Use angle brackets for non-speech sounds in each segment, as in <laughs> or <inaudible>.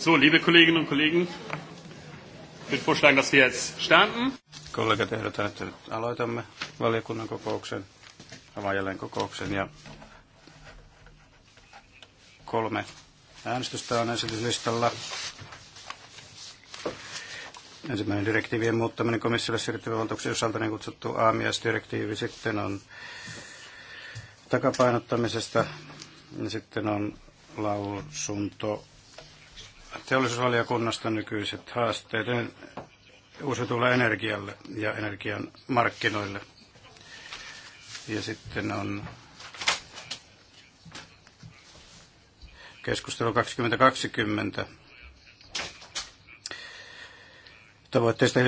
So, liebe Kolleginnen und Kollegen, ich würde vorschlagen, dass wir jetzt starten. Kollegat ehdotan, että nyt aloitamme valiokunnan kokouksen, avaan kokouksen ja kolme äänestystä on esityslistalla. Ensimmäinen direktiivien muuttaminen komissiolle siirtyvän valtuuksien osalta niin kutsuttu AMIS-direktiivi sitten on takapainottamisesta ja sitten on lausunto teollisuusvaliokunnasta nykyiset haasteet uusiutuvalle energialle ja energian markkinoille. Ja sitten on keskustelu 2020 tavoitteista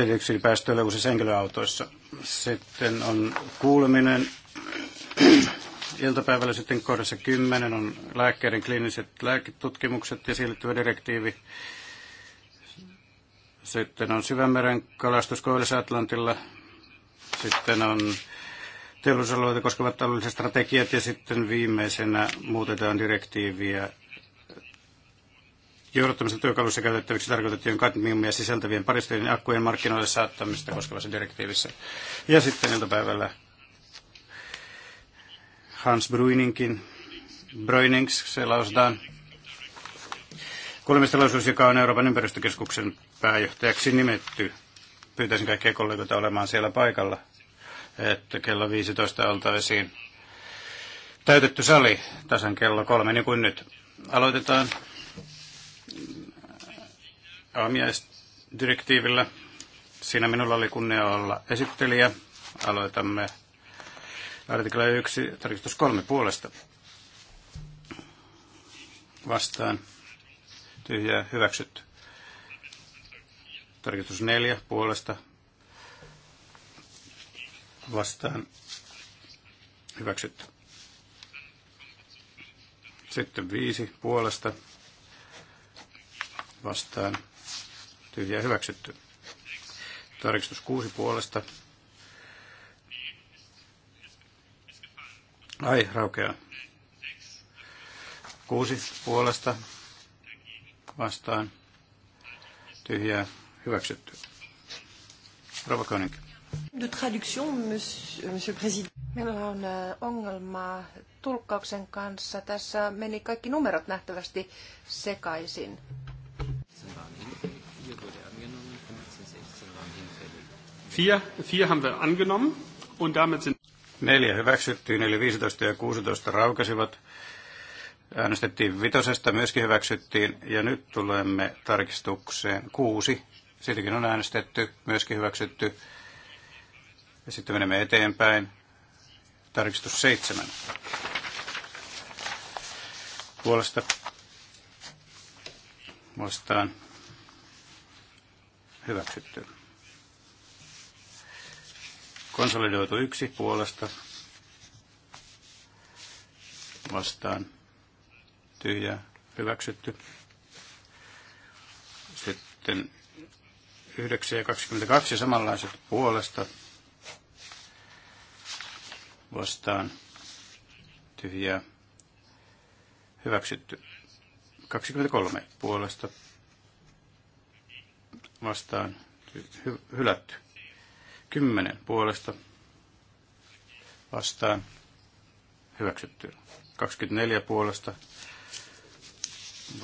päästöille uusissa henkilöautoissa. Sitten on kuuleminen Iltapäivällä sitten kohdassa 10 on lääkkeiden kliiniset lääketutkimukset ja siirtyvä direktiivi. Sitten on syvämeren kalastus Koillis-Atlantilla. Sitten on teollisuusalueita koskevat taloudelliset strategiat ja sitten viimeisenä muutetaan direktiiviä johdattamista työkalussa käytettäväksi tarkoitettujen kadmiumia sisältävien paristojen akkujen markkinoille saattamista koskevassa direktiivissä. Ja sitten iltapäivällä Hans Bruininkin, Bruinings, se lausutaan, kuulemistilaisuus, joka on Euroopan ympäristökeskuksen pääjohtajaksi nimetty. Pyytäisin kaikkia kollegoita olemaan siellä paikalla, että kello 15 oltaisiin täytetty sali tasan kello kolme, niin kuin nyt. Aloitetaan aamiaisdirektiivillä. Siinä minulla oli kunnia olla esittelijä. Aloitamme Artikla 1, tarkistus 3 puolesta. Vastaan. Tyhjää hyväksytty. Tarkistus 4 puolesta. Vastaan. Hyväksytty. Sitten 5 puolesta. Vastaan. Tyhjää hyväksytty. Tarkistus 6 puolesta Ai, raukeaa. Kuusi puolesta vastaan. Tyhjää hyväksytty. Rova Koenig. De traduction, monsieur, monsieur président. Meillä on äh, ongelmaa tulkkauksen kanssa. Tässä meni kaikki numerot nähtävästi sekaisin. Vier, vier haben wir angenommen und damit sind Neljä hyväksyttiin, eli 15 ja 16 raukesivat. Äänestettiin vitosesta, myöskin hyväksyttiin, ja nyt tulemme tarkistukseen kuusi. Siitäkin on äänestetty, myöskin hyväksytty. Ja sitten menemme eteenpäin. Tarkistus seitsemän. Puolesta vastaan hyväksytty. Konsolidoitu yksi puolesta vastaan tyhjä hyväksytty. Sitten 9 ja 22 samanlaiset puolesta vastaan tyhjää hyväksytty. 23 puolesta vastaan hy- hylätty. 10 puolesta vastaan hyväksytty. 24 puolesta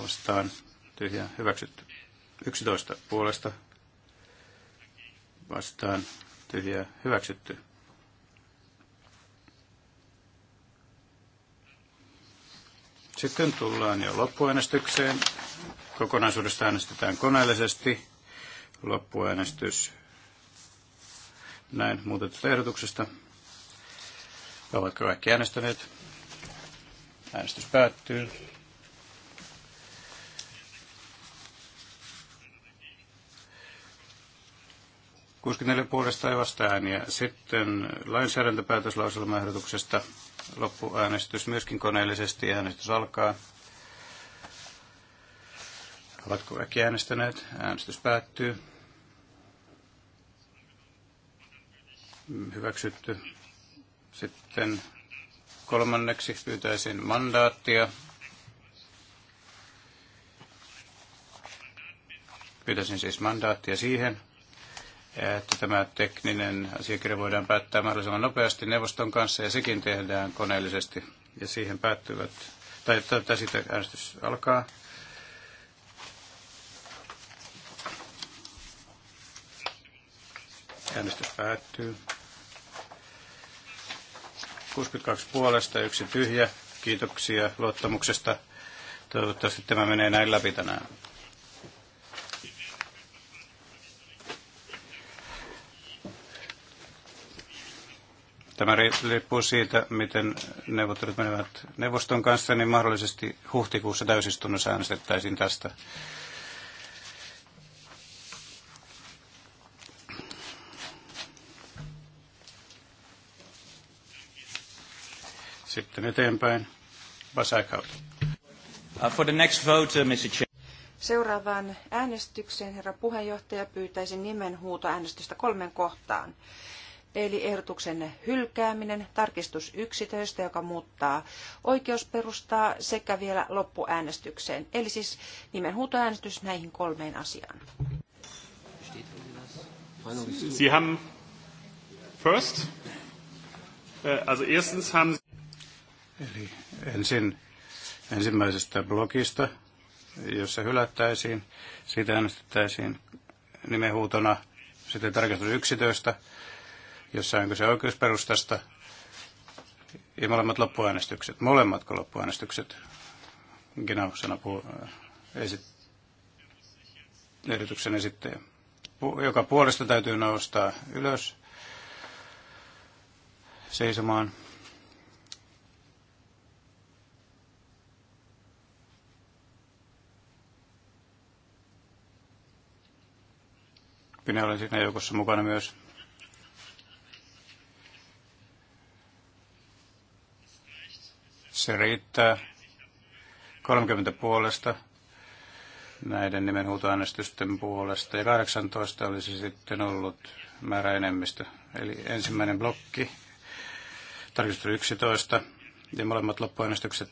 vastaan tyhjä hyväksytty. 11 puolesta vastaan tyhjä hyväksytty. Sitten tullaan jo loppuäänestykseen. Kokonaisuudesta äänestetään koneellisesti. Loppuäänestys näin muutetusta ehdotuksesta. Ovatko kaikki äänestäneet? Äänestys päättyy. puolesta ei vasta ääniä. Sitten lainsäädäntöpäätöslauselmaehdotuksesta loppuäänestys myöskin koneellisesti. Äänestys alkaa. Ovatko kaikki äänestäneet? Äänestys päättyy. hyväksytty. Sitten kolmanneksi pyytäisin mandaattia. Pyytäisin siis mandaattia siihen, että tämä tekninen asiakirja voidaan päättää mahdollisimman nopeasti neuvoston kanssa ja sekin tehdään koneellisesti ja siihen päättyvät, tai, tai, siitä äänestys alkaa. Äänestys päättyy. 62 puolesta, yksi tyhjä. Kiitoksia luottamuksesta. Toivottavasti tämä menee näin läpi tänään. Tämä riippuu siitä, miten neuvottelut menevät neuvoston kanssa, niin mahdollisesti huhtikuussa täysistunnossa äänestettäisiin tästä. Sitten eteenpäin. Vasakautta. Uh, for the next vote, Mr. Chair. Seuraavaan äänestykseen, herra puheenjohtaja, pyytäisi nimenhuuto äänestystä kolmen kohtaan. Eli ehdotuksen hylkääminen, tarkistus yksitöistä, joka muuttaa oikeusperustaa sekä vielä loppuäänestykseen. Eli siis nimen nimenhuutoäänestys näihin kolmeen asiaan. Sie haben first, äh, also erstens haben Eli ensin ensimmäisestä blogista, jossa hylättäisiin, siitä äänestettäisiin nimenhuutona, sitten tarkastus 11, jossa on kyse oikeusperustasta, ja molemmat loppuäänestykset, molemmatko loppuäänestykset, Genau äh, esit, ehdotuksen esittäjä, joka puolesta täytyy nousta ylös seisomaan. Minä olen siinä joukossa mukana myös. Se riittää. 30 puolesta näiden nimenhuutoäänestysten puolesta ja 18 olisi sitten ollut määräenemmistö. Eli ensimmäinen blokki, tarkistus 11 ja molemmat loppuäänestykset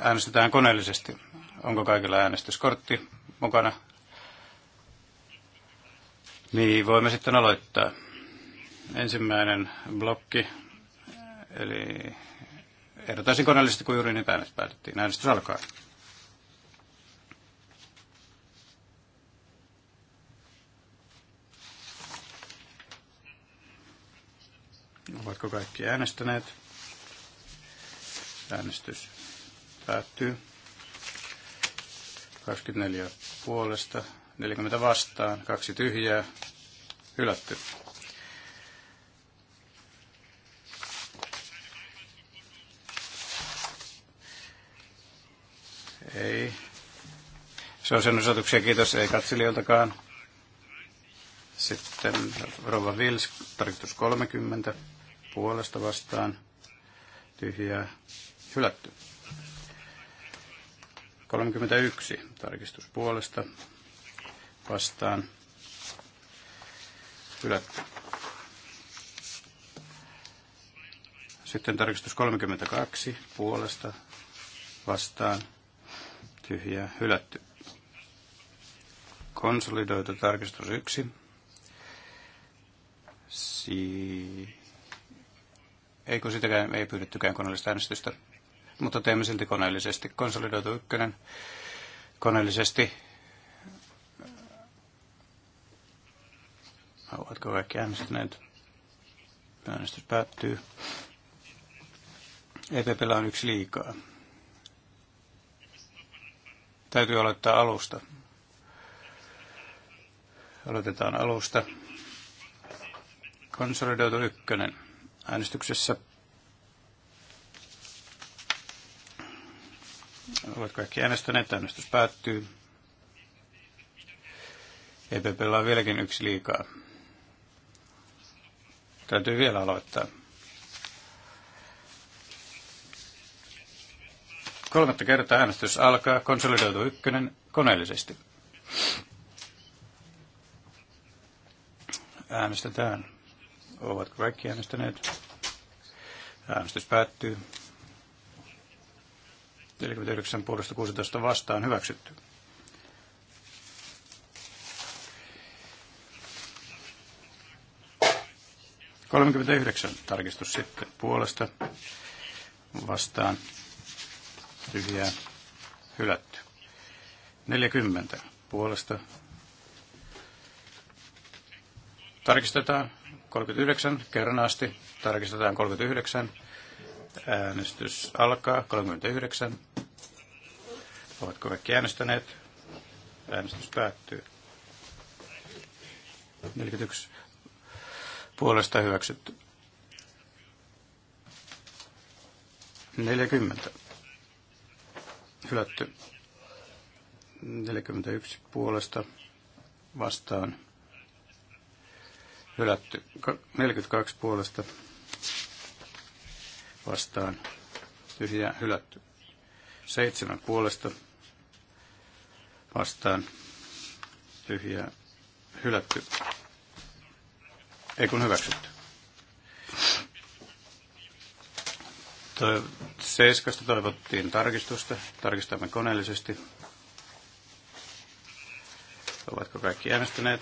äänestetään koneellisesti. Onko kaikilla äänestyskortti mukana? Niin, voimme sitten aloittaa. Ensimmäinen blokki, eli ehdotaisin koneellisesti, kun juuri niitä äänestys päätettiin. Äänestys alkaa. Ovatko kaikki äänestäneet? Äänestys päättyy. 24 puolesta, 40 vastaan, kaksi tyhjää, hylätty. Ei. Se on sen osoituksia, kiitos, ei katselijoiltakaan. Sitten Rova Vils, tarkistus 30, puolesta vastaan, tyhjää, hylätty. 31, tarkistus puolesta, vastaan hylätty. Sitten tarkistus 32 puolesta vastaan tyhjää hylätty. Konsolidoitu tarkistus 1. Si... kun sitäkään, ei pyydettykään koneellista äänestystä, mutta teemme silti koneellisesti. Konsolidoitu ykkönen koneellisesti Ovatko kaikki äänestäneet? Äänestys päättyy. EPPllä on yksi liikaa. Täytyy aloittaa alusta. Aloitetaan alusta. Konsolidoitu ykkönen. Äänestyksessä ovat kaikki äänestäneet. Äänestys päättyy. EPPllä on vieläkin yksi liikaa. Täytyy vielä aloittaa. 30 kertaa äänestys alkaa, konsolidoitu ykkönen koneellisesti. Äänestetään. Ovatko kaikki äänestäneet? Äänestys päättyy. 49 puolesta 16 vastaan hyväksytty. 39 tarkistus sitten puolesta vastaan tyhjää hylätty. 40 puolesta tarkistetaan 39 kerran asti. Tarkistetaan 39. Äänestys alkaa 39. Ovatko kaikki äänestäneet? Äänestys päättyy. 41 puolesta hyväksytty. 40 hylätty. 41 puolesta vastaan hylätty. 42 puolesta vastaan Tyhjä. hylätty. 7 puolesta vastaan Tyhjä. hylätty. Ei kun hyväksytty. Seiskasta toivottiin tarkistusta. Tarkistamme koneellisesti. Ovatko kaikki äänestäneet?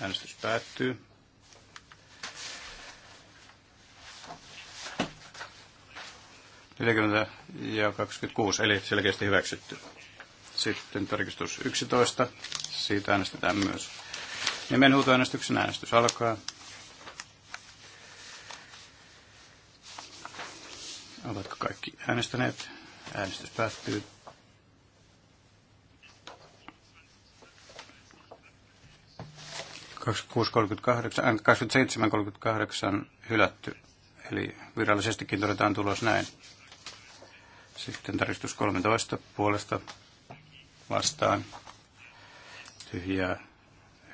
Äänestys päättyy. ja 26, eli selkeästi hyväksytty. Sitten tarkistus 11. Siitä äänestetään myös. Nimenhuutoäänestyksen äänestys alkaa. Ovatko kaikki äänestäneet? Äänestys päättyy. kolmekymmentäkahdeksan 27.38 äh, hylätty. Eli virallisestikin todetaan tulos näin. Sitten tarkistus 13 puolesta vastaan. Tyhjää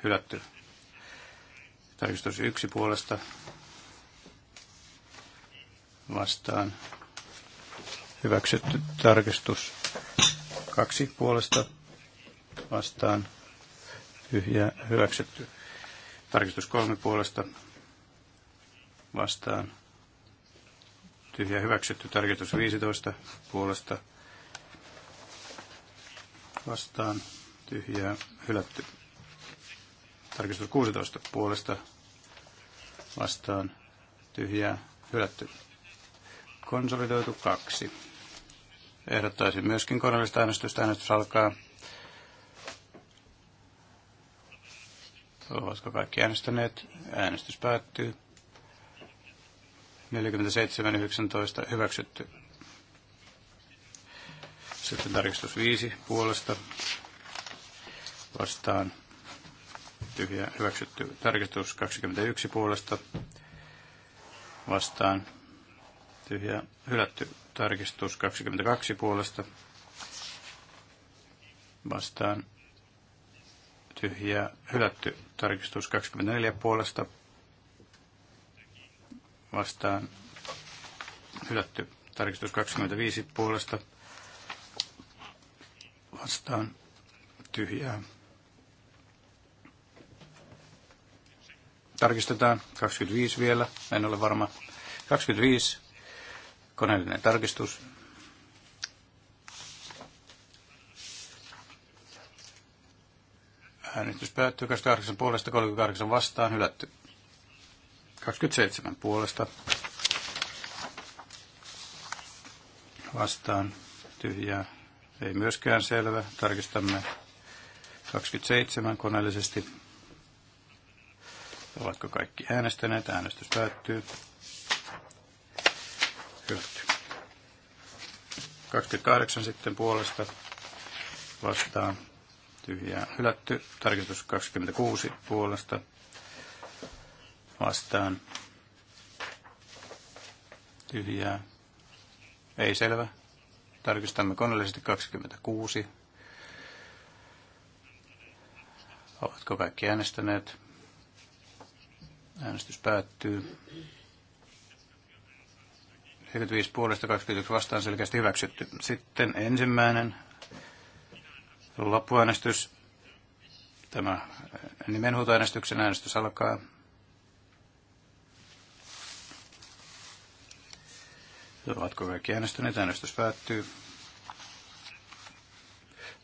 hylätty. Tarkistus yksi puolesta vastaan hyväksytty. Tarkistus kaksi puolesta vastaan tyhjä, hyväksytty. Tarkistus kolme puolesta vastaan tyhjä hyväksytty. Tarkistus 15 puolesta vastaan tyhjää hylätty. Tarkistus 16 puolesta vastaan tyhjää hylätty. Konsolidoitu kaksi. Ehdottaisin myöskin koneellista äänestystä. Äänestys alkaa. Ovatko kaikki äänestäneet? Äänestys päättyy. 47.19 hyväksytty. Sitten tarkistus 5 puolesta vastaan ja hyväksytty. Tarkistus 21 puolesta vastaan tyhjä hylätty. Tarkistus 22 puolesta vastaan tyhjä hylätty. Tarkistus 24 puolesta vastaan hylätty. Tarkistus 25 puolesta vastaan tyhjää Tarkistetaan. 25 vielä. En ole varma. 25. Koneellinen tarkistus. Äänestys päättyy 28 puolesta, 38 vastaan, hylätty. 27 puolesta vastaan, tyhjää, ei myöskään selvä. Tarkistamme 27 koneellisesti. Ovatko kaikki äänestäneet? Äänestys päättyy. Hylätty. 28 sitten puolesta vastaan tyhjää hylätty. Tarkistus 26 puolesta vastaan tyhjää. Ei selvä. Tarkistamme koneellisesti 26. Ovatko kaikki äänestäneet? Äänestys päättyy. 45 puolesta 21 vastaan selkeästi hyväksytty. Sitten ensimmäinen loppuäänestys. Tämä nimenhuutoäänestyksen äänestys alkaa. Ovatko kaikki äänestäneet? Äänestys päättyy.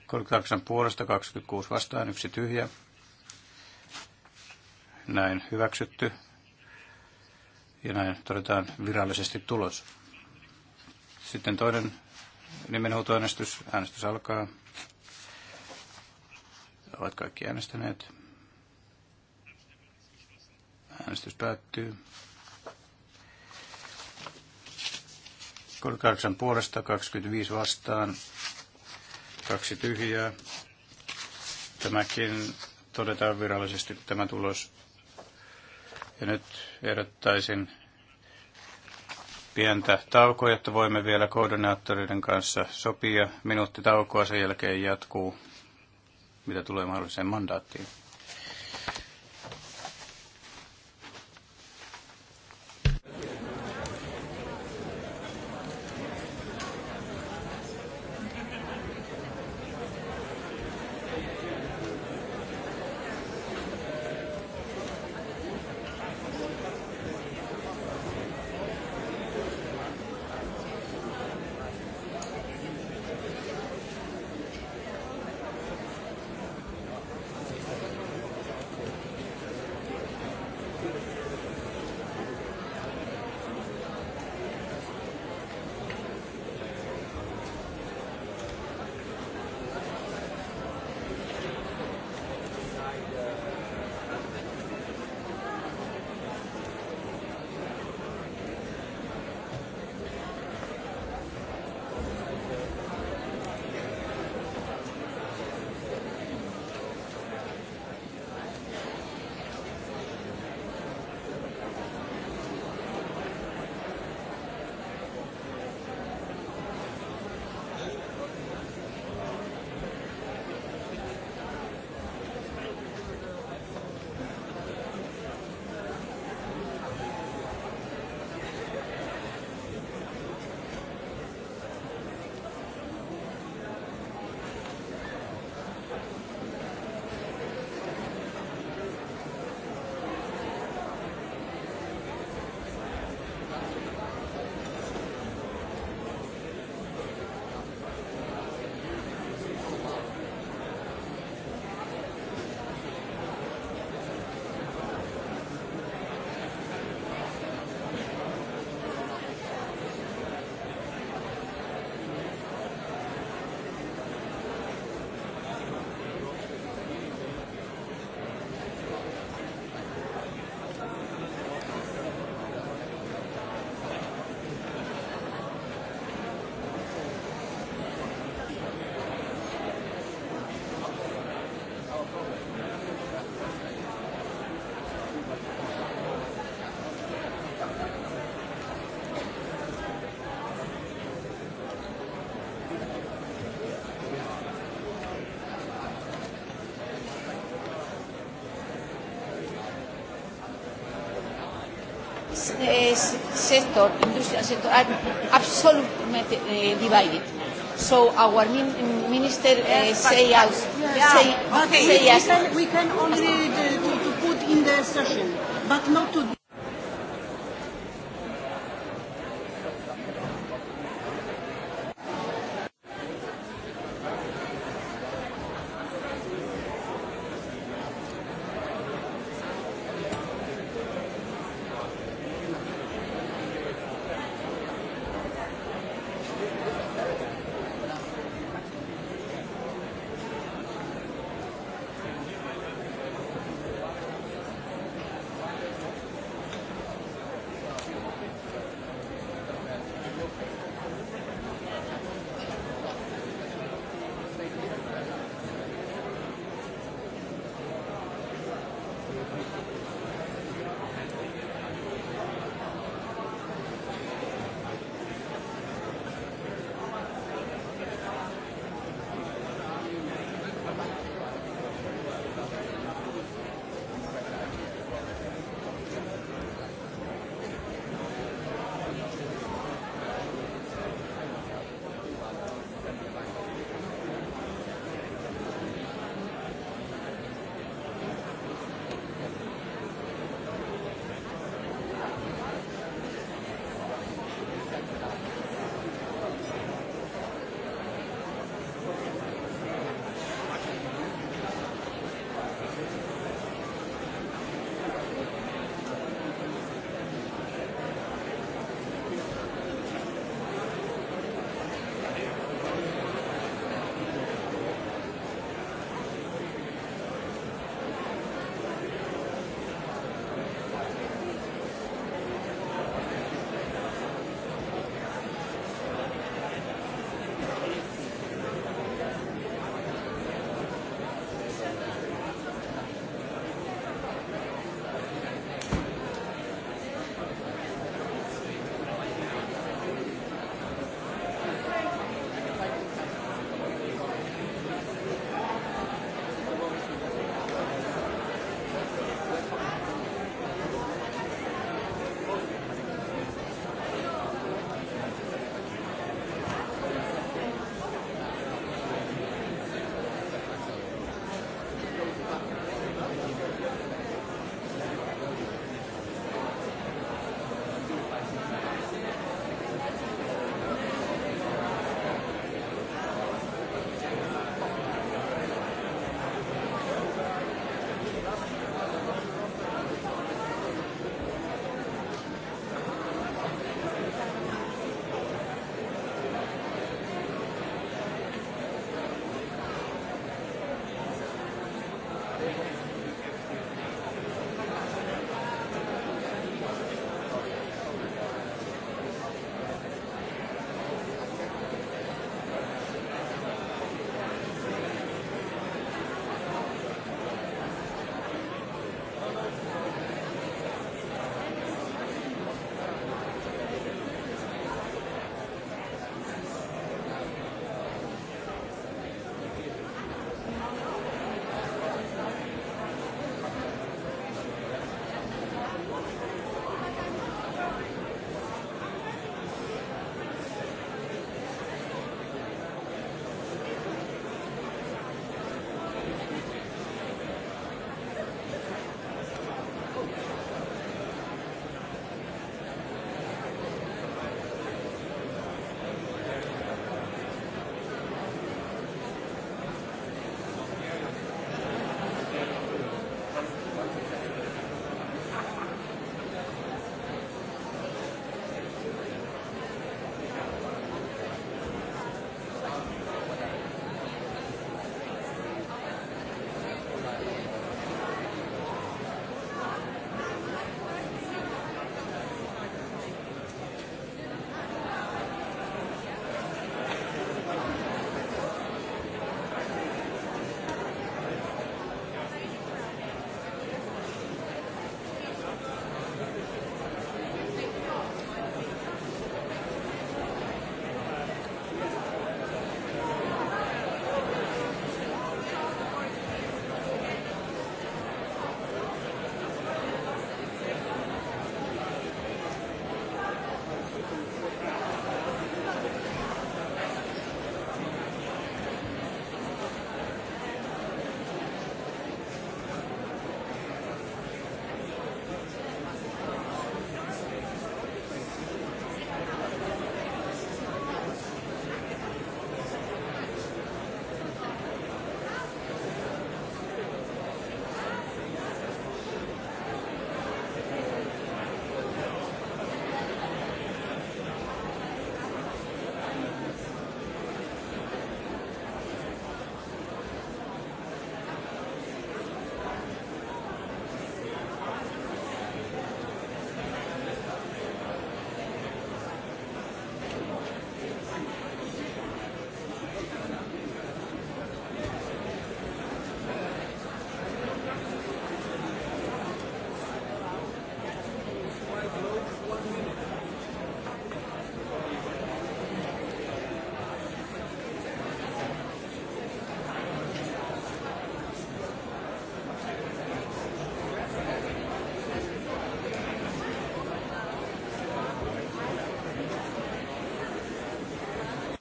38 puolesta, 26 vastaan, yksi tyhjä näin hyväksytty ja näin todetaan virallisesti tulos. Sitten toinen nimenhuutoäänestys. Äänestys alkaa. Ovat kaikki äänestäneet. Äänestys päättyy. 38 puolesta, 25 vastaan, kaksi tyhjää. Tämäkin todetaan virallisesti tämä tulos ja nyt ehdottaisin pientä taukoa, jotta voimme vielä koordinaattoreiden kanssa sopia. Minuutti taukoa, sen jälkeen jatkuu, mitä tulee mahdolliseen mandaattiin. sector, industrial sector, are absolutely uh, eh, divided. So our min minister uh, eh, yes, say but, us, yeah, say, okay. say we, yes. Can, we can only do, do, to put in the session, but not to.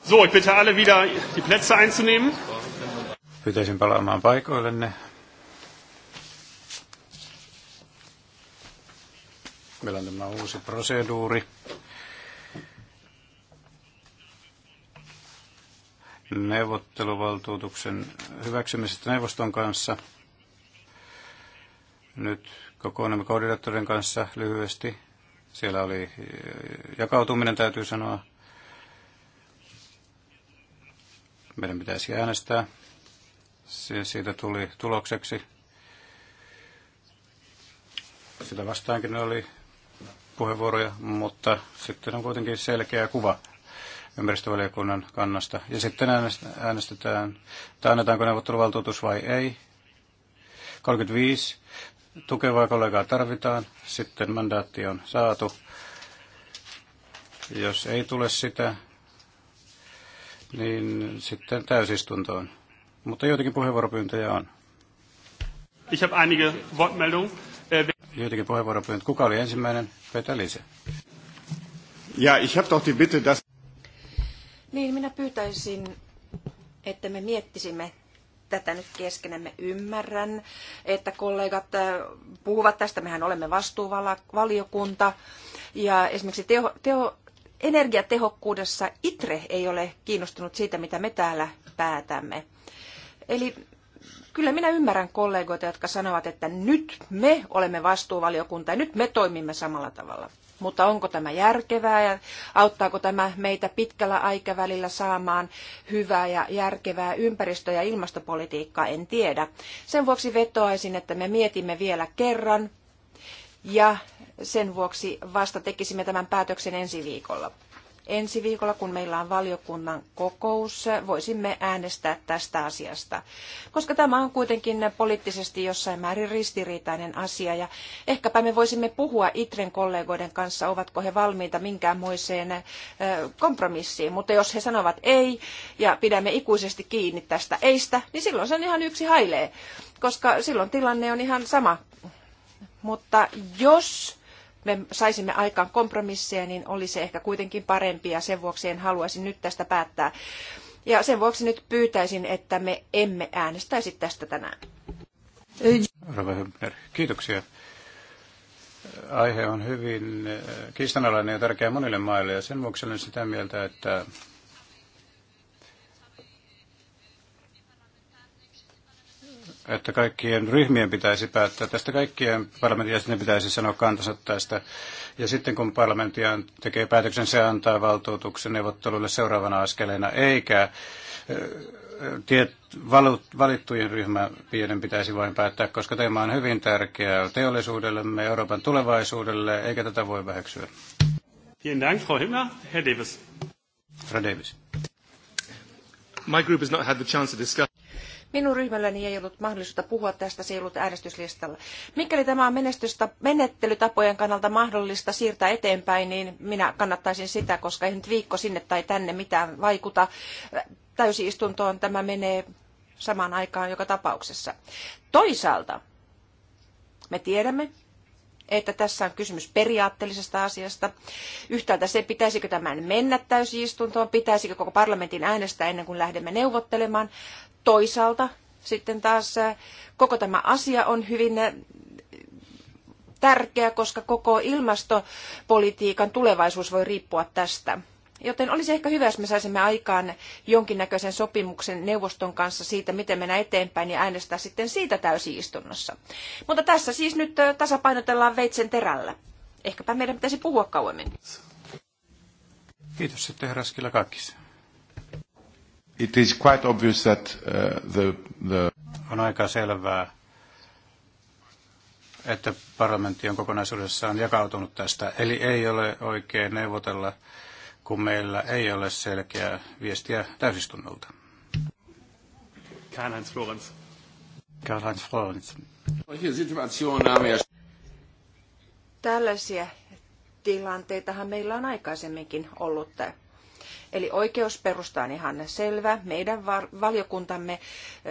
So, ich bitte alle wieder die Plätze einzunehmen. Bitte Pyytäisin palaamaan paikoillenne. Meillä on tämä uusi proseduuri. Neuvotteluvaltuutuksen hyväksymisestä neuvoston kanssa. Nyt kokoonnumme koordinaattorin kanssa lyhyesti. Siellä oli eh, jakautuminen, täytyy sanoa meidän pitäisi äänestää. Se siitä tuli tulokseksi. Sitä vastaankin oli puheenvuoroja, mutta sitten on kuitenkin selkeä kuva ympäristövaliokunnan kannasta. Ja sitten äänestetään, tai annetaanko neuvotteluvaltuutus vai ei. 35 tukevaa kollegaa tarvitaan, sitten mandaatti on saatu. Jos ei tule sitä, niin sitten täysistuntoon. Mutta joitakin puheenvuoropyyntöjä on. Ich habe einige Wortmeldungen. Äh, joitakin puheenvuoropyyntöjä. Kuka oli ensimmäinen? Peter Lise. Ja, ich habe doch die Bitte, dass... Niin, minä pyytäisin, että me miettisimme tätä nyt keskenämme ymmärrän, että kollegat äh, puhuvat tästä, mehän olemme vastuuvaliokunta, ja esimerkiksi teo. teo, energiatehokkuudessa ITRE ei ole kiinnostunut siitä, mitä me täällä päätämme. Eli kyllä minä ymmärrän kollegoita, jotka sanovat, että nyt me olemme vastuuvaliokunta ja nyt me toimimme samalla tavalla. Mutta onko tämä järkevää ja auttaako tämä meitä pitkällä aikavälillä saamaan hyvää ja järkevää ympäristö- ja ilmastopolitiikkaa, en tiedä. Sen vuoksi vetoaisin, että me mietimme vielä kerran ja sen vuoksi vasta tekisimme tämän päätöksen ensi viikolla. Ensi viikolla, kun meillä on valiokunnan kokous, voisimme äänestää tästä asiasta, koska tämä on kuitenkin poliittisesti jossain määrin ristiriitainen asia ja ehkäpä me voisimme puhua Itren kollegoiden kanssa, ovatko he valmiita minkäänmoiseen kompromissiin, mutta jos he sanovat ei ja pidämme ikuisesti kiinni tästä eistä, niin silloin se on ihan yksi hailee, koska silloin tilanne on ihan sama mutta jos me saisimme aikaan kompromisseja, niin olisi se ehkä kuitenkin parempi ja sen vuoksi en haluaisi nyt tästä päättää. Ja sen vuoksi nyt pyytäisin, että me emme äänestäisi tästä tänään. Kiitoksia. Aihe on hyvin kiistanalainen ja tärkeä monille maille ja sen vuoksi olen sitä mieltä, että että kaikkien ryhmien pitäisi päättää tästä, kaikkien parlamentin jäsenten pitäisi sanoa kantansa tästä. Ja sitten kun parlamentti tekee päätöksen, se antaa valtuutuksen neuvotteluille seuraavana askeleena, eikä tiet, valut, valittujen ryhmäpiirin pitäisi vain päättää, koska teema on hyvin tärkeä teollisuudellemme, Euroopan tulevaisuudelle, eikä tätä voi väheksyä. Vielen Dank, Frau Himmler. Herr Davis. Frau Davis. My group has not had the chance to discuss Minun ryhmälläni ei ollut mahdollisuutta puhua tästä, se ei ollut äänestyslistalla. Mikäli tämä on menettelytapojen kannalta mahdollista siirtää eteenpäin, niin minä kannattaisin sitä, koska ei nyt viikko sinne tai tänne mitään vaikuta. täysistuntoon tämä menee samaan aikaan joka tapauksessa. Toisaalta me tiedämme, että tässä on kysymys periaatteellisesta asiasta. Yhtäältä se, pitäisikö tämän mennä täysistuntoon, pitäisikö koko parlamentin äänestää ennen kuin lähdemme neuvottelemaan. Toisaalta sitten taas eh, koko tämä asia on hyvin eh, tärkeä, koska koko ilmastopolitiikan tulevaisuus voi riippua tästä. Joten olisi ehkä hyvä, jos me saisimme aikaan jonkinnäköisen sopimuksen neuvoston kanssa siitä, miten mennä eteenpäin ja äänestää sitten siitä täysistunnossa. Mutta tässä siis nyt eh, tasapainotellaan veitsen terällä. Ehkäpä meidän pitäisi puhua kauemmin. Kiitos sitten herra It is quite obvious that uh, the, the... On aika selvää, että parlamentti on kokonaisuudessaan jakautunut tästä. Eli ei ole oikein neuvotella, kun meillä ei ole selkeää viestiä täysistunnolta. Karl-Heinz Florenz. Karl-Heinz Florenz. Er? Tällaisia tilanteitahan meillä on aikaisemminkin ollut. Eli oikeusperusta on ihan selvä. Meidän valiokuntamme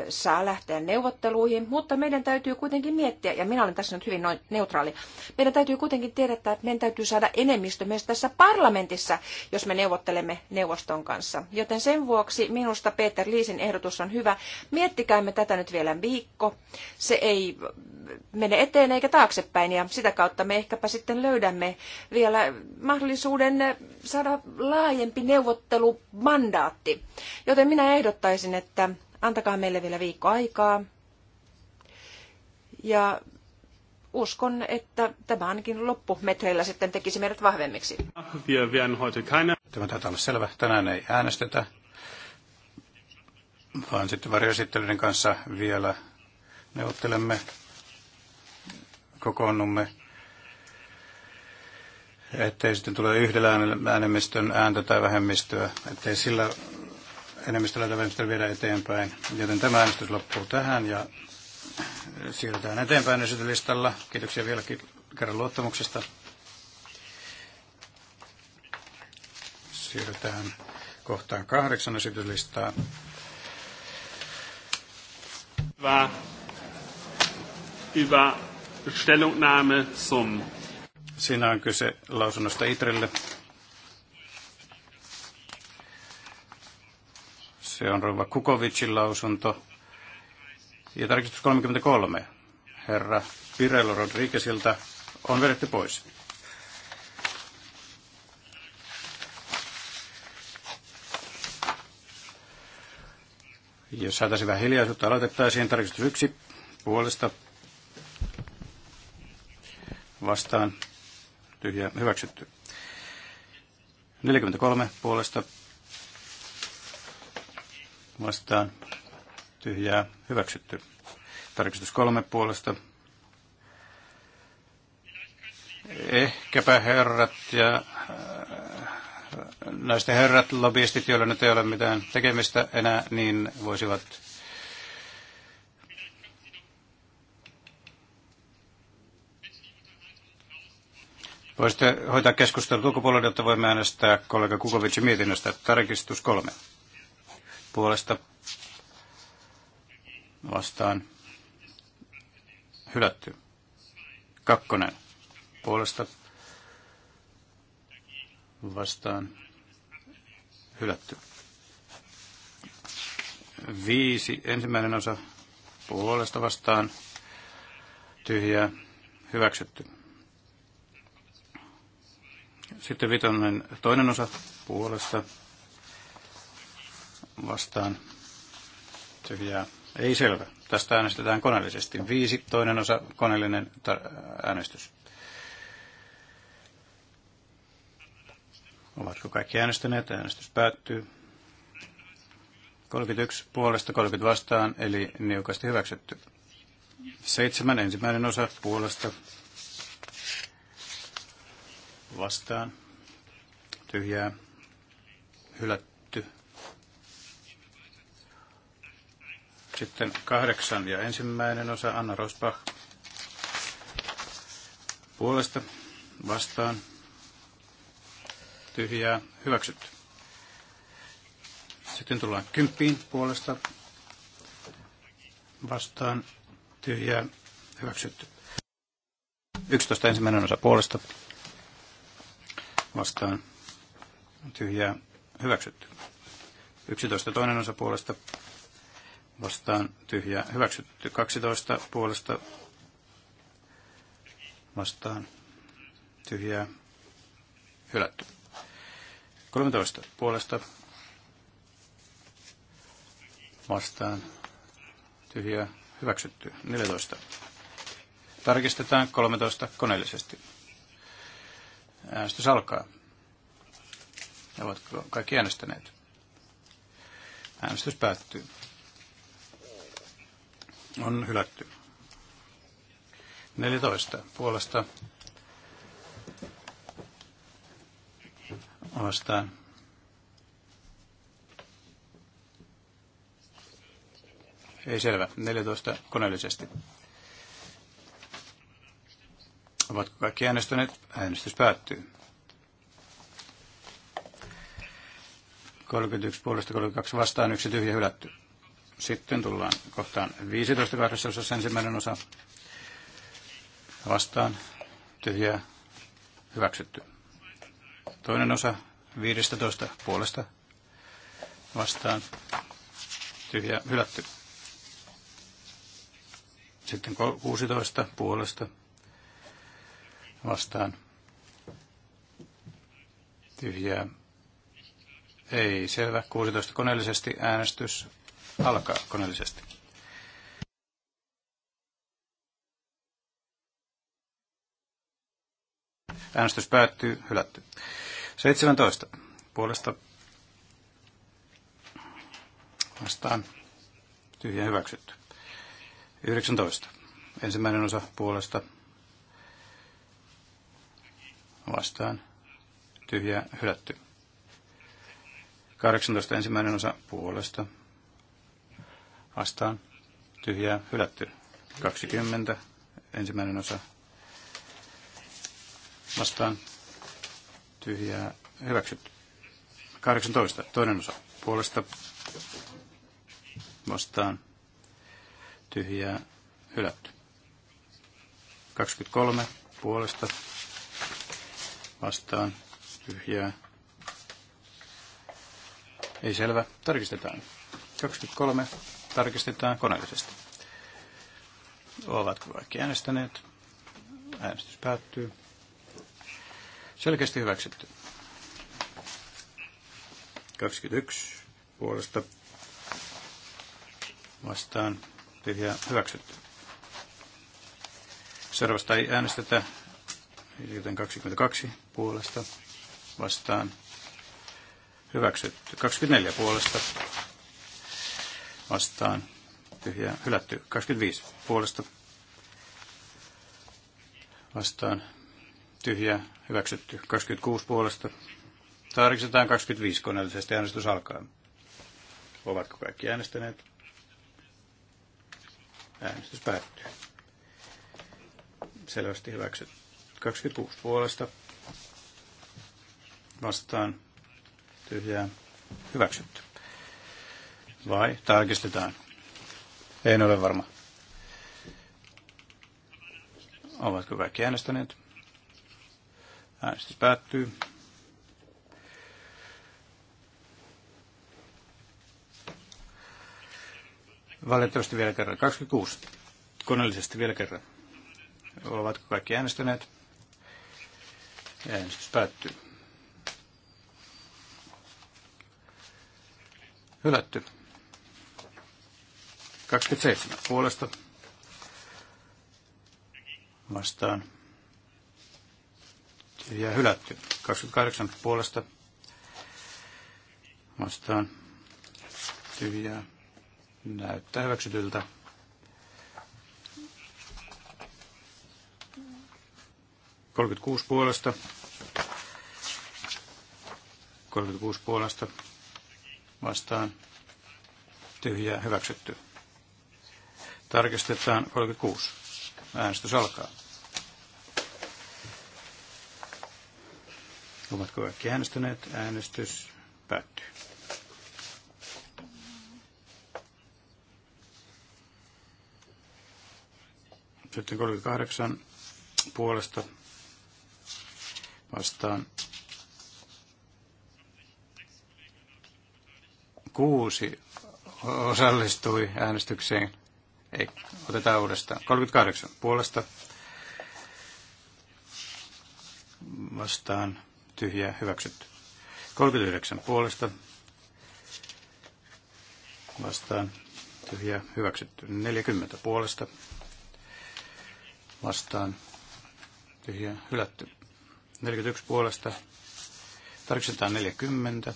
saa lähteä neuvotteluihin, mutta meidän täytyy kuitenkin miettiä, ja minä olen tässä nyt hyvin neutraali, meidän täytyy kuitenkin tiedä, että meidän täytyy saada enemmistö myös tässä parlamentissa, jos me neuvottelemme neuvoston kanssa. Joten sen vuoksi minusta Peter Liisin ehdotus on hyvä. Miettikäämme tätä nyt vielä viikko. Se ei mene eteen eikä taaksepäin ja sitä kautta me ehkäpä sitten löydämme vielä mahdollisuuden saada laajempi neuvottelu neuvottelumandaatti. Joten minä ehdottaisin, että antakaa meille vielä viikko aikaa. Ja uskon, että tämä ainakin loppumetreillä sitten tekisi meidät vahvemmiksi. Tämä taitaa olla selvä. Tänään ei äänestetä, vaan sitten varjoesittelyiden kanssa vielä neuvottelemme, kokoonnumme ettei sitten tule yhdellä äänemmistön ääntä tai vähemmistöä, ettei sillä enemmistöllä tai vähemmistöllä viedä eteenpäin. Joten tämä äänestys loppuu tähän ja siirrytään eteenpäin esityslistalla. Kiitoksia vielä kerran luottamuksesta. Siirrytään kohtaan kahdeksan esityslistaa. Hyvä. Hyvä. Stellungnahme zum Siinä on kyse lausunnosta Itrelle. Se on Rova Kukovicin lausunto. Ja tarkistus 33 herra Pirello Rodriguezilta on vedetty pois. Jos saataisiin vähän hiljaisuutta, aloitettaisiin tarkistus yksi puolesta vastaan tyhjää hyväksytty. 43 puolesta vastaan tyhjää hyväksytty. Tarkistus kolme puolesta. Ehkäpä herrat ja äh, näistä herrat, lobbyistit, joilla nyt ei ole mitään tekemistä enää, niin voisivat Voisitte hoitaa keskustelun ulkopuolelle, jotta voimme äänestää kollega Kukovicin mietinnöstä. Tarkistus kolme. Puolesta vastaan hylätty. Kakkonen puolesta vastaan hylätty. Viisi ensimmäinen osa puolesta vastaan tyhjää hyväksytty sitten vitonen toinen osa puolesta vastaan tyhjää. Ei selvä. Tästä äänestetään koneellisesti. Viisi toinen osa koneellinen äänestys. Ovatko kaikki äänestäneet? Äänestys päättyy. 31 puolesta 30 vastaan, eli niukasti hyväksytty. Seitsemän ensimmäinen osa puolesta vastaan tyhjää hylätty. Sitten kahdeksan ja ensimmäinen osa Anna Rosbach puolesta vastaan tyhjää hyväksytty. Sitten tullaan kymppiin puolesta vastaan tyhjää hyväksytty. 11 ensimmäinen osa puolesta vastaan tyhjää hyväksytty. 11 toinen osa puolesta vastaan tyhjää hyväksytty. 12 puolesta vastaan tyhjää hylätty. 13 puolesta vastaan tyhjää hyväksytty. 14. Tarkistetaan 13 koneellisesti. Äänestys alkaa. Ovatko kaikki äänestäneet? Äänestys päättyy. On hylätty. 14. Puolesta vastaan. Ei selvä. 14 koneellisesti. Ovatko kaikki äänestäneet? Äänestys päättyy. 31 puolesta 32 vastaan, yksi tyhjä hylätty. Sitten tullaan kohtaan 15 kahdessa osassa ensimmäinen osa. Vastaan, tyhjä, hyväksytty. Toinen osa 15 puolesta vastaan, tyhjä, hylätty. Sitten 16 puolesta vastaan tyhjää. Ei, selvä. 16 koneellisesti äänestys alkaa koneellisesti. Äänestys päättyy, hylätty. 17. Puolesta vastaan tyhjä hyväksytty. 19. Ensimmäinen osa puolesta vastaan tyhjä hylätty. 18 ensimmäinen osa puolesta vastaan tyhjä hylätty. 20 ensimmäinen osa vastaan tyhjä hyväksytty. 18 toinen osa puolesta vastaan tyhjä hylätty. 23 puolesta vastaan tyhjää. Ei selvä. Tarkistetaan. 23 tarkistetaan koneellisesti. Ovatko kaikki äänestäneet? Äänestys päättyy. Selkeästi hyväksytty. 21 puolesta vastaan tyhjää hyväksytty. Seuraavasta ei äänestetä joten 22 puolesta vastaan hyväksytty. 24 puolesta vastaan tyhjää hylätty. 25 puolesta vastaan tyhjä hyväksytty. 26 puolesta tarkistetaan 25 koneellisesti äänestys alkaa. Ovatko kaikki äänestäneet? Äänestys päättyy. Selvästi hyväksytty. 26 puolesta vastaan tyhjää hyväksytty. Vai tarkistetaan? En ole varma. Ovatko kaikki äänestäneet? Äänestys päättyy. Valitettavasti vielä kerran. 26. Koneellisesti vielä kerran. Ovatko kaikki äänestäneet? Äänestys päättyy. Hylätty. 27 puolesta vastaan. Ja hylätty. 28 puolesta vastaan. Tyhjää näyttää hyväksytyltä. 36 puolesta. 36 puolesta vastaan tyhjää hyväksytty. Tarkistetaan 36. Äänestys alkaa. Ovatko kaikki äänestäneet? Äänestys päättyy. Sitten 38 puolesta vastaan kuusi osallistui äänestykseen. Ei, otetaan uudestaan. 38 puolesta vastaan tyhjää hyväksytty. 39 puolesta vastaan tyhjää hyväksytty. 40 puolesta vastaan tyhjää hylätty. 41 puolesta. Tarkistetaan 40.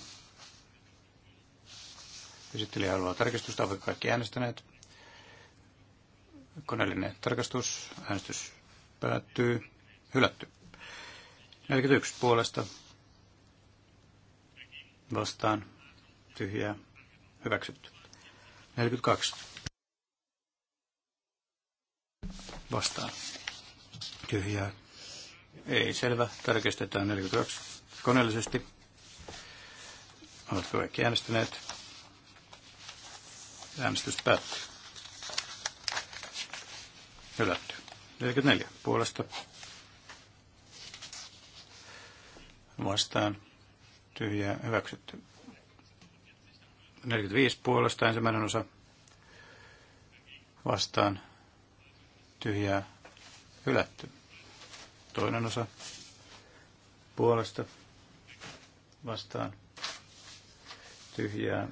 Esittelijä haluaa tarkistusta. Ovatko kaikki äänestäneet? Koneellinen tarkastus. Äänestys päättyy. Hylätty. 41 puolesta. Vastaan. Tyhjää. Hyväksytty. 42. Vastaan. Tyhjää. Ei, selvä. Tarkistetaan 42 koneellisesti. Oletko kaikki äänestäneet? Äänestys päättyy. Hylätty. 44 puolesta. Vastaan. Tyhjää. Hyväksytty. 45 puolesta ensimmäinen osa. Vastaan. Tyhjää. Hylätty Toinen osa puolesta vastaan tyhjää.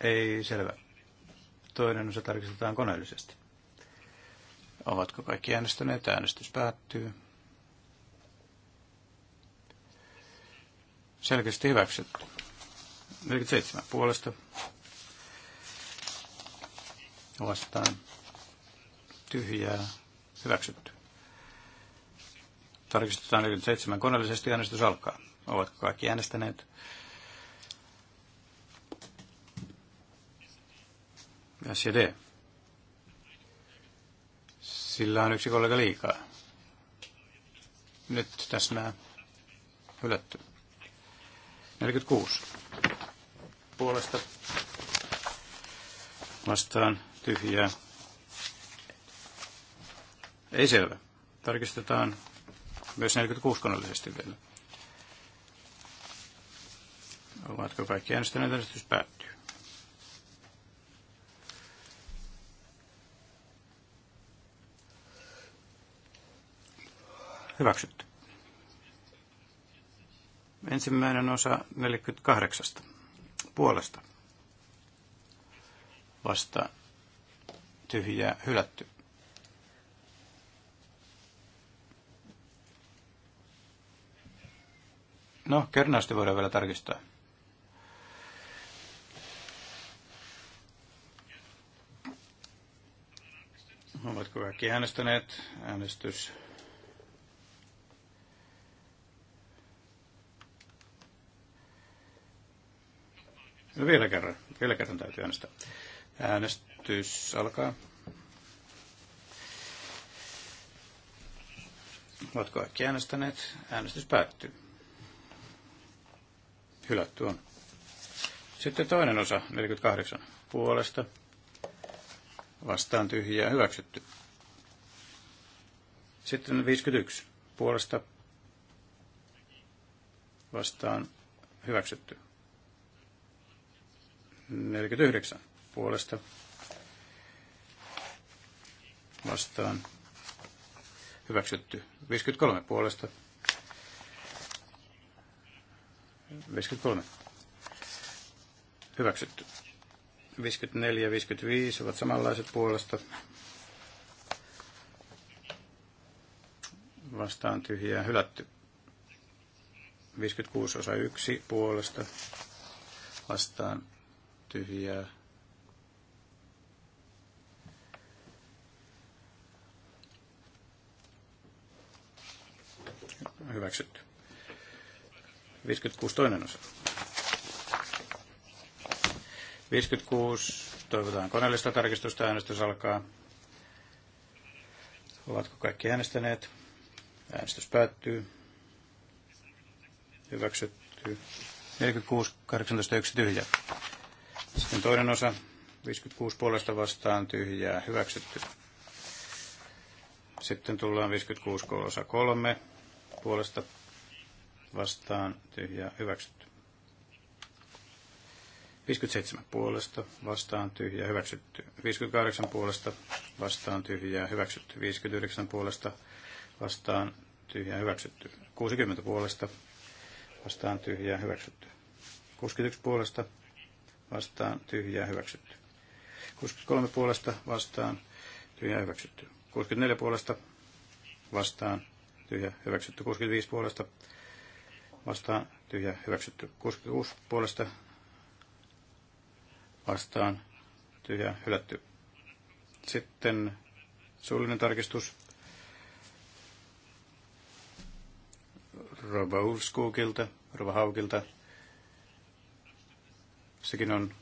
Ei selvä. Toinen osa tarkistetaan koneellisesti. Ovatko kaikki äänestäneet? Äänestys päättyy. Selkeästi hyväksytty. 47 puolesta vastaan tyhjää hyväksytty. Tarkistetaan 47 koneellisesti. Äänestys alkaa. Ovatko kaikki äänestäneet? SJD. Sillä on yksi kollega liikaa. Nyt tässä nämä hylätty. 46. Puolesta vastaan tyhjää. Ei selvä. Tarkistetaan myös 46 koneellisesti vielä. Ovatko kaikki äänestäneet? Äänestys päättyy. Hyväksytty. Ensimmäinen osa 48. Puolesta. Vasta tyhjää hylätty. No, kernaasti voidaan vielä tarkistaa. Oletko kaikki äänestäneet? Äänestys No vielä kerran. Vielä kerran täytyy äänestää. Äänestys alkaa. Oletko kaikki äänestäneet? Äänestys päättyy. Hylätty on. Sitten toinen osa, 48 puolesta. Vastaan tyhjää, hyväksytty. Sitten 51 puolesta. Vastaan hyväksytty. 49 puolesta. Vastaan hyväksytty. 53 puolesta 53. Hyväksytty. 54 ja 55 ovat samanlaiset puolesta. Vastaan tyhjää hylätty. 56 osa 1 puolesta. Vastaan tyhjää hyväksytty. 56 toinen osa. 56. Toivotaan koneellista tarkistusta. Äänestys alkaa. Ovatko kaikki äänestäneet? Äänestys päättyy. Hyväksytty. 46, 18, 1 tyhjä. Sitten toinen osa. 56 puolesta vastaan tyhjää. Hyväksytty. Sitten tullaan 56 osa 3 puolesta vastaan tyhjää hyväksytty. 57 puolesta vastaan tyhjää hyväksytty. 58 puolesta vastaan tyhjää hyväksytty. 59 puolesta vastaan tyhjää hyväksytty. 60 puolesta vastaan tyhjää hyväksytty. 61 puolesta vastaan tyhjää hyväksytty. 63 puolesta vastaan tyhjää hyväksytty. 64 puolesta vastaan tyhjä hyväksytty. 65 puolesta vastaan tyhjä hyväksytty 66 puolesta vastaan tyhjä hylätty. Sitten suullinen tarkistus Rova Ulfskogilta, Rova Haukilta. Sekin on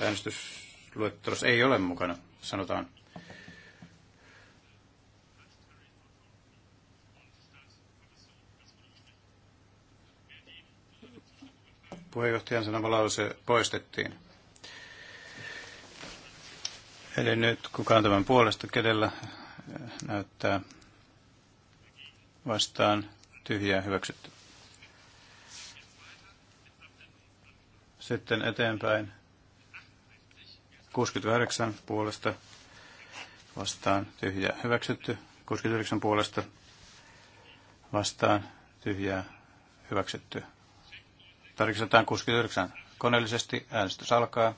äänestysluettelossa. Ei ole mukana, sanotaan puheenjohtajan sanoma lause poistettiin. Eli nyt kukaan tämän puolesta, kedellä eh, näyttää vastaan tyhjää hyväksytty. Sitten eteenpäin 69 puolesta vastaan tyhjää hyväksytty. 69 puolesta vastaan tyhjää hyväksytty. Tarkistetaan 69. Koneellisesti äänestys alkaa.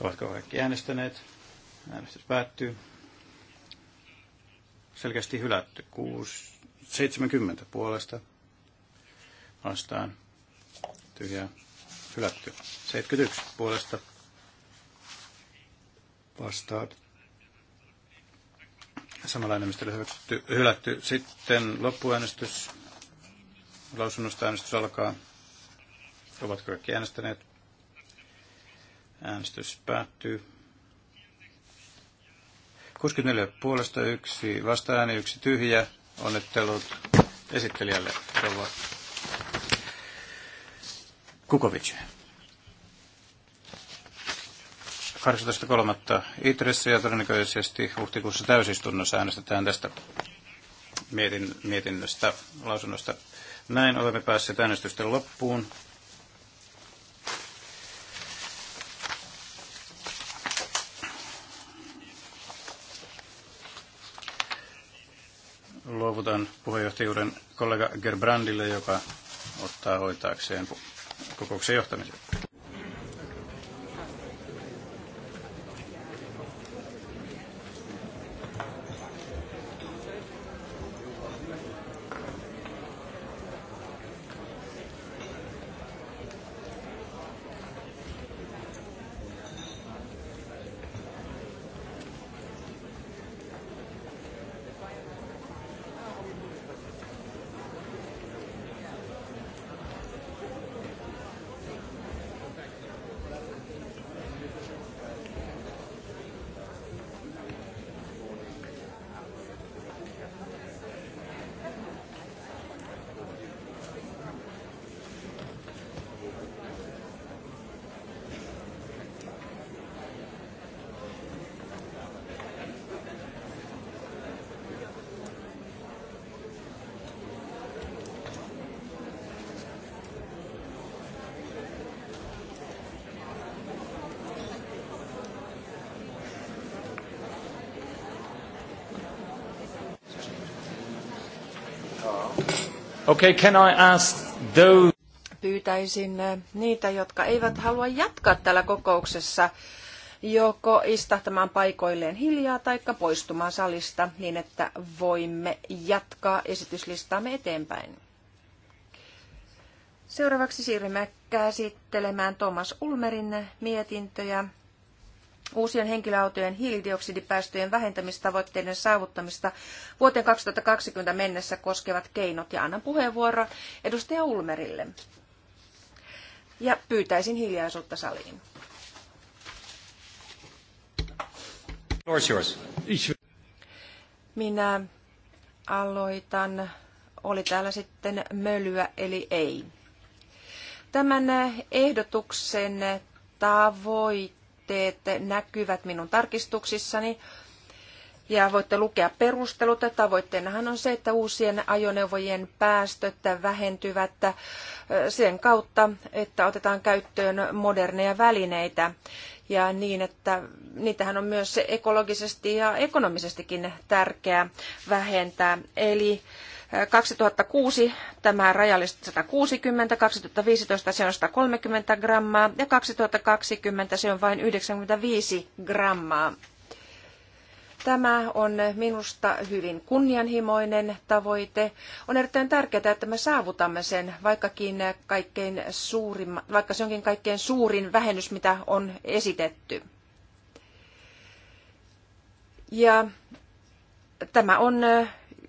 Ovatko kaikki äänestäneet? Äänestys päättyy. Selkeästi hylätty. 6, 70 puolesta vastaan. Tyhjä. Hylätty. 71 puolesta vastaan. Samalla enemmistöllä hylätty. Sitten loppuäänestys Lausunnosta äänestys alkaa. Ovatko kaikki äänestäneet? Äänestys päättyy. 64 puolesta yksi vastaääni, yksi tyhjä. Onnittelut esittelijälle, rouva Kukovic. 18.3. Itressä ja todennäköisesti huhtikuussa täysistunnossa äänestetään tästä mietin, mietinnöstä, lausunnosta. Näin olemme päässeet äänestysten loppuun. Luovutan puheenjohtajuuden kollega Gerbrandille, joka ottaa hoitaakseen kokouksen johtamisen. Okay, can I ask those... Pyytäisin eh, niitä, jotka eivät halua jatkaa tällä kokouksessa, joko istahtamaan paikoilleen hiljaa tai poistumaan salista niin, että voimme jatkaa esityslistaamme eteenpäin. Seuraavaksi siirrymme käsittelemään Thomas Ulmerin mietintöjä uusien henkilöautojen hiilidioksidipäästöjen vähentämistavoitteiden saavuttamista vuoteen 2020 mennessä koskevat keinot. Ja annan puheenvuoro edustaja Ulmerille. Ja pyytäisin hiljaisuutta saliin. Minä aloitan. Oli täällä sitten mölyä, eli ei. Tämän ehdotuksen tavoite aloitteet näkyvät minun tarkistuksissani. Ja voitte lukea perustelut. Tavoitteenahan on se, että uusien ajoneuvojen päästöt vähentyvät sen kautta, että otetaan käyttöön moderneja välineitä. Ja niin, että niitähän on myös ekologisesti ja ekonomisestikin tärkeää vähentää. Eli 2006 tämä raja oli 160, 2015 se on 130 grammaa ja 2020 se on vain 95 grammaa. Tämä on minusta hyvin kunnianhimoinen tavoite. On erittäin tärkeää, että me saavutamme sen, vaikkakin kaikkein suurin, vaikka se onkin kaikkein suurin vähennys, mitä on esitetty. Ja tämä on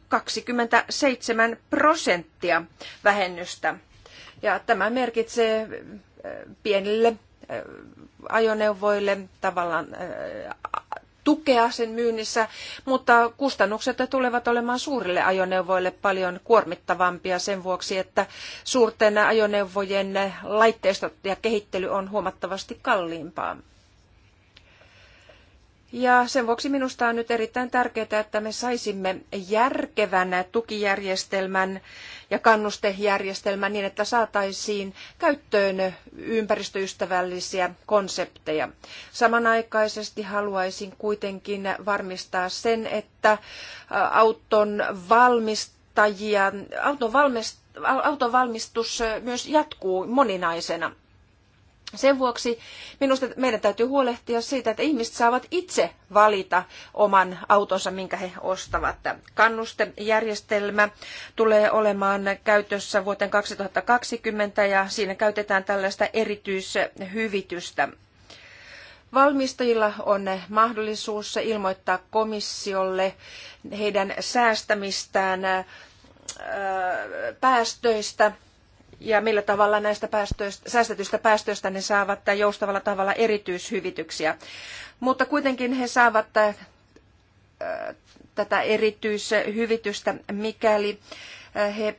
27 prosenttia vähennystä. Ja tämä merkitsee äh, pienille äh, ajoneuvoille tavallaan äh, tukea sen myynnissä, mutta kustannukset tulevat olemaan suurille ajoneuvoille paljon kuormittavampia sen vuoksi, että suurten ajoneuvojen laitteistot ja kehittely on huomattavasti kalliimpaa. Ja sen vuoksi minusta on nyt erittäin tärkeää, että me saisimme järkevän tukijärjestelmän ja kannustejärjestelmän niin, että saataisiin käyttöön ympäristöystävällisiä konsepteja. Samanaikaisesti haluaisin kuitenkin varmistaa sen, että auton valmistajia, auton valmistus myös jatkuu moninaisena sen vuoksi minusta meidän täytyy huolehtia siitä, että ihmiset saavat itse valita oman autonsa, minkä he ostavat. Kannustejärjestelmä tulee olemaan käytössä vuoteen 2020 ja siinä käytetään tällaista erityishyvitystä. Valmistajilla on mahdollisuus ilmoittaa komissiolle heidän säästämistään päästöistä ja millä tavalla näistä päästöistä, säästetyistä päästöistä ne saavat joustavalla tavalla erityishyvityksiä. Mutta kuitenkin he saavat äh, tätä erityishyvitystä, mikäli äh, he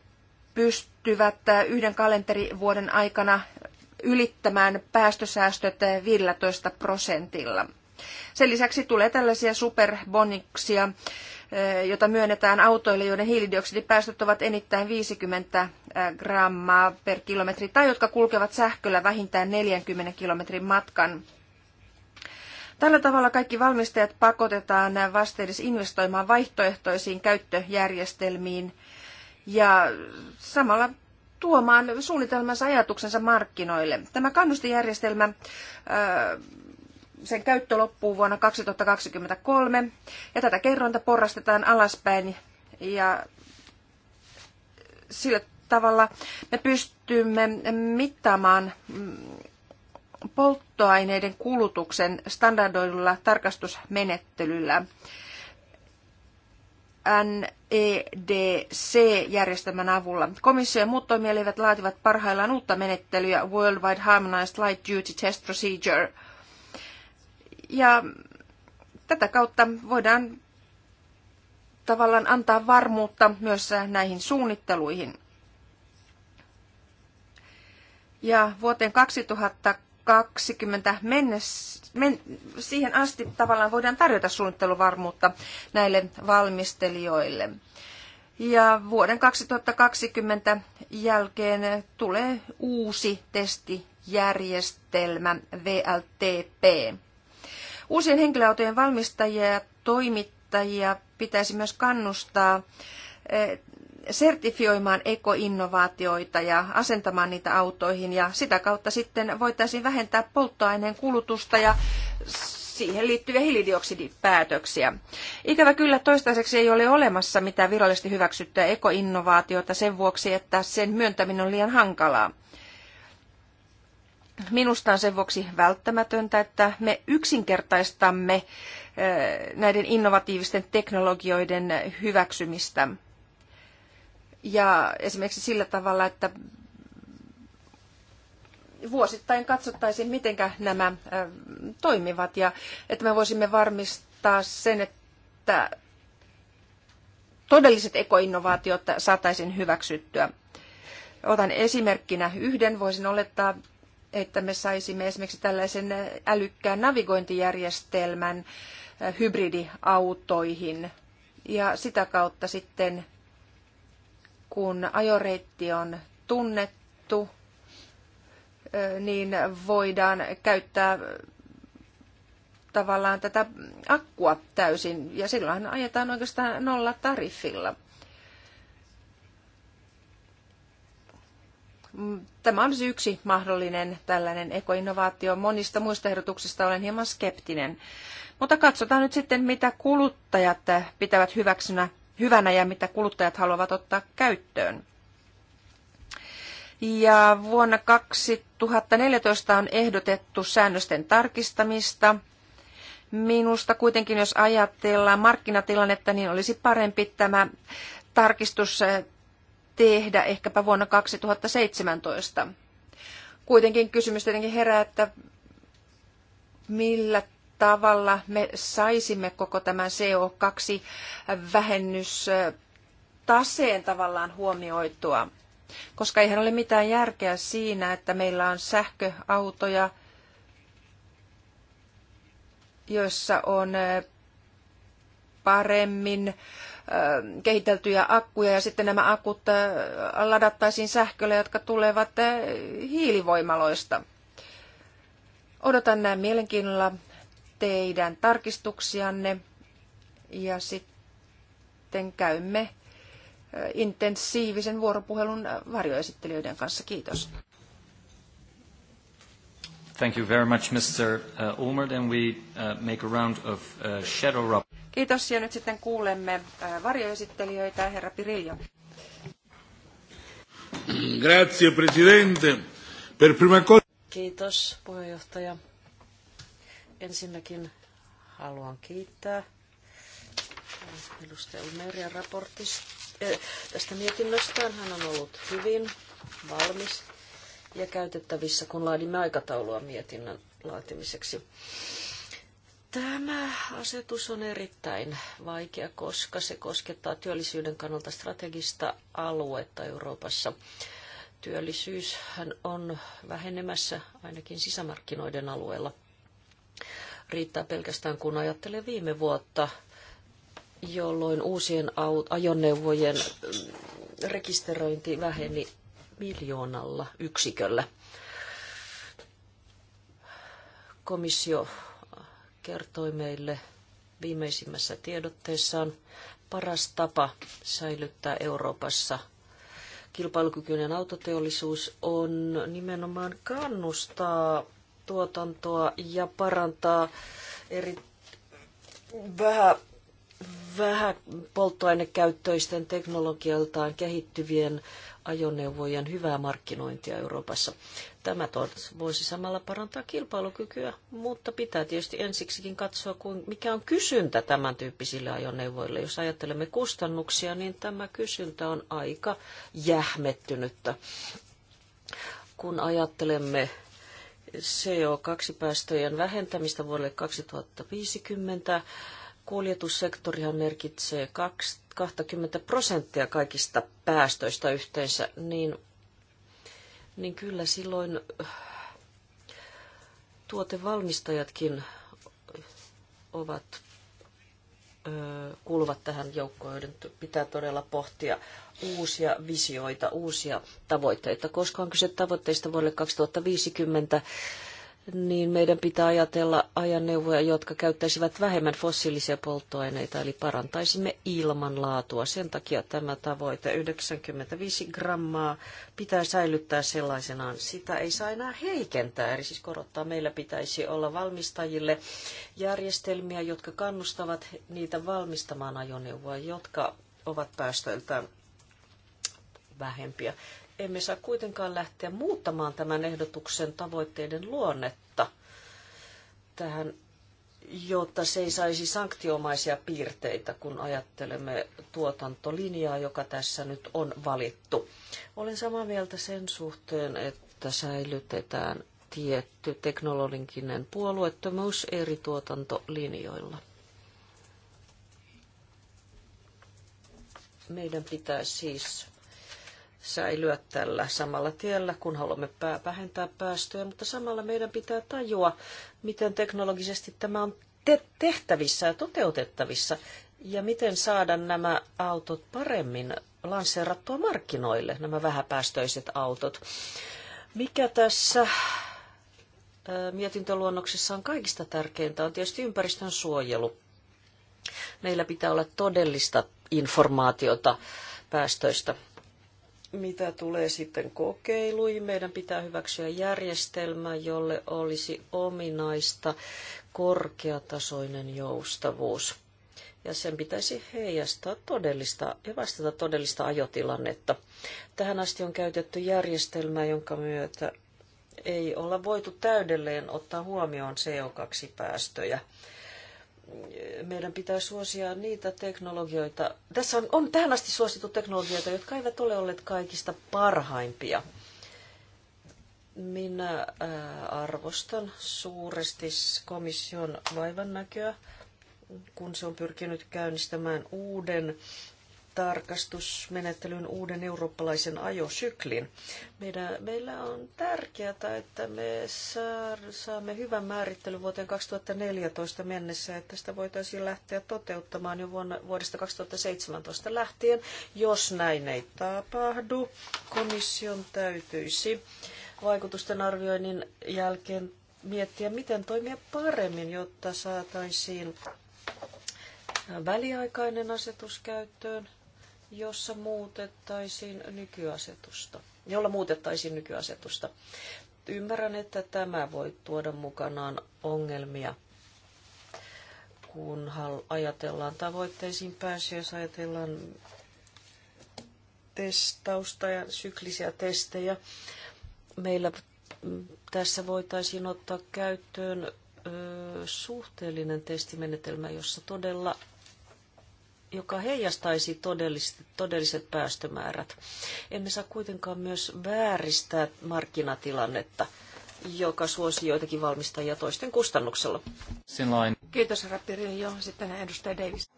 pystyvät äh, yhden kalenterivuoden aikana ylittämään päästösäästöt 15 prosentilla. Sen lisäksi tulee tällaisia superboniksia, Eh, jota myönnetään autoille, joiden hiilidioksidipäästöt ovat enittäin 50 eh, grammaa per kilometri tai jotka kulkevat sähköllä vähintään 40 kilometrin matkan. Tällä tavalla kaikki valmistajat pakotetaan vasteedes investoimaan vaihtoehtoisiin käyttöjärjestelmiin ja samalla tuomaan suunnitelmansa ajatuksensa markkinoille. Tämä kannustijärjestelmä eh, sen käyttö loppuu vuonna 2023 ja tätä kerrointa porrastetaan alaspäin ja sillä tavalla me pystymme mittaamaan mm, polttoaineiden kulutuksen standardoidulla tarkastusmenettelyllä. NEDC-järjestelmän avulla. Komissio ja muut toimielivät laativat parhaillaan uutta menettelyä Worldwide Harmonized Light Duty Test Procedure – ja tätä kautta voidaan tavallaan antaa varmuutta myös näihin suunnitteluihin. Ja vuoteen 2020 mennessä, men, siihen asti tavallaan voidaan tarjota suunnitteluvarmuutta näille valmistelijoille. Ja vuoden 2020 jälkeen tulee uusi testijärjestelmä VLTP. Uusien henkilöautojen valmistajia ja toimittajia pitäisi myös kannustaa eh, sertifioimaan ekoinnovaatioita ja asentamaan niitä autoihin ja sitä kautta sitten voitaisiin vähentää polttoaineen kulutusta ja siihen liittyviä hiilidioksidipäätöksiä. Ikävä kyllä toistaiseksi ei ole olemassa mitään virallisesti hyväksyttyä ekoinnovaatiota sen vuoksi, että sen myöntäminen on liian hankalaa. Minusta on sen vuoksi välttämätöntä, että me yksinkertaistamme eh, näiden innovatiivisten teknologioiden hyväksymistä. Ja esimerkiksi sillä tavalla, että vuosittain katsottaisiin, miten nämä eh, toimivat ja että me voisimme varmistaa sen, että todelliset ekoinnovaatiot saataisiin hyväksyttyä. Otan esimerkkinä yhden. Voisin olettaa, että me saisimme esimerkiksi tällaisen älykkään navigointijärjestelmän eh, hybridiautoihin. Ja sitä kautta sitten, kun ajoreitti on tunnettu, eh, niin voidaan käyttää eh, tavallaan tätä akkua täysin, ja silloinhan ajetaan oikeastaan nolla tariffilla. Tämä on siis yksi mahdollinen tällainen ekoinnovaatio. Monista muista ehdotuksista olen hieman skeptinen. Mutta katsotaan nyt sitten, mitä kuluttajat pitävät hyväksynä, hyvänä ja mitä kuluttajat haluavat ottaa käyttöön. Ja vuonna 2014 on ehdotettu säännösten tarkistamista. Minusta kuitenkin, jos ajatellaan markkinatilannetta, niin olisi parempi tämä tarkistus tehdä ehkäpä vuonna 2017. Kuitenkin kysymys tietenkin herää, että millä tavalla me saisimme koko tämän CO2-vähennys taseen tavallaan huomioitua, koska eihän ole mitään järkeä siinä, että meillä on sähköautoja, joissa on eh, paremmin kehiteltyjä akkuja ja sitten nämä akut ladattaisiin sähköllä, jotka tulevat hiilivoimaloista. Odotan näin mielenkiinnolla teidän tarkistuksianne ja sitten käymme intensiivisen vuoropuhelun varjoesittelijöiden kanssa. Kiitos. Thank you very much, Mr. Ulmer. Then we make a round of shadow Kiitos ja nyt sitten kuulemme varjoesittelijöitä, herra Pirillo. Grazie, presidente. Per prima cosa... Kiitos, puheenjohtaja. Ensinnäkin haluan kiittää edustaja Ulmeria raportista, eh, tästä mietinnöstään. Hän on ollut hyvin valmis ja käytettävissä, kun laadimme aikataulua mietinnön laatimiseksi. Tämä asetus on erittäin vaikea, koska se koskettaa työllisyyden kannalta strategista aluetta Euroopassa. Työllisyys on vähenemässä ainakin sisämarkkinoiden alueella. Riittää pelkästään kun ajattelee viime vuotta, jolloin uusien ajoneuvojen mm, rekisteröinti väheni miljoonalla yksiköllä. Komissio kertoi meille viimeisimmässä tiedotteessaan paras tapa säilyttää Euroopassa kilpailukykyinen autoteollisuus on nimenomaan kannustaa tuotantoa ja parantaa eri vähän vähä polttoainekäyttöisten teknologialtaan kehittyvien ajoneuvojen hyvää markkinointia Euroopassa. Tämä voisi samalla parantaa kilpailukykyä, mutta pitää tietysti ensiksikin katsoa, mikä on kysyntä tämän tyyppisille ajoneuvoille. Jos ajattelemme kustannuksia, niin tämä kysyntä on aika jähmettynyttä. Kun ajattelemme CO2-päästöjen vähentämistä vuodelle 2050, kuljetussektorihan merkitsee 20 prosenttia kaikista päästöistä yhteensä, niin niin kyllä silloin äh, tuotevalmistajatkin ovat äh, kuuluvat tähän joukkoon, joiden pitää todella pohtia uusia visioita, uusia tavoitteita, koska on kyse tavoitteista vuodelle 2050 niin meidän pitää ajatella ajaneuvoja, jotka käyttäisivät vähemmän fossiilisia polttoaineita, eli parantaisimme ilmanlaatua. Sen takia tämä tavoite 95 grammaa pitää säilyttää sellaisenaan. Sitä ei saa enää heikentää, eli siis korottaa. Meillä pitäisi olla valmistajille järjestelmiä, jotka kannustavat niitä valmistamaan ajoneuvoja, jotka ovat päästöiltään vähempiä emme saa kuitenkaan lähteä muuttamaan tämän ehdotuksen tavoitteiden luonnetta tähän, jotta se ei saisi sanktiomaisia piirteitä, kun ajattelemme tuotantolinjaa, joka tässä nyt on valittu. Olen samaa mieltä sen suhteen, että säilytetään tietty teknologinen puolueettomuus eri tuotantolinjoilla. Meidän pitää siis säilyä tällä samalla tiellä, kun haluamme pää, vähentää päästöjä, mutta samalla meidän pitää tajua, miten teknologisesti tämä on te- tehtävissä ja toteutettavissa, ja miten saada nämä autot paremmin lanseerattua markkinoille, nämä vähäpäästöiset autot. Mikä tässä äh, mietintöluonnoksessa on kaikista tärkeintä, on tietysti ympäristön suojelu. Meillä pitää olla todellista informaatiota päästöistä mitä tulee sitten kokeiluihin, meidän pitää hyväksyä järjestelmä, jolle olisi ominaista korkeatasoinen joustavuus. Ja sen pitäisi heijastaa todellista ja vastata todellista ajotilannetta. Tähän asti on käytetty järjestelmää, jonka myötä ei olla voitu täydelleen ottaa huomioon CO2-päästöjä meidän pitää suosia niitä teknologioita. Tässä on, on tähän asti suosittu teknologioita, jotka eivät ole olleet kaikista parhaimpia. Minä äh, arvostan suuresti komission vaivannäköä, kun se on pyrkinyt käynnistämään uuden tarkastusmenettelyn uuden eurooppalaisen ajosyklin. Meidän, meillä on tärkeää, että me saamme hyvän määrittelyn vuoteen 2014 mennessä, että sitä voitaisiin lähteä toteuttamaan jo vuonna, vuodesta 2017 lähtien. Jos näin ei tapahdu, komission täytyisi vaikutusten arvioinnin jälkeen miettiä, miten toimia paremmin, jotta saataisiin väliaikainen asetus käyttöön jossa muutettaisiin nykyasetusta, jolla muutettaisiin nykyasetusta. Ymmärrän, että tämä voi tuoda mukanaan ongelmia, kun ajatellaan tavoitteisiin pääsy, jos ajatellaan testausta ja syklisiä testejä. Meillä tässä voitaisiin ottaa käyttöön suhteellinen testimenetelmä, jossa todella joka heijastaisi todelliset, todelliset päästömäärät. Emme saa kuitenkaan myös vääristää markkinatilannetta, joka suosi joitakin valmistajia toisten kustannuksella. Sinlain. Kiitos, herra Piriljo. Sitten edustaja Davis.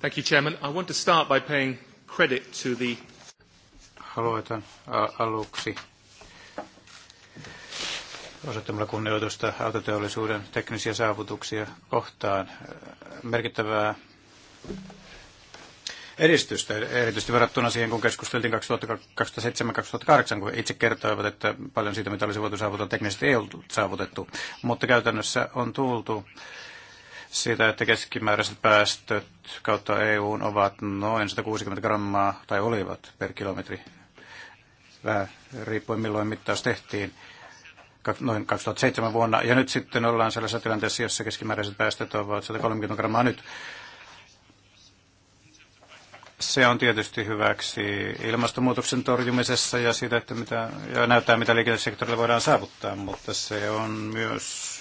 Thank you, Chairman. I want to start by paying credit to the... Haluan aluksi osoittamalla kunnioitusta autoteollisuuden teknisiä saavutuksia kohtaan. Merkittävää edistystä, erityisesti verrattuna siihen, kun keskusteltiin 2007-2008, kun itse kertoivat, että paljon siitä, mitä olisi voitu saavuttaa, teknisesti ei ollut saavutettu. Mutta käytännössä on tultu siitä, että keskimääräiset päästöt kautta EU ovat noin 160 grammaa, tai olivat per kilometri, vähän riippuen milloin mittaus tehtiin noin 2007 vuonna. Ja nyt sitten ollaan sellaisessa tilanteessa, jossa keskimääräiset päästöt ovat 130 grammaa nyt. Se on tietysti hyväksi ilmastonmuutoksen torjumisessa ja siitä, että mitä, ja näyttää, mitä liikennesektorilla voidaan saavuttaa, mutta se on myös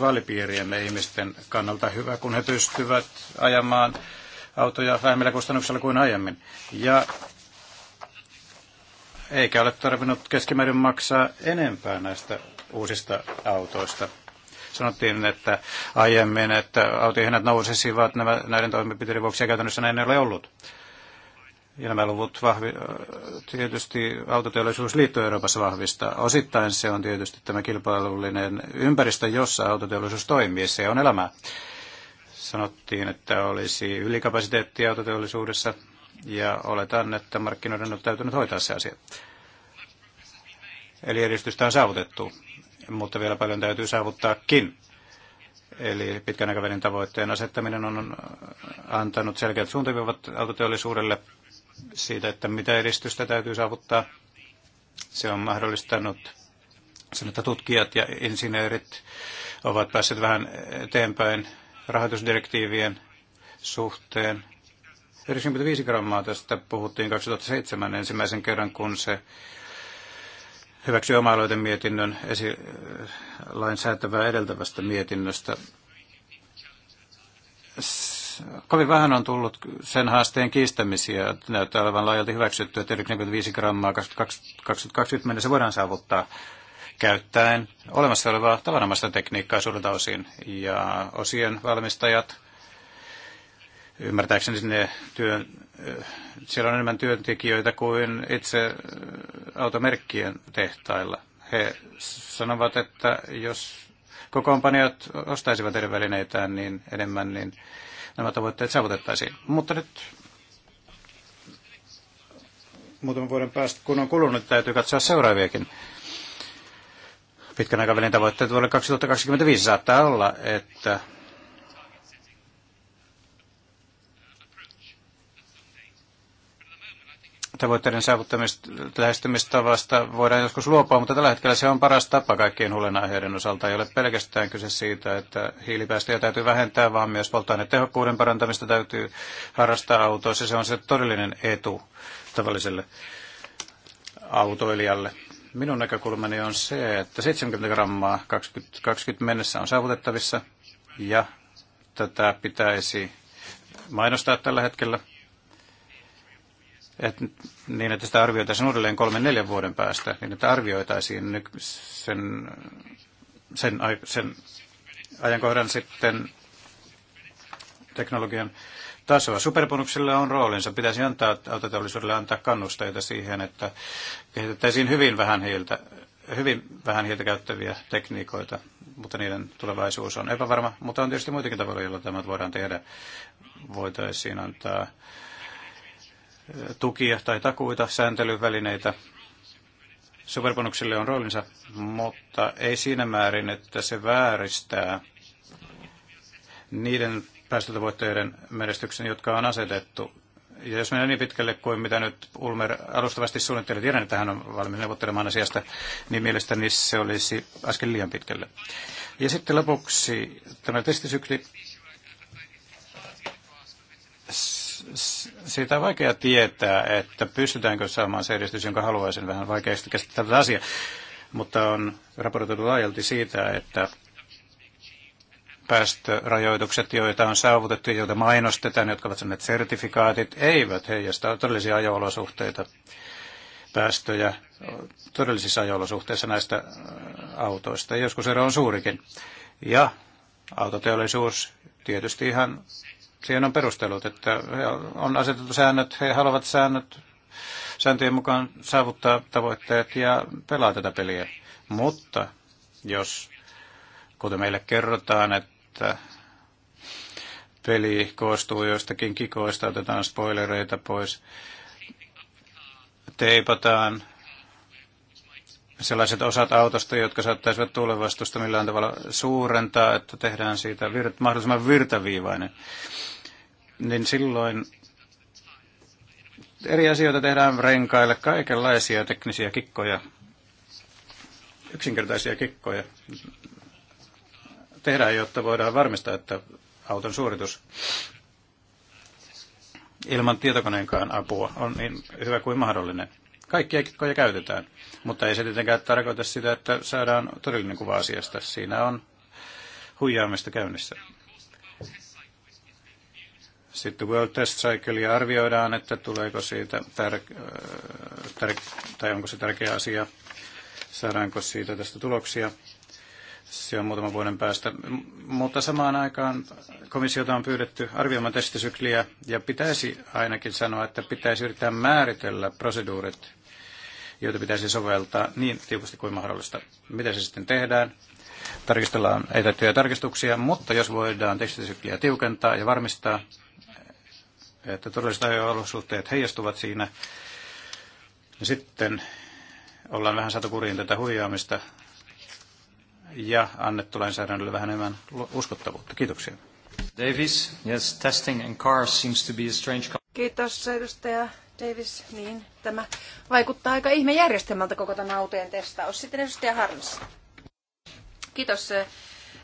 vaalipiirien ihmisten kannalta hyvä, kun he pystyvät ajamaan autoja vähemmillä kustannuksella kuin aiemmin. Ja eikä ole tarvinnut keskimäärin maksaa enempää näistä uusista autoista. Sanottiin, että aiemmin, että autojen hinnat nousisivat nämä, näiden toimenpiteiden vuoksi ja käytännössä näin ei ole ollut. Ja nämä luvut vahvi, tietysti autoteollisuusliitto Euroopassa vahvistaa. Osittain se on tietysti tämä kilpailullinen ympäristö, jossa autoteollisuus toimii. Se on elämää. Sanottiin, että olisi ylikapasiteettia autoteollisuudessa ja oletan, että markkinoiden on täytynyt hoitaa se asia. Eli edistystä on saavutettu, mutta vielä paljon täytyy saavuttaakin. Eli pitkän aikavälin tavoitteen asettaminen on antanut selkeät suuntaviivat autoteollisuudelle siitä, että mitä edistystä täytyy saavuttaa. Se on mahdollistanut sen, että tutkijat ja insinöörit ovat päässeet vähän eteenpäin rahoitusdirektiivien suhteen. 95 grammaa tästä puhuttiin 2007 ensimmäisen kerran, kun se hyväksyi oma mietinnön lainsäätävää edeltävästä mietinnöstä kovin vähän on tullut sen haasteen kiistämisiä. Näyttää olevan laajalti hyväksytty, että 45 grammaa 2020 mennessä voidaan saavuttaa käyttäen olemassa olevaa tavanomaista tekniikkaa suurelta osin. Ja osien valmistajat, ymmärtääkseni sinne työ, siellä on enemmän työntekijöitä kuin itse automerkkien tehtailla. He sanovat, että jos kokoonpanijat ostaisivat eri välineitään niin enemmän, niin nämä tavoitteet saavutettaisiin. Mutta nyt muutaman vuoden päästä, kun on kulunut, täytyy katsoa seuraaviakin. Pitkän aikavälin tavoitteet vuodelle 2025 saattaa olla, että tavoitteiden saavuttamista lähestymistavasta voidaan joskus luopua, mutta tällä hetkellä se on paras tapa kaikkien huolenaiheiden osalta. Ei ole pelkästään kyse siitä, että hiilipäästöjä täytyy vähentää, vaan myös polttoainetehokkuuden parantamista täytyy harrastaa autoissa. Se on se todellinen etu tavalliselle autoilijalle. Minun näkökulmani on se, että 70 grammaa 2020 mennessä on saavutettavissa ja tätä pitäisi mainostaa tällä hetkellä että niin, että sitä arvioitaisiin uudelleen kolmen neljän vuoden päästä, niin että arvioitaisiin sen, sen, sen ajankohdan sitten teknologian tasoa. superponuksilla on roolinsa. Pitäisi antaa autoteollisuudelle antaa kannusteita siihen, että kehitettäisiin hyvin vähän hiiltä, hyvin vähän hiiltä käyttäviä tekniikoita, mutta niiden tulevaisuus on epävarma. Mutta on tietysti muitakin tavoilla, joilla tämä voidaan tehdä. Voitaisiin antaa tukia tai takuita, sääntelyvälineitä. Superbonuksille on roolinsa, mutta ei siinä määrin, että se vääristää niiden päästötavoitteiden menestyksen, jotka on asetettu. Ja jos mennään niin pitkälle kuin mitä nyt Ulmer alustavasti suunnitteli, tiedän, että hän on valmis neuvottelemaan asiasta, niin mielestäni se olisi askel liian pitkälle. Ja sitten lopuksi tämä testisykli siitä on vaikea tietää, että pystytäänkö saamaan se edistys, jonka haluaisin. Vähän vaikeasti käsittää tätä asiaa. Mutta on raportoitu laajalti siitä, että päästörajoitukset, joita on saavutettu ja joita mainostetaan, jotka ovat saaneet sertifikaatit, eivät heijasta todellisia ajo-olosuhteita päästöjä todellisissa ajo-olosuhteissa näistä äh, autoista. Joskus ero on suurikin. Ja autoteollisuus tietysti ihan Siihen on perustelut, että on asetettu säännöt, he haluavat säännöt, sääntöjen mukaan saavuttaa tavoitteet ja pelaa tätä peliä. Mutta jos, kuten meille kerrotaan, että peli koostuu joistakin kikoista, otetaan spoilereita pois, teipataan sellaiset osat autosta, jotka saattaisivat tulevastusta millään tavalla suurentaa, että tehdään siitä virt, mahdollisimman virtaviivainen, niin silloin eri asioita tehdään renkaille, kaikenlaisia teknisiä kikkoja, yksinkertaisia kikkoja tehdään, jotta voidaan varmistaa, että auton suoritus ilman tietokoneenkaan apua on niin hyvä kuin mahdollinen kaikkia kitkoja käytetään. Mutta ei se tietenkään tarkoita sitä, että saadaan todellinen kuva asiasta. Siinä on huijaamista käynnissä. Sitten World Test Cyclea arvioidaan, että tuleeko siitä tär- äh, tär- tai onko se tärkeä asia, saadaanko siitä tästä tuloksia. Se on muutaman vuoden päästä. Mutta samaan aikaan komissiota on pyydetty arvioimaan testisykliä ja pitäisi ainakin sanoa, että pitäisi yrittää määritellä proseduurit joita pitäisi soveltaa niin tiukasti kuin mahdollista. Mitä se sitten tehdään? Tarkistellaan etätyöjä tarkistuksia, mutta jos voidaan tekstisykliä tiukentaa ja varmistaa, että todelliset olosuhteet heijastuvat siinä, niin sitten ollaan vähän saatu kuriin tätä huijaamista ja annettu lainsäädännölle vähän enemmän uskottavuutta. Kiitoksia. Davis, yes, testing and cars seems to be a strange... Kiitos edustaja Davis, niin tämä vaikuttaa aika ihmejärjestelmältä koko tämä autojen testaus. Sitten edustaja Harms. Kiitos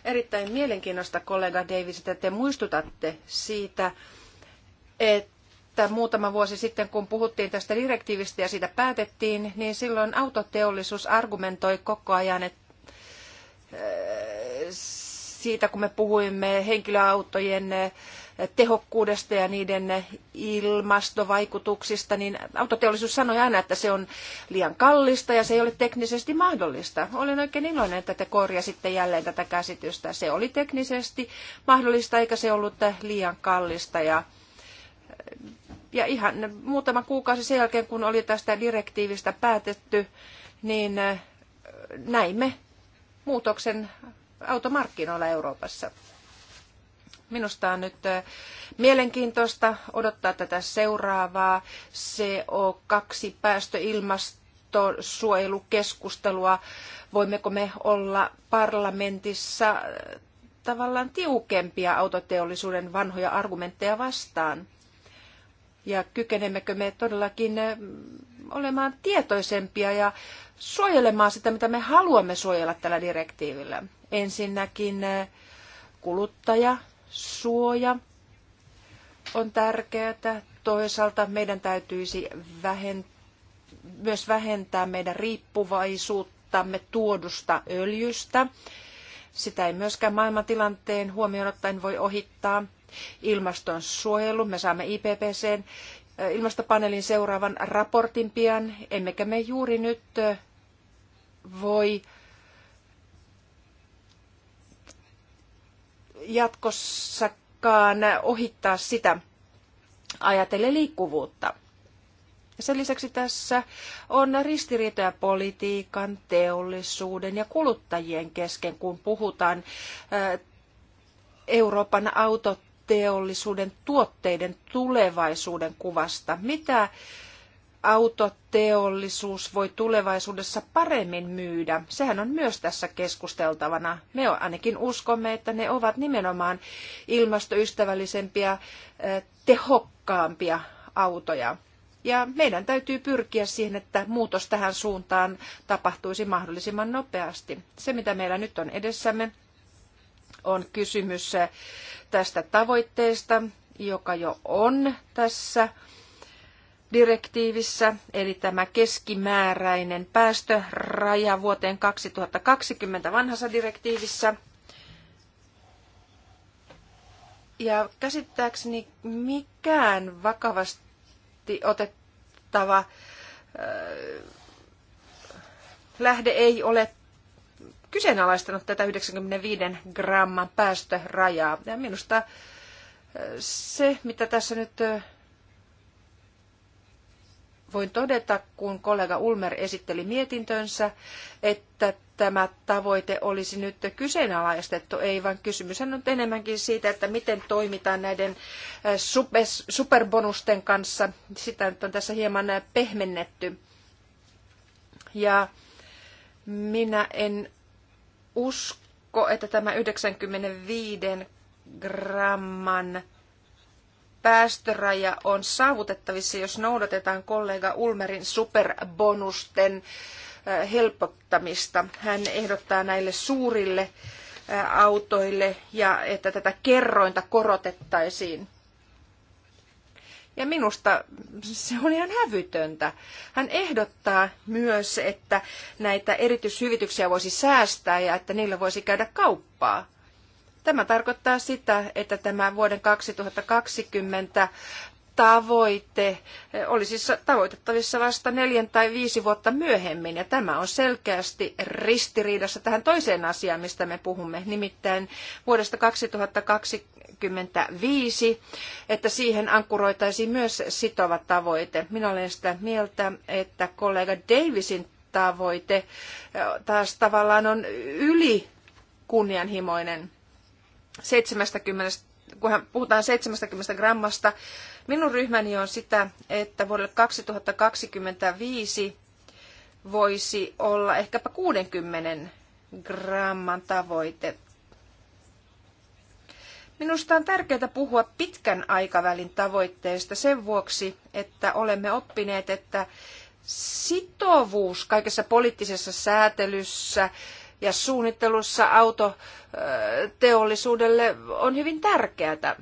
erittäin mielenkiinnosta kollega Davis, että te muistutatte siitä, että muutama vuosi sitten, kun puhuttiin tästä direktiivistä ja siitä päätettiin, niin silloin autoteollisuus argumentoi koko ajan, että eh, siitä kun me puhuimme henkilöautojen eh, tehokkuudesta ja niiden ilmastovaikutuksista, niin autoteollisuus sanoi aina, että se on liian kallista ja se ei ole teknisesti mahdollista. Olen oikein iloinen, että te korjasitte jälleen tätä käsitystä. Se oli teknisesti mahdollista eikä se ollut liian kallista ja ja ihan muutama kuukausi sen jälkeen, kun oli tästä direktiivistä päätetty, niin näimme muutoksen automarkkinoilla Euroopassa. Minusta on nyt äh, mielenkiintoista odottaa tätä seuraavaa CO2-päästöilmastosuojelukeskustelua. Voimmeko me olla parlamentissa äh, tavallaan tiukempia autoteollisuuden vanhoja argumentteja vastaan? Ja kykenemmekö me todellakin äh, olemaan tietoisempia ja suojelemaan sitä, mitä me haluamme suojella tällä direktiivillä? Ensinnäkin kuluttaja, suoja on tärkeää. Toisaalta meidän täytyisi vähentää myös vähentää meidän riippuvaisuuttamme tuodusta öljystä. Sitä ei myöskään maailmantilanteen huomioon ottaen voi ohittaa. Ilmaston suojelu, me saamme IPPCn ilmastopaneelin seuraavan raportin pian, emmekä me juuri nyt voi jatkossakaan ohittaa sitä ajatellen liikkuvuutta. Sen lisäksi tässä on ristiriitoja politiikan, teollisuuden ja kuluttajien kesken, kun puhutaan Euroopan autoteollisuuden tuotteiden tulevaisuuden kuvasta. Mitä autoteollisuus voi tulevaisuudessa paremmin myydä. Sehän on myös tässä keskusteltavana. Me ainakin uskomme, että ne ovat nimenomaan ilmastoystävällisempiä, eh, tehokkaampia autoja. Ja meidän täytyy pyrkiä siihen, että muutos tähän suuntaan tapahtuisi mahdollisimman nopeasti. Se, mitä meillä nyt on edessämme, on kysymys eh, tästä tavoitteesta, joka jo on tässä direktiivissä, eli tämä keskimääräinen päästöraja vuoteen 2020 vanhassa direktiivissä. Ja käsittääkseni mikään vakavasti otettava lähde ei ole kyseenalaistanut tätä 95 gramman päästörajaa. Ja minusta se, mitä tässä nyt voin todeta, kun kollega Ulmer esitteli mietintönsä, että tämä tavoite olisi nyt kyseenalaistettu, ei vaan kysymys on nyt enemmänkin siitä, että miten toimitaan näiden superbonusten kanssa. Sitä nyt on tässä hieman pehmennetty. Ja minä en usko, että tämä 95 gramman päästöraja on saavutettavissa, jos noudatetaan kollega Ulmerin superbonusten äh, helpottamista. Hän ehdottaa näille suurille äh, autoille ja että tätä kerrointa korotettaisiin. Ja minusta se on ihan hävytöntä. Hän ehdottaa myös, että näitä erityishyvityksiä voisi säästää ja että niillä voisi käydä kauppaa. Tämä tarkoittaa sitä, että tämä vuoden 2020 tavoite eh, olisi siis tavoitettavissa vasta neljän tai viisi vuotta myöhemmin. Ja tämä on selkeästi ristiriidassa tähän toiseen asiaan, mistä me puhumme, nimittäin vuodesta 2025, että siihen ankkuroitaisiin myös sitova tavoite. Minä olen sitä mieltä, että kollega Davisin tavoite eh, taas tavallaan on yli kunnianhimoinen 70, kunhan puhutaan 70 grammasta, minun ryhmäni on sitä, että vuodelle 2025 voisi olla ehkäpä 60 gramman tavoite. Minusta on tärkeää puhua pitkän aikavälin tavoitteista sen vuoksi, että olemme oppineet, että sitovuus kaikessa poliittisessa säätelyssä, ja suunnittelussa autoteollisuudelle on hyvin tärkeää.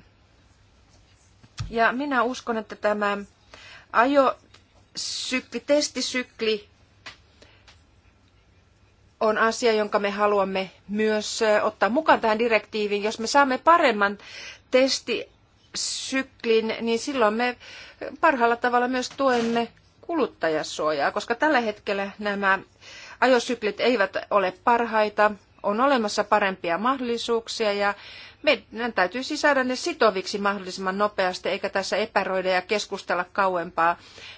Ja minä uskon, että tämä ajosykli, testisykli on asia, jonka me haluamme myös ottaa mukaan tähän direktiiviin. Jos me saamme paremman testisyklin, niin silloin me parhaalla tavalla myös tuemme kuluttajasuojaa, koska tällä hetkellä nämä ajosyklit eivät ole parhaita, on olemassa parempia mahdollisuuksia ja meidän täytyisi saada ne sitoviksi mahdollisimman nopeasti, eikä tässä epäröidä ja keskustella kauempaa.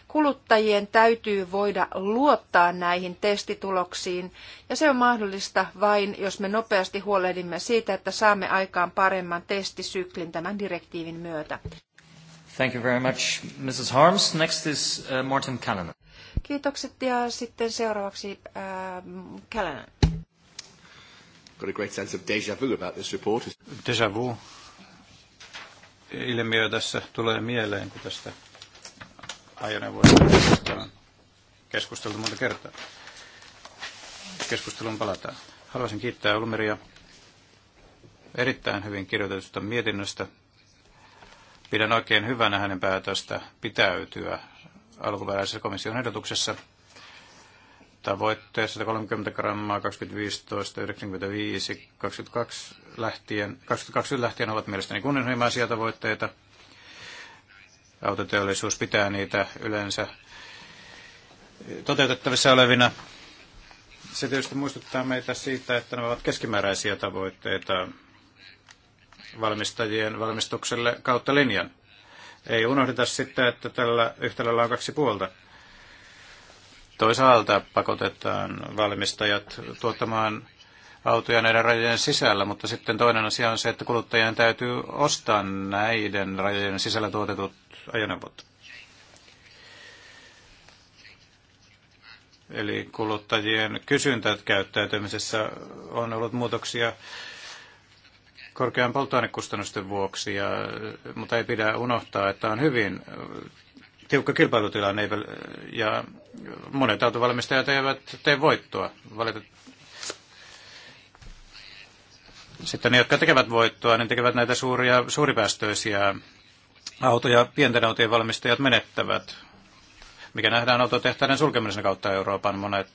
Kuluttajien täytyy voida luottaa näihin testituloksiin, ja se on mahdollista vain, jos me nopeasti huolehdimme siitä, että saamme aikaan paremman testisyklin tämän direktiivin myötä. Thank you very much, Mrs. Harms. Next is uh, Martin Callanan. Kiitokset ja sitten seuraavaksi äh, Kälänen. Got a great sense of deja vu about this report. Deja vu ilmiö tässä tulee mieleen, kun tästä ajoneuvoista on keskusteltu monta kertaa. Keskusteluun palataan. Haluaisin kiittää Ulmeria erittäin hyvin kirjoitetusta mietinnöstä. Pidän oikein hyvänä hänen päätöstä pitäytyä alkuperäisessä komission ehdotuksessa. Tavoitteessa 130 grammaa 2015, 95, 22 lähtien, 22 lähtien ovat mielestäni kunnianhimoisia tavoitteita. Autoteollisuus pitää niitä yleensä toteutettavissa olevina. Se tietysti muistuttaa meitä siitä, että nämä ovat keskimääräisiä tavoitteita valmistajien valmistukselle kautta linjan. Ei unohdeta sitä, että tällä yhtälöllä on kaksi puolta. Toisaalta pakotetaan valmistajat tuottamaan autoja näiden rajojen sisällä, mutta sitten toinen asia on se, että kuluttajien täytyy ostaa näiden rajojen sisällä tuotetut ajoneuvot. Eli kuluttajien kysyntä käyttäytymisessä on ollut muutoksia korkean polttoainekustannusten vuoksi, ja, mutta ei pidä unohtaa, että on hyvin tiukka kilpailutilanne ja monet autovalmistajat eivät tee voittoa. Sitten ne, jotka tekevät voittoa, ne tekevät näitä suuria, suuripäästöisiä autoja. Pienten autojen valmistajat menettävät, mikä nähdään autotehtaiden sulkemisen kautta Euroopan. Monet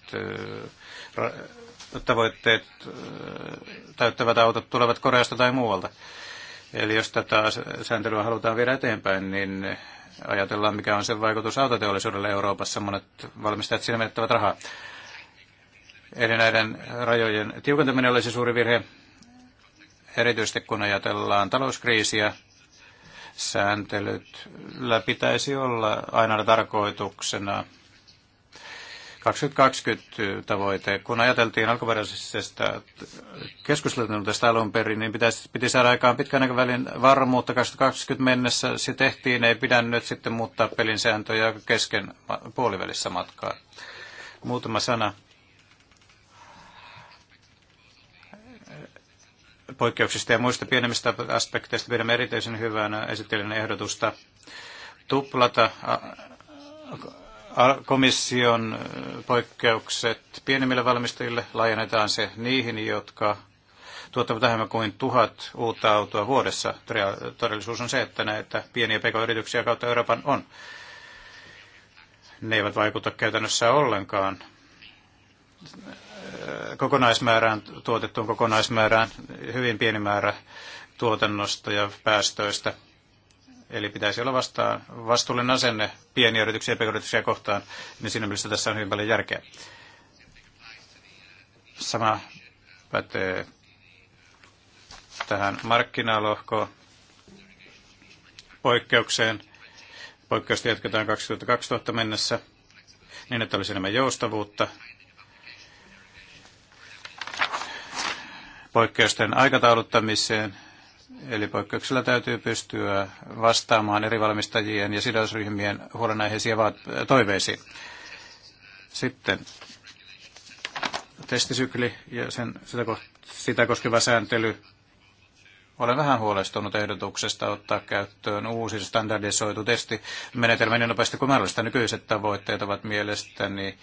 tavoitteet täyttävät autot tulevat Koreasta tai muualta. Eli jos tätä sääntelyä halutaan viedä eteenpäin, niin ajatellaan, mikä on sen vaikutus autoteollisuudelle Euroopassa. Monet valmistajat siinä menettävät rahaa. Eli näiden rajojen tiukentaminen olisi suuri virhe, erityisesti kun ajatellaan talouskriisiä. Sääntelyt pitäisi olla aina tarkoituksena 2020 tavoite. Kun ajateltiin alkuperäisestä keskustelusta alun perin, niin pitäisi, piti saada aikaan pitkän näkövälin varmuutta 2020 mennessä. Se tehtiin, ei pidä nyt sitten muuttaa pelin sääntöjä kesken puolivälissä matkaa. Muutama sana poikkeuksista ja muista pienemmistä aspekteista pidämme erityisen hyvänä esittelijän ehdotusta tuplata komission poikkeukset pienemmille valmistajille laajennetaan se niihin, jotka tuottavat vähemmän kuin tuhat uutta autoa vuodessa. Todellisuus on se, että näitä pieniä pk-yrityksiä kautta Euroopan on. Ne eivät vaikuta käytännössä ollenkaan kokonaismäärään, tuotettuun kokonaismäärään, hyvin pieni määrä tuotannosta ja päästöistä – Eli pitäisi olla vastaan vastuullinen asenne pieniä yrityksiä ja pekoyrityksiä kohtaan, niin siinä mielessä tässä on hyvin paljon järkeä. Sama pätee tähän markkinalohkoon poikkeukseen. Poikkeusta jatketaan 2012 mennessä niin, että olisi enemmän joustavuutta. Poikkeusten aikatauluttamiseen Eli poikkeuksella täytyy pystyä vastaamaan eri valmistajien ja sidosryhmien huolenaiheisiin ja toiveisiin. Sitten testisykli ja sen, sitä, sitä koskeva sääntely. Olen vähän huolestunut ehdotuksesta ottaa käyttöön uusi standardisoitu testimenetelmä niin nopeasti kuin mahdollista. Nykyiset tavoitteet ovat mielestäni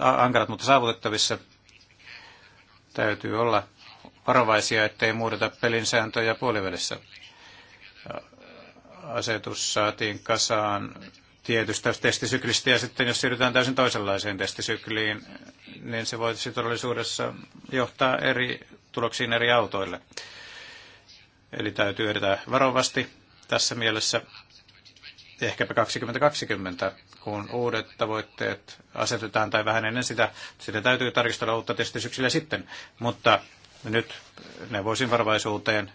ankarat, mutta saavutettavissa täytyy olla varovaisia, ettei muodota pelin sääntöjä puolivälissä. Asetus saatiin kasaan tietystä testisyklistä ja sitten jos siirrytään täysin toisenlaiseen testisykliin, niin se voisi todellisuudessa johtaa eri tuloksiin eri autoille. Eli täytyy edetä varovasti tässä mielessä ehkäpä 2020, kun uudet tavoitteet asetetaan tai vähän ennen sitä, sitä täytyy tarkistella uutta testisyksillä sitten. Mutta nyt neuvoisinvarvaisuuteen,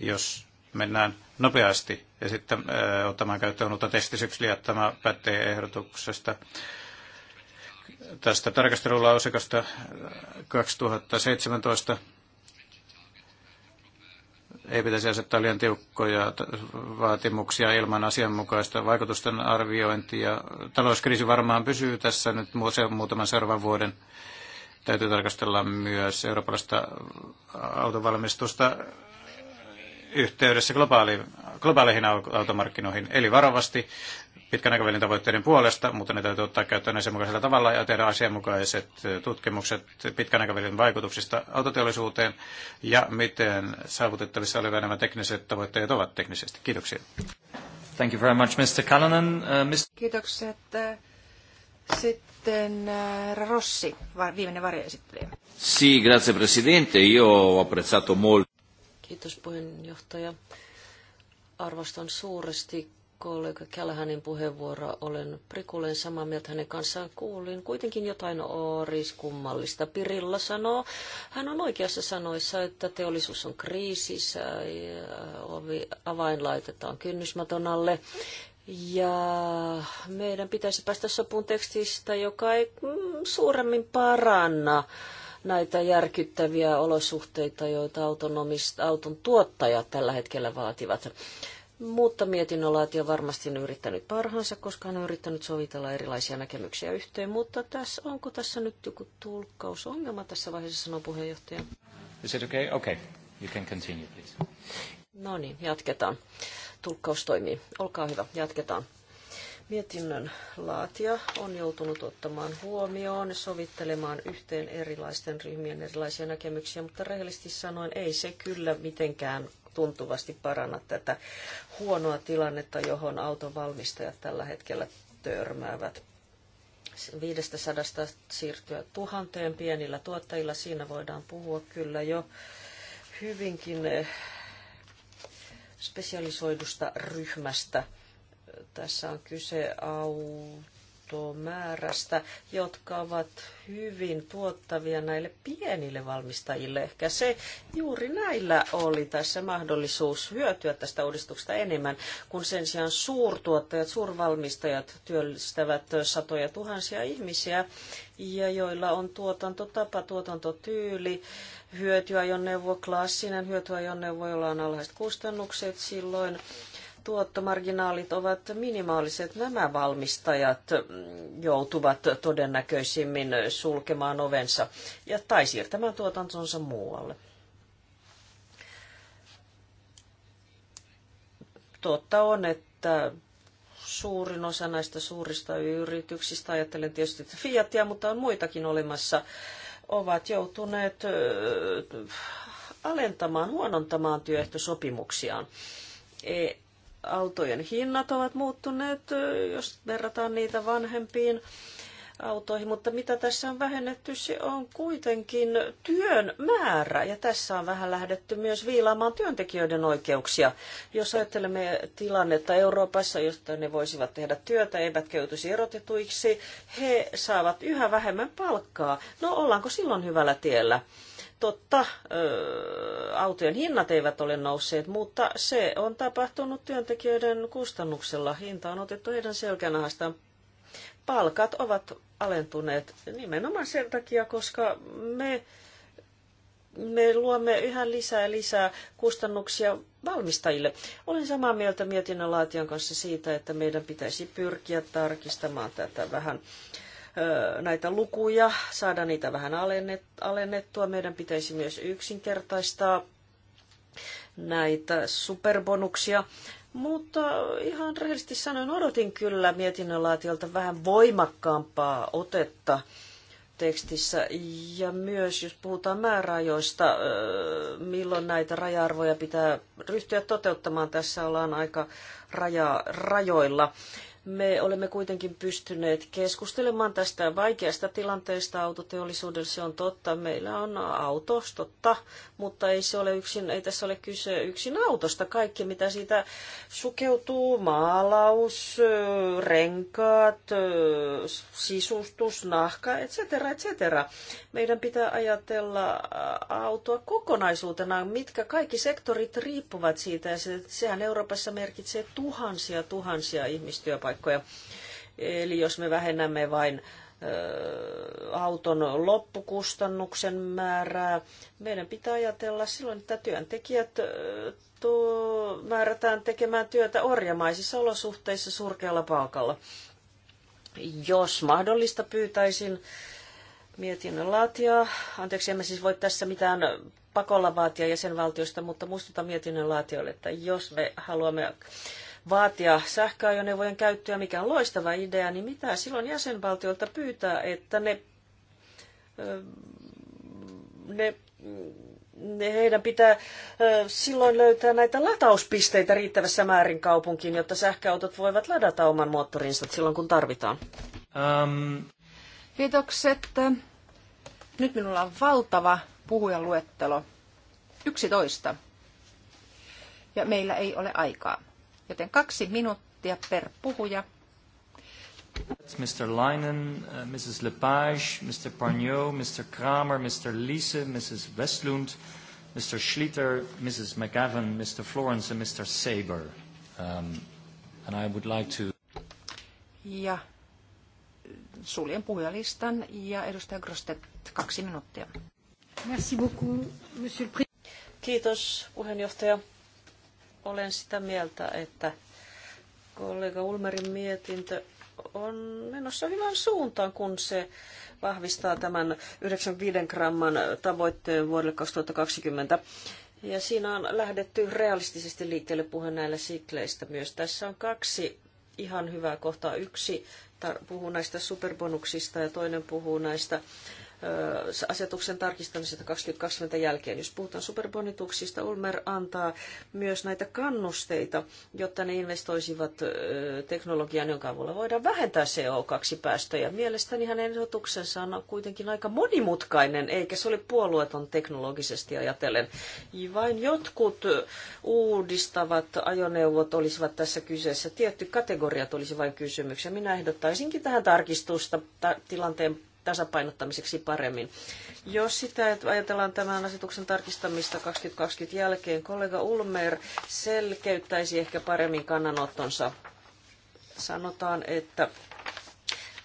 jos mennään nopeasti ja sitten ö, ottamaan käyttöön uutta testisyksliä Tämä pätee ehdotuksesta tästä tarkastelulausikosta 2017 ei pitäisi asettaa liian tiukkoja vaatimuksia ilman asianmukaista vaikutusten arviointia. Talouskriisi varmaan pysyy tässä nyt muutaman seuraavan vuoden Täytyy tarkastella myös eurooppalaista autovalmistusta yhteydessä globaali, globaaleihin automarkkinoihin, eli varovasti pitkän aikavälin tavoitteiden puolesta, mutta ne täytyy ottaa käyttöön asianmukaisella tavalla ja tehdä asianmukaiset tutkimukset pitkän aikavälin vaikutuksista autoteollisuuteen ja miten saavutettavissa olevat nämä tekniset tavoitteet ovat teknisesti. Kiitoksia. Thank you very much, Mr. Uh, Mr. Kiitokset. Sitten sitten äh, herra Rossi, viimeinen varjoesittelijä. Sì, grazie presidente. Io ho apprezzato molto. Kiitos puheenjohtaja. Arvostan suuresti kollega Kälhänin puheenvuoroa. Olen prikulen samaa mieltä hänen kanssaan. Kuulin kuitenkin jotain ooriskummallista. Pirilla sanoo, hän on oikeassa sanoissa, että teollisuus on kriisissä, ja avain laitetaan kynnysmaton alle. Ja meidän pitäisi päästä sopuun tekstistä, joka ei mm, suuremmin paranna näitä järkyttäviä olosuhteita, joita auton tuottajat tällä hetkellä vaativat. Mutta mietinnönlaatija varmasti on yrittänyt parhaansa, koska hän on yrittänyt sovitella erilaisia näkemyksiä yhteen. Mutta tässä, onko tässä nyt joku tulkkausongelma tässä vaiheessa, sanoo puheenjohtaja? Is it okay? Okay. You can continue, please. No niin, jatketaan tulkkaus toimii. Olkaa hyvä, jatketaan. Mietinnön laatija on joutunut ottamaan huomioon, sovittelemaan yhteen erilaisten ryhmien erilaisia näkemyksiä, mutta rehellisesti sanoen ei se kyllä mitenkään tuntuvasti paranna tätä huonoa tilannetta, johon valmistajat tällä hetkellä törmäävät. 500 siirtyä tuhanteen pienillä tuottajilla, siinä voidaan puhua kyllä jo hyvinkin eh, spesialisoidusta ryhmästä. Tässä on kyse automäärästä, jotka ovat hyvin tuottavia näille pienille valmistajille. Ehkä se juuri näillä oli tässä mahdollisuus hyötyä tästä uudistuksesta enemmän, kun sen sijaan suurtuottajat, suurvalmistajat työllistävät satoja tuhansia ihmisiä ja joilla on tuotantotapa, tuotantotyyli, hyötyajoneuvo, klassinen hyötyajoneuvo, jolla on alhaiset kustannukset silloin. Tuottomarginaalit ovat minimaaliset. Nämä valmistajat joutuvat todennäköisimmin sulkemaan ovensa ja, tai siirtämään tuotantonsa muualle. Totta on, että suurin osa näistä suurista yrityksistä, ajattelen tietysti Fiatia, mutta on muitakin olemassa, ovat joutuneet alentamaan, huonontamaan työehtosopimuksiaan. E, autojen hinnat ovat muuttuneet, jos verrataan niitä vanhempiin autoihin, mutta mitä tässä on vähennetty, se on kuitenkin työn määrä. Ja tässä on vähän lähdetty myös viilaamaan työntekijöiden oikeuksia. Jos ajattelemme tilannetta Euroopassa, josta ne voisivat tehdä työtä, eivät joutuisi erotetuiksi, he saavat yhä vähemmän palkkaa. No ollaanko silloin hyvällä tiellä? Totta, autojen hinnat eivät ole nousseet, mutta se on tapahtunut työntekijöiden kustannuksella. Hinta on otettu heidän selkänahastaan palkat ovat alentuneet nimenomaan sen takia, koska me, me luomme yhä lisää ja lisää kustannuksia valmistajille. Olen samaa mieltä mietinnön laatijan kanssa siitä, että meidän pitäisi pyrkiä tarkistamaan tätä vähän näitä lukuja, saada niitä vähän alennettua. Meidän pitäisi myös yksinkertaistaa näitä superbonuksia. Mutta ihan rehellisesti sanoen, odotin kyllä laatiolta vähän voimakkaampaa otetta tekstissä. Ja myös, jos puhutaan määräajoista, milloin näitä raja-arvoja pitää ryhtyä toteuttamaan, tässä ollaan aika raja, rajoilla. Me olemme kuitenkin pystyneet keskustelemaan tästä vaikeasta tilanteesta autoteollisuudelle, se on totta. Meillä on autostotta, mutta ei, se ole yksin, ei tässä ole kyse yksin autosta. Kaikki, mitä siitä sukeutuu, maalaus, renkaat, sisustus, nahka, etc. etc. Meidän pitää ajatella autoa kokonaisuutena, mitkä kaikki sektorit riippuvat siitä, ja sehän Euroopassa merkitsee tuhansia tuhansia ihmistyöpaikkoja työpaikkoja. Eli jos me vähennämme vain auton loppukustannuksen määrää. Meidän pitää ajatella silloin, että työntekijät määrätään tekemään työtä orjamaisissa olosuhteissa surkealla palkalla. Jos mahdollista, pyytäisin mietinnön laatijaa. Anteeksi, emme siis voi tässä mitään pakolla vaatia jäsenvaltiosta, mutta muistutan mietinnön laatijoille, että jos me haluamme vaatia sähköajoneuvojen käyttöä, mikä on loistava idea, niin mitä silloin jäsenvaltiolta pyytää, että ne, ne heidän pitää silloin löytää näitä latauspisteitä riittävässä määrin kaupunkiin, jotta sähköautot voivat ladata oman moottorinsa silloin, kun tarvitaan. Um. Kiitokset. Nyt minulla on valtava puhujan luettelo. 11. Ja meillä ei ole aikaa. Joten kaksi minuuttia per puhuja. Mr. Leinen, uh, Mrs. Lepage, Mr. Parnot, Mr. Kramer, Mr. Liese, Mrs. Westlund, Mr. Schlitter, Mrs. McGavin, Mr. Florence and Mr. Saber. Um, and I would like to... Ja suljen puhujalistan ja edustaja Grostet, kaksi minuuttia. Merci beaucoup, monsieur Kiitos puheenjohtaja olen sitä mieltä, että kollega Ulmerin mietintö on menossa hyvään suuntaan, kun se vahvistaa tämän 95 gramman tavoitteen vuodelle 2020. Ja siinä on lähdetty realistisesti liikkeelle puhe näillä sikleistä myös. Tässä on kaksi ihan hyvää kohtaa. Yksi puhuu näistä superbonuksista ja toinen puhuu näistä äh, asetuksen tarkistamisesta 2020 jälkeen. Jos puhutaan superbonituksista, Ulmer antaa myös näitä kannusteita, jotta ne investoisivat teknologiaan, jonka avulla voidaan vähentää CO2-päästöjä. Mielestäni hänen ehdotuksensa on kuitenkin aika monimutkainen, eikä se ole puolueeton teknologisesti ajatellen. Vain jotkut uudistavat ajoneuvot olisivat tässä kyseessä. Tietty kategoriat olisi vain kysymyksiä. Minä ehdottaisinkin tähän tarkistusta tilanteen tasapainottamiseksi paremmin. Jos sitä ajatellaan tämän asetuksen tarkistamista 2020 jälkeen, kollega Ulmer selkeyttäisi ehkä paremmin kannanottonsa. Sanotaan, että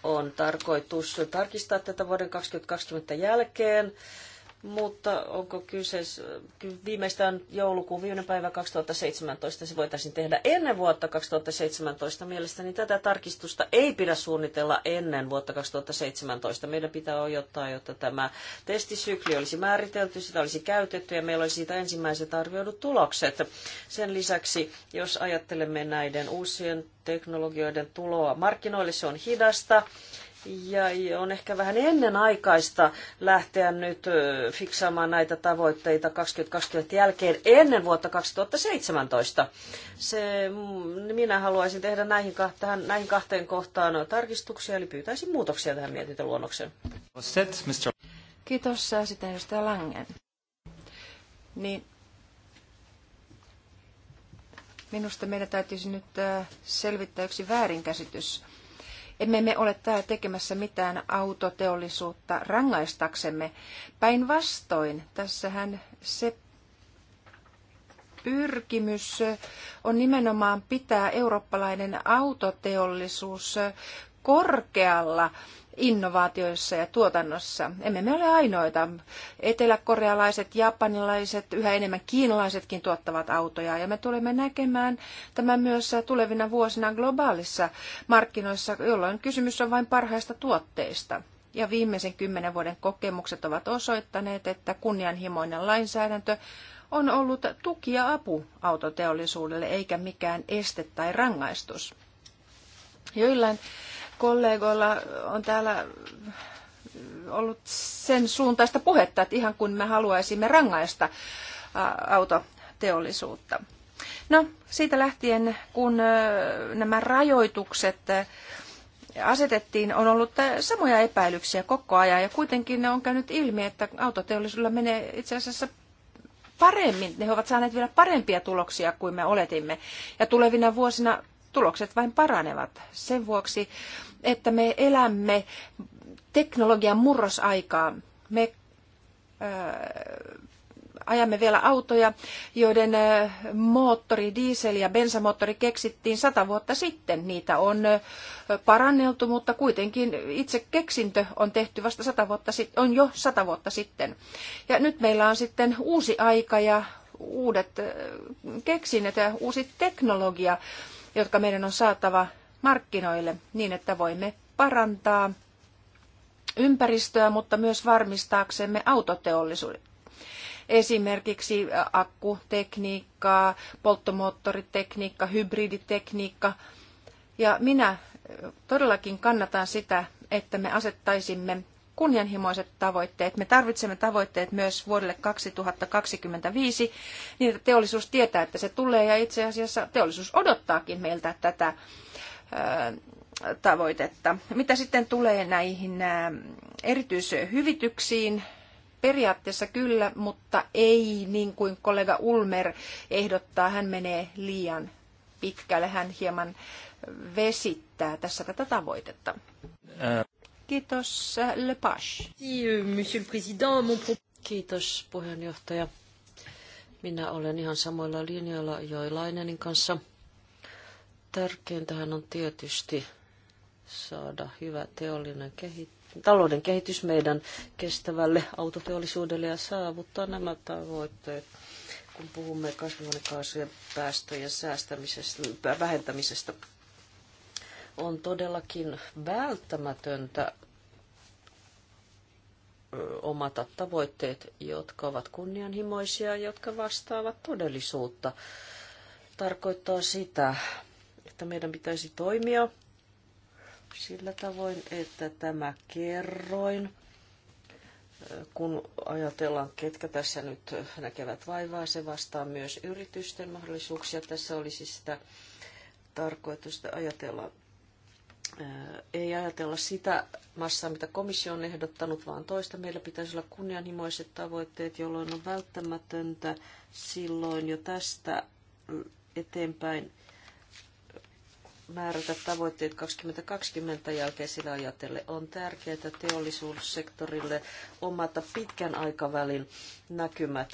on tarkoitus tarkistaa tätä vuoden 2020 jälkeen mutta onko kyse viimeistään joulukuun viimeinen päivä 2017, se voitaisiin tehdä ennen vuotta 2017. Mielestäni tätä tarkistusta ei pidä suunnitella ennen vuotta 2017. Meidän pitää ojottaa, jotta tämä testisykli olisi määritelty, sitä olisi käytetty ja meillä olisi siitä ensimmäiset arvioidut tulokset. Sen lisäksi, jos ajattelemme näiden uusien teknologioiden tuloa markkinoille, se on hidasta ja on ehkä vähän ennen aikaista lähteä nyt fiksaamaan näitä tavoitteita 2020 jälkeen ennen vuotta 2017. Se, mm, minä haluaisin tehdä näihin, tähän, näihin kahteen kohtaan tarkistuksia, eli pyytäisin muutoksia tähän mietintöluonnokseen. Kiitos. Äh, sitten edustaja Langen. Niin, minusta meidän täytyisi nyt äh, selvittää yksi väärinkäsitys emme me ole täällä tekemässä mitään autoteollisuutta rangaistaksemme. Päinvastoin, tässähän se pyrkimys on nimenomaan pitää eurooppalainen autoteollisuus korkealla innovaatioissa ja tuotannossa. Emme me ole ainoita. Eteläkorealaiset, japanilaiset, yhä enemmän kiinalaisetkin tuottavat autoja ja me tulemme näkemään tämän myös tulevina vuosina globaalissa markkinoissa, jolloin kysymys on vain parhaista tuotteista. Ja viimeisen kymmenen vuoden kokemukset ovat osoittaneet, että kunnianhimoinen lainsäädäntö on ollut tuki ja apu autoteollisuudelle eikä mikään este tai rangaistus. Joillain kollegoilla on täällä ollut sen suuntaista puhetta, että ihan kuin me haluaisimme rangaista autoteollisuutta. No, siitä lähtien, kun nämä rajoitukset asetettiin, on ollut samoja epäilyksiä koko ajan ja kuitenkin ne on käynyt ilmi, että autoteollisuudella menee itse asiassa paremmin, ne ovat saaneet vielä parempia tuloksia kuin me oletimme. Ja tulevina vuosina tulokset vain paranevat sen vuoksi, että me elämme teknologian murrosaikaa. Me ajamme vielä autoja, joiden moottori, diesel ja bensamoottori keksittiin sata vuotta sitten. Niitä on paranneltu, mutta kuitenkin itse keksintö on tehty vasta sata vuotta sitten, on jo sata vuotta sitten. Ja nyt meillä on sitten uusi aika ja uudet keksinnöt ja uusi teknologia, jotka meidän on saatava markkinoille niin, että voimme parantaa ympäristöä, mutta myös varmistaaksemme autoteollisuuden. Esimerkiksi akkutekniikkaa, polttomoottoritekniikka, hybriditekniikka. Ja minä todellakin kannatan sitä, että me asettaisimme kunnianhimoiset tavoitteet. Me tarvitsemme tavoitteet myös vuodelle 2025, niin että teollisuus tietää, että se tulee ja itse asiassa teollisuus odottaakin meiltä tätä tavoitetta. Mitä sitten tulee näihin erityishyvityksiin, periaatteessa kyllä, mutta ei niin kuin kollega Ulmer ehdottaa, hän menee liian pitkälle, hän hieman vesittää tässä tätä tavoitetta. Ää... Kiitos, äh, euh, le Président, Kiitos, puheenjohtaja. Minä olen ihan samoilla linjoilla Joilainenin kanssa. Tärkeintähän on tietysti saada hyvä teollinen kehi- talouden kehitys meidän kestävälle autoteollisuudelle ja saavuttaa nämä tavoitteet, kun puhumme kasvihuonekaasujen päästöjen säästämisestä, vähentämisestä on todellakin välttämätöntä omata tavoitteet, jotka ovat kunnianhimoisia, jotka vastaavat todellisuutta. Tarkoittaa sitä, että meidän pitäisi toimia sillä tavoin, että tämä kerroin, kun ajatellaan, ketkä tässä nyt näkevät vaivaa, se vastaa myös yritysten mahdollisuuksia. Tässä olisi sitä tarkoitusta ajatella ei ajatella sitä massaa, mitä komissio on ehdottanut, vaan toista. Meillä pitäisi olla kunnianhimoiset tavoitteet, jolloin on välttämätöntä silloin jo tästä eteenpäin määrätä tavoitteet 2020 jälkeisillä ajatelle. On tärkeää teollisuussektorille omata pitkän aikavälin näkymät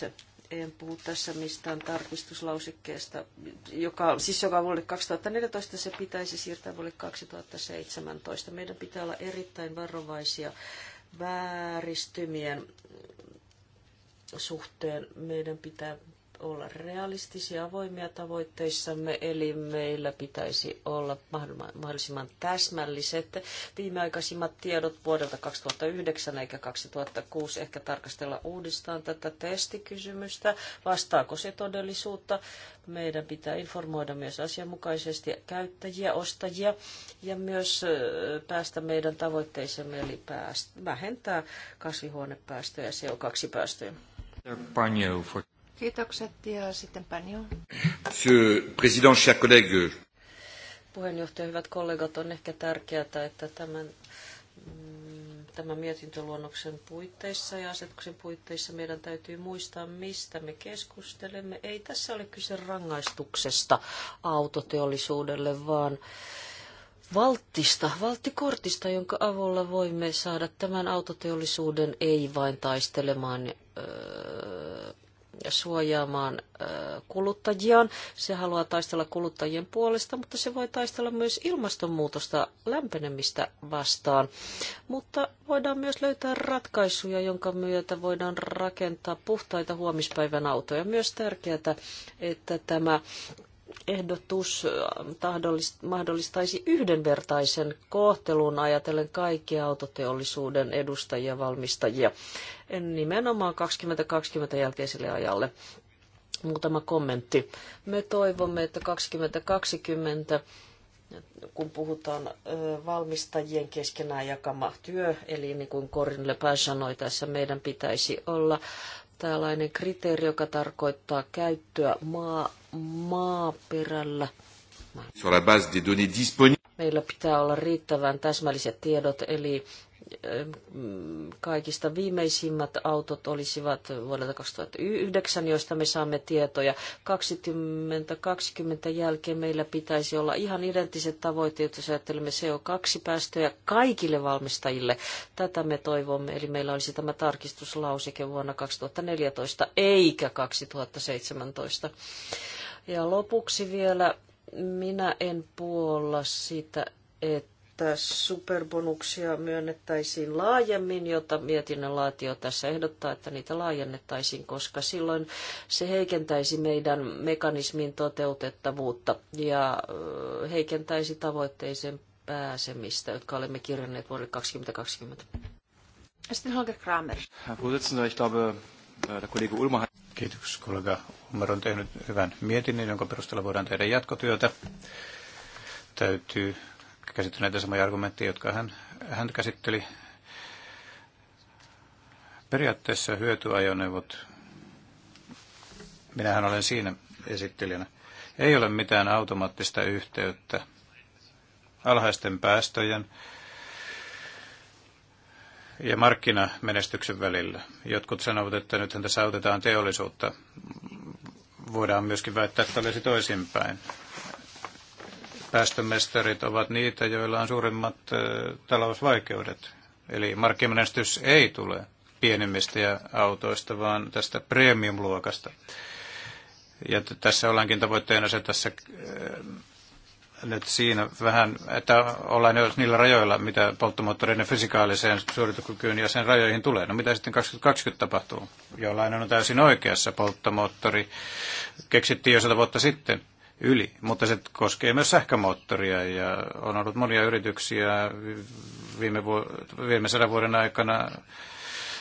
en puhu tässä mistään tarkistuslausekkeesta, joka, siis joka vuodelle 2014 se pitäisi siirtää vuodelle 2017. Meidän pitää olla erittäin varovaisia vääristymien suhteen. Meidän pitää olla realistisia avoimia tavoitteissamme, eli meillä pitäisi olla mahdollisimman täsmälliset viimeaikaisimmat tiedot vuodelta 2009 eikä 2006. Ehkä tarkastella uudestaan tätä testikysymystä, vastaako se todellisuutta. Meidän pitää informoida myös asianmukaisesti käyttäjiä, ostajia ja myös päästä meidän tavoitteisemme, eli päästä, vähentää kasvihuonepäästöjä ja CO2-päästöjä. for Kiitokset ja sitten Panjo. Monsieur Président, chers collègues. Puheenjohtaja, hyvät kollegat, on ehkä tärkeää, että tämän mm, tämän mietintöluonnoksen puitteissa ja asetuksen puitteissa meidän täytyy muistaa, mistä me keskustelemme. Ei tässä ole kyse rangaistuksesta autoteollisuudelle, vaan valtista, valttikortista, jonka avulla voimme saada tämän autoteollisuuden ei vain taistelemaan öö, suojaamaan kuluttajiaan. Se haluaa taistella kuluttajien puolesta, mutta se voi taistella myös ilmastonmuutosta lämpenemistä vastaan. Mutta voidaan myös löytää ratkaisuja, jonka myötä voidaan rakentaa puhtaita huomispäivän autoja. Myös tärkeää, että tämä ehdotus äh, mahdollistaisi yhdenvertaisen kohtelun ajatellen kaikkia autoteollisuuden edustajia ja valmistajia nimenomaan 2020 jälkeiselle ajalle. Muutama kommentti. Me toivomme, että 2020 kun puhutaan valmistajien keskenään jakama työ, eli niin kuin Corinne Lepage sanoi tässä, meidän pitäisi olla tällainen kriteeri, joka tarkoittaa käyttöä maa maaperällä. Sur la base des données disponibles. Meillä pitää olla riittävän täsmälliset tiedot, eli kaikista viimeisimmät autot olisivat vuodelta 2009, joista me saamme tietoja. 2020 jälkeen meillä pitäisi olla ihan identtiset tavoitteet, jos ajattelemme CO2-päästöjä kaikille valmistajille. Tätä me toivomme, eli meillä olisi tämä tarkistuslauseke vuonna 2014 eikä 2017. Ja lopuksi vielä, minä en puolla sitä, että superbonuksia myönnettäisiin laajemmin, jota mietinnön laatio tässä ehdottaa, että niitä laajennettaisiin, koska silloin se heikentäisi meidän mekanismin toteutettavuutta ja heikentäisi tavoitteisen pääsemistä, jotka olemme kirjanneet vuodelle 2020. Sitten Holger Kramer. Äh, Kiitos, kollega Mar on tehnyt hyvän mietinnön, jonka perusteella voidaan tehdä jatkotyötä. Täytyy käsitellä näitä samoja argumentteja, jotka hän, hän käsitteli. Periaatteessa hyötyajoneuvot, minähän olen siinä esittelijänä, ei ole mitään automaattista yhteyttä alhaisten päästöjen ja markkinamenestyksen välillä. Jotkut sanovat, että nythän tässä autetaan teollisuutta, voidaan myöskin väittää, että olisi toisinpäin. Päästömestarit ovat niitä, joilla on suurimmat talousvaikeudet. Eli markkinamenestys ei tule pienimmistä autoista, vaan tästä premium-luokasta. Ja tässä ollaankin tavoitteena se tässä nyt siinä vähän, että ollaan jo niillä rajoilla, mitä polttomoottoreiden fysikaaliseen suorituskykyyn ja sen rajoihin tulee. No mitä sitten 2020 tapahtuu? Jollain on täysin oikeassa. Polttomoottori keksittiin jo sata vuotta sitten yli, mutta se koskee myös sähkömoottoria ja on ollut monia yrityksiä viime, vu- viime sadan vuoden aikana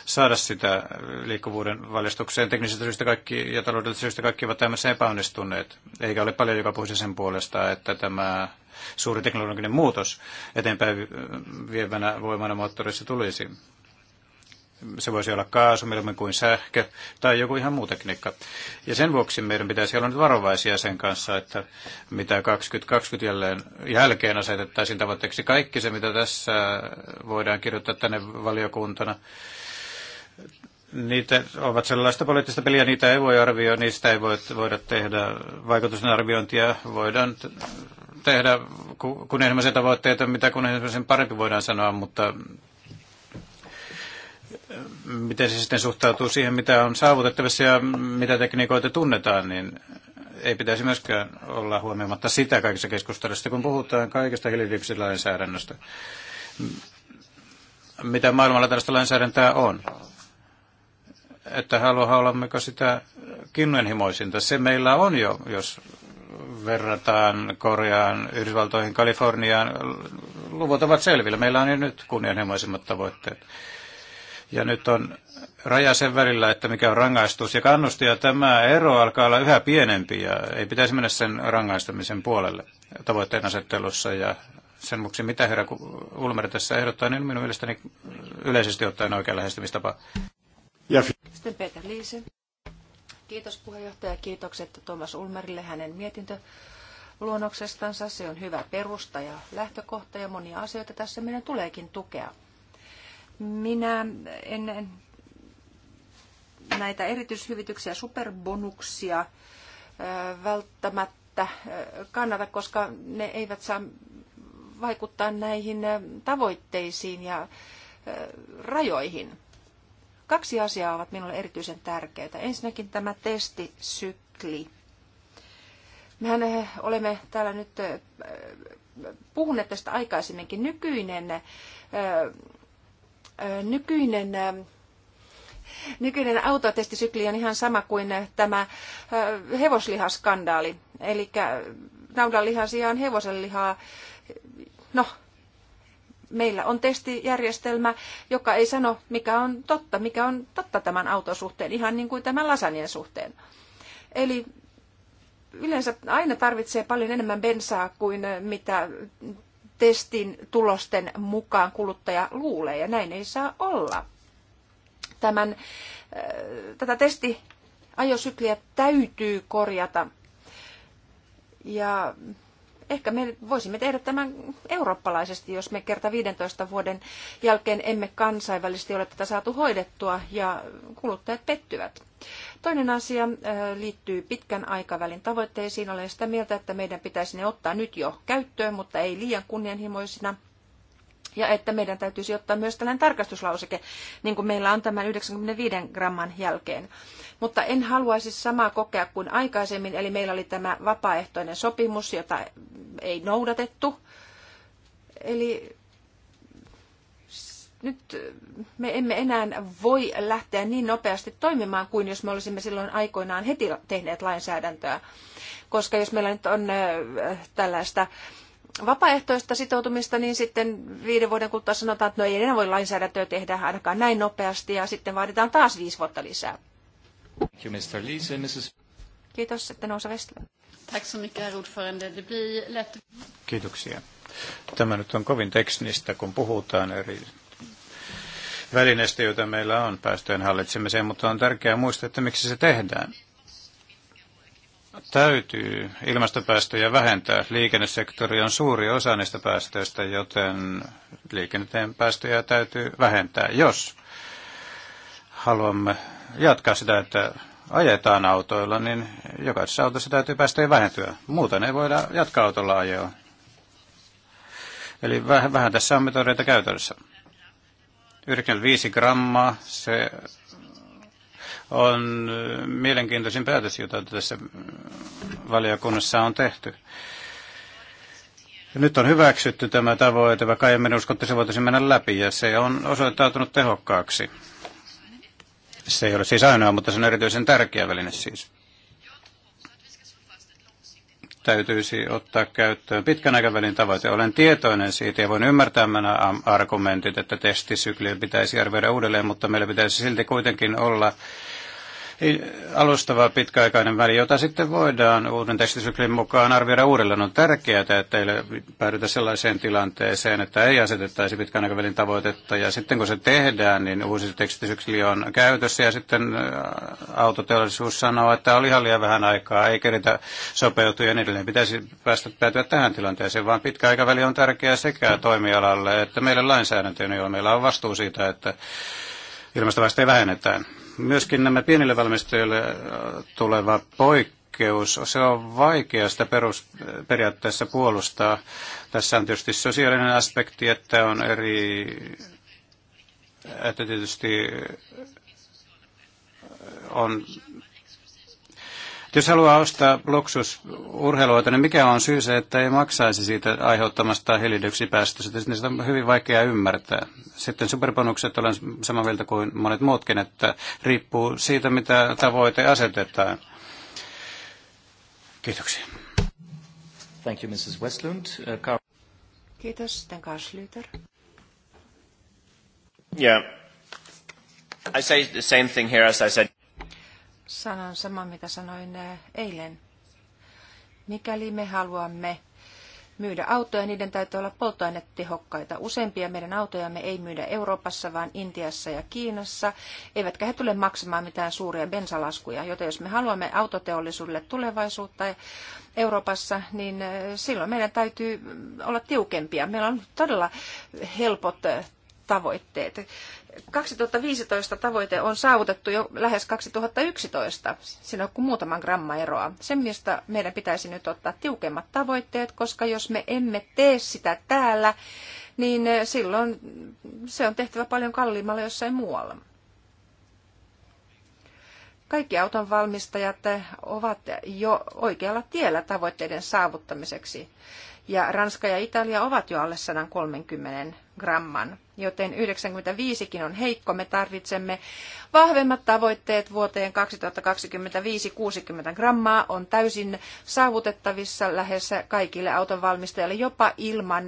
saada sitä liikkuvuuden valistukseen. Teknisistä syistä kaikki ja taloudellisista syistä kaikki ovat tämmöisessä epäonnistuneet, eikä ole paljon joka puhuisi sen puolesta, että tämä suuri teknologinen muutos eteenpäin vievänä voimana moottorissa tulisi. Se voisi olla kaasu, mieluummin kuin sähkö tai joku ihan muu tekniikka. Ja sen vuoksi meidän pitäisi olla nyt varovaisia sen kanssa, että mitä 2020 jälleen jälkeen asetettaisiin tavoitteeksi kaikki se, mitä tässä voidaan kirjoittaa tänne valiokuntana niitä ovat sellaista poliittista peliä, niitä ei voi arvioida, niistä ei voida tehdä vaikutusarviointia, voidaan tehdä kunnianhimoisia tavoitteita, mitä kunnianhimoisen parempi voidaan sanoa, mutta äh, miten se sitten suhtautuu siihen, mitä on saavutettavissa ja mitä tekniikoita tunnetaan, niin ei pitäisi myöskään olla huomioimatta sitä kaikissa keskustelussa, kun puhutaan kaikesta hiilidioksidilainsäädännöstä, mitä maailmalla tällaista lainsäädäntöä on että haluaa olemmeko sitä kinnenhimoisinta. Se meillä on jo, jos verrataan Koreaan, Yhdysvaltoihin, Kaliforniaan. Luvut ovat selvillä. Meillä on jo nyt kunnianhimoisimmat tavoitteet. Ja nyt on raja sen välillä, että mikä on rangaistus ja kannusti, ja tämä ero alkaa olla yhä pienempi, ja ei pitäisi mennä sen rangaistamisen puolelle tavoitteen asettelussa, ja sen vuoksi mitä herra Ulmer tässä ehdottaa, niin minun mielestäni yleisesti ottaen oikea lähestymistapa. Ja... Sitten Peter Liise. Kiitos puheenjohtaja. Kiitokset Thomas Ulmerille hänen mietintö Se on hyvä perusta ja lähtökohta ja monia asioita tässä meidän tuleekin tukea. Minä en näitä erityishyvityksiä, superbonuksia välttämättä kannata, koska ne eivät saa vaikuttaa näihin tavoitteisiin ja rajoihin. Kaksi asiaa ovat minulle erityisen tärkeitä. Ensinnäkin tämä testisykli. Mehän eh, olemme täällä nyt eh, puhuneet tästä aikaisemminkin. Nykyinen, eh, nykyinen Nykyinen autotestisykli on ihan sama kuin tämä hevoslihaskandaali. Eli naudanlihan sijaan hevosen lihaa, no meillä on testijärjestelmä, joka ei sano, mikä on totta, mikä on totta tämän auton suhteen, ihan niin kuin tämän lasanien suhteen. Eli yleensä aina tarvitsee paljon enemmän bensaa kuin mitä testin tulosten mukaan kuluttaja luulee, ja näin ei saa olla. Tämän, äh, tätä testiajosykliä täytyy korjata. Ja Ehkä me voisimme tehdä tämän eurooppalaisesti, jos me kerta 15 vuoden jälkeen emme kansainvälisesti ole tätä saatu hoidettua ja kuluttajat pettyvät. Toinen asia liittyy pitkän aikavälin tavoitteisiin. Olen sitä mieltä, että meidän pitäisi ne ottaa nyt jo käyttöön, mutta ei liian kunnianhimoisina ja että meidän täytyisi ottaa myös tällainen tarkastuslauseke, niin kuin meillä on tämän 95 gramman jälkeen. Mutta en haluaisi samaa kokea kuin aikaisemmin, eli meillä oli tämä vapaaehtoinen sopimus, jota ei noudatettu. Eli nyt me emme enää voi lähteä niin nopeasti toimimaan kuin jos me olisimme silloin aikoinaan heti tehneet lainsäädäntöä. Koska jos meillä nyt on tällaista vapaaehtoista sitoutumista, niin sitten viiden vuoden kuluttua sanotaan, että no ei enää voi lainsäädäntöä tehdä ainakaan näin nopeasti, ja sitten vaaditaan taas viisi vuotta lisää. Kiitos, sitten Ousa Westlund. Tack så mycket, ordförande. Kiitoksia. Tämä nyt on kovin teknistä, kun puhutaan eri välineistä, joita meillä on päästöjen hallitsemiseen, mutta on tärkeää muistaa, että miksi se tehdään täytyy ilmastopäästöjä vähentää. Liikennesektori on suuri osa niistä päästöistä, joten liikenteen päästöjä täytyy vähentää, jos haluamme jatkaa sitä, että ajetaan autoilla, niin jokaisessa autossa täytyy päästöjä vähentyä. Muuten ei voida jatkaa autolla ajoa. Eli vähän, vähän tässä on metodeita käytössä. 95 grammaa, se on äh, mielenkiintoisin päätös, jota tässä äh, valiokunnassa on tehty. Nyt on hyväksytty tämä tavoite, vaikka emme usko, että se voitaisiin mennä läpi, ja se on osoittautunut tehokkaaksi. Se ei ole siis ainoa, mutta se on erityisen tärkeä väline siis. Täytyisi ottaa käyttöön pitkän aikavälin tavoite. Olen tietoinen siitä ja voin ymmärtää nämä argumentit, että testisykliä pitäisi arvioida uudelleen, mutta meillä pitäisi silti kuitenkin olla alustava pitkäaikainen väli, jota sitten voidaan uuden tekstisyklin mukaan arvioida uudelleen. On tärkeää, että ei päädytä sellaiseen tilanteeseen, että ei asetettaisi pitkän aikavälin tavoitetta. Ja sitten kun se tehdään, niin uusi tekstisykli on käytössä ja sitten äh, autoteollisuus sanoo, että oli ihan liian vähän aikaa, ei keritä sopeutua ja niin edelleen. Pitäisi päästä päätyä tähän tilanteeseen, vaan pitkä aikaväli on tärkeä sekä toimialalle että meille lainsäädäntöön, jolla meillä on vastuu siitä, että ilmastoväestöä vähennetään. Myöskin nämä pienille valmistajille äh, tuleva poikkeus, se on vaikea sitä perusperiaatteessa puolustaa. Tässä on tietysti sosiaalinen aspekti, että on eri, että tietysti on jos haluaa ostaa luksusurheiluita, niin mikä on syy se, että ei maksaisi siitä aiheuttamasta hiilidioksipäästöstä? Niin sitä on hyvin vaikea ymmärtää. Sitten superponukset olen samaa mieltä kuin monet muutkin, että riippuu siitä, mitä tavoite asetetaan. Kiitoksia. Thank you, Mrs. Westlund. Uh, Kiitos. Sitten Karl Schlüter. Yeah. I say the same thing here as I said Sanon saman, mitä sanoin eh, eilen. Mikäli me haluamme myydä autoja, niiden täytyy olla polttoainetehokkaita. Useimpia meidän autojamme ei myydä Euroopassa, vaan Intiassa ja Kiinassa, eivätkä he tule maksamaan mitään suuria bensalaskuja. Joten jos me haluamme autoteollisuudelle tulevaisuutta Euroopassa, niin eh, silloin meidän täytyy mm, olla tiukempia. Meillä on todella helpot tavoitteet. 2015 tavoite on saavutettu jo lähes 2011. Siinä on kuin muutaman gramma eroa. Sen mistä meidän pitäisi nyt ottaa tiukemmat tavoitteet, koska jos me emme tee sitä täällä, niin eh, silloin se on tehtävä paljon kalliimmalla jossain muualla. Kaikki auton valmistajat eh, ovat jo oikealla tiellä tavoitteiden saavuttamiseksi ja Ranska ja Italia ovat jo alle 130 gramman, joten 95kin on heikko. Me tarvitsemme vahvemmat tavoitteet vuoteen 2025 60 grammaa on täysin saavutettavissa lähes kaikille autonvalmistajille jopa ilman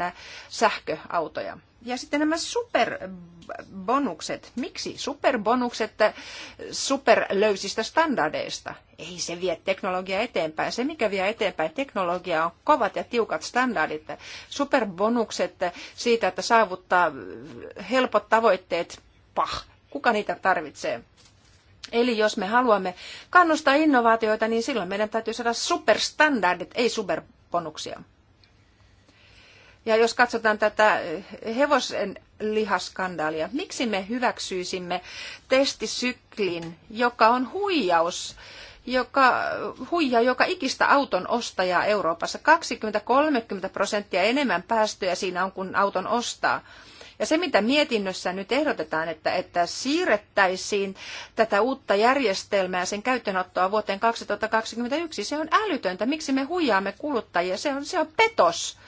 sähköautoja. Ja sitten nämä superbonukset. Miksi superbonukset superlöysistä standardeista? Ei se vie teknologiaa eteenpäin. Se, mikä vie eteenpäin teknologiaa, on kovat ja tiukat standardit. Superbonukset siitä, että saavuttaa helpot tavoitteet, pah, kuka niitä tarvitsee? Eli jos me haluamme kannustaa innovaatioita, niin silloin meidän täytyy saada superstandardit, ei superbonuksia. Ja jos katsotaan tätä hevosen lihaskandaalia, miksi me hyväksyisimme testisyklin, joka on huijaus, joka huijaa joka ikistä auton ostajaa Euroopassa. 20-30 prosenttia enemmän päästöjä siinä on kuin auton ostaa. Ja se, mitä mietinnössä nyt ehdotetaan, että, että siirrettäisiin tätä uutta järjestelmää, sen käyttöönottoa vuoteen 2021, se on älytöntä. Miksi me huijaamme kuluttajia? Se on, se on petos.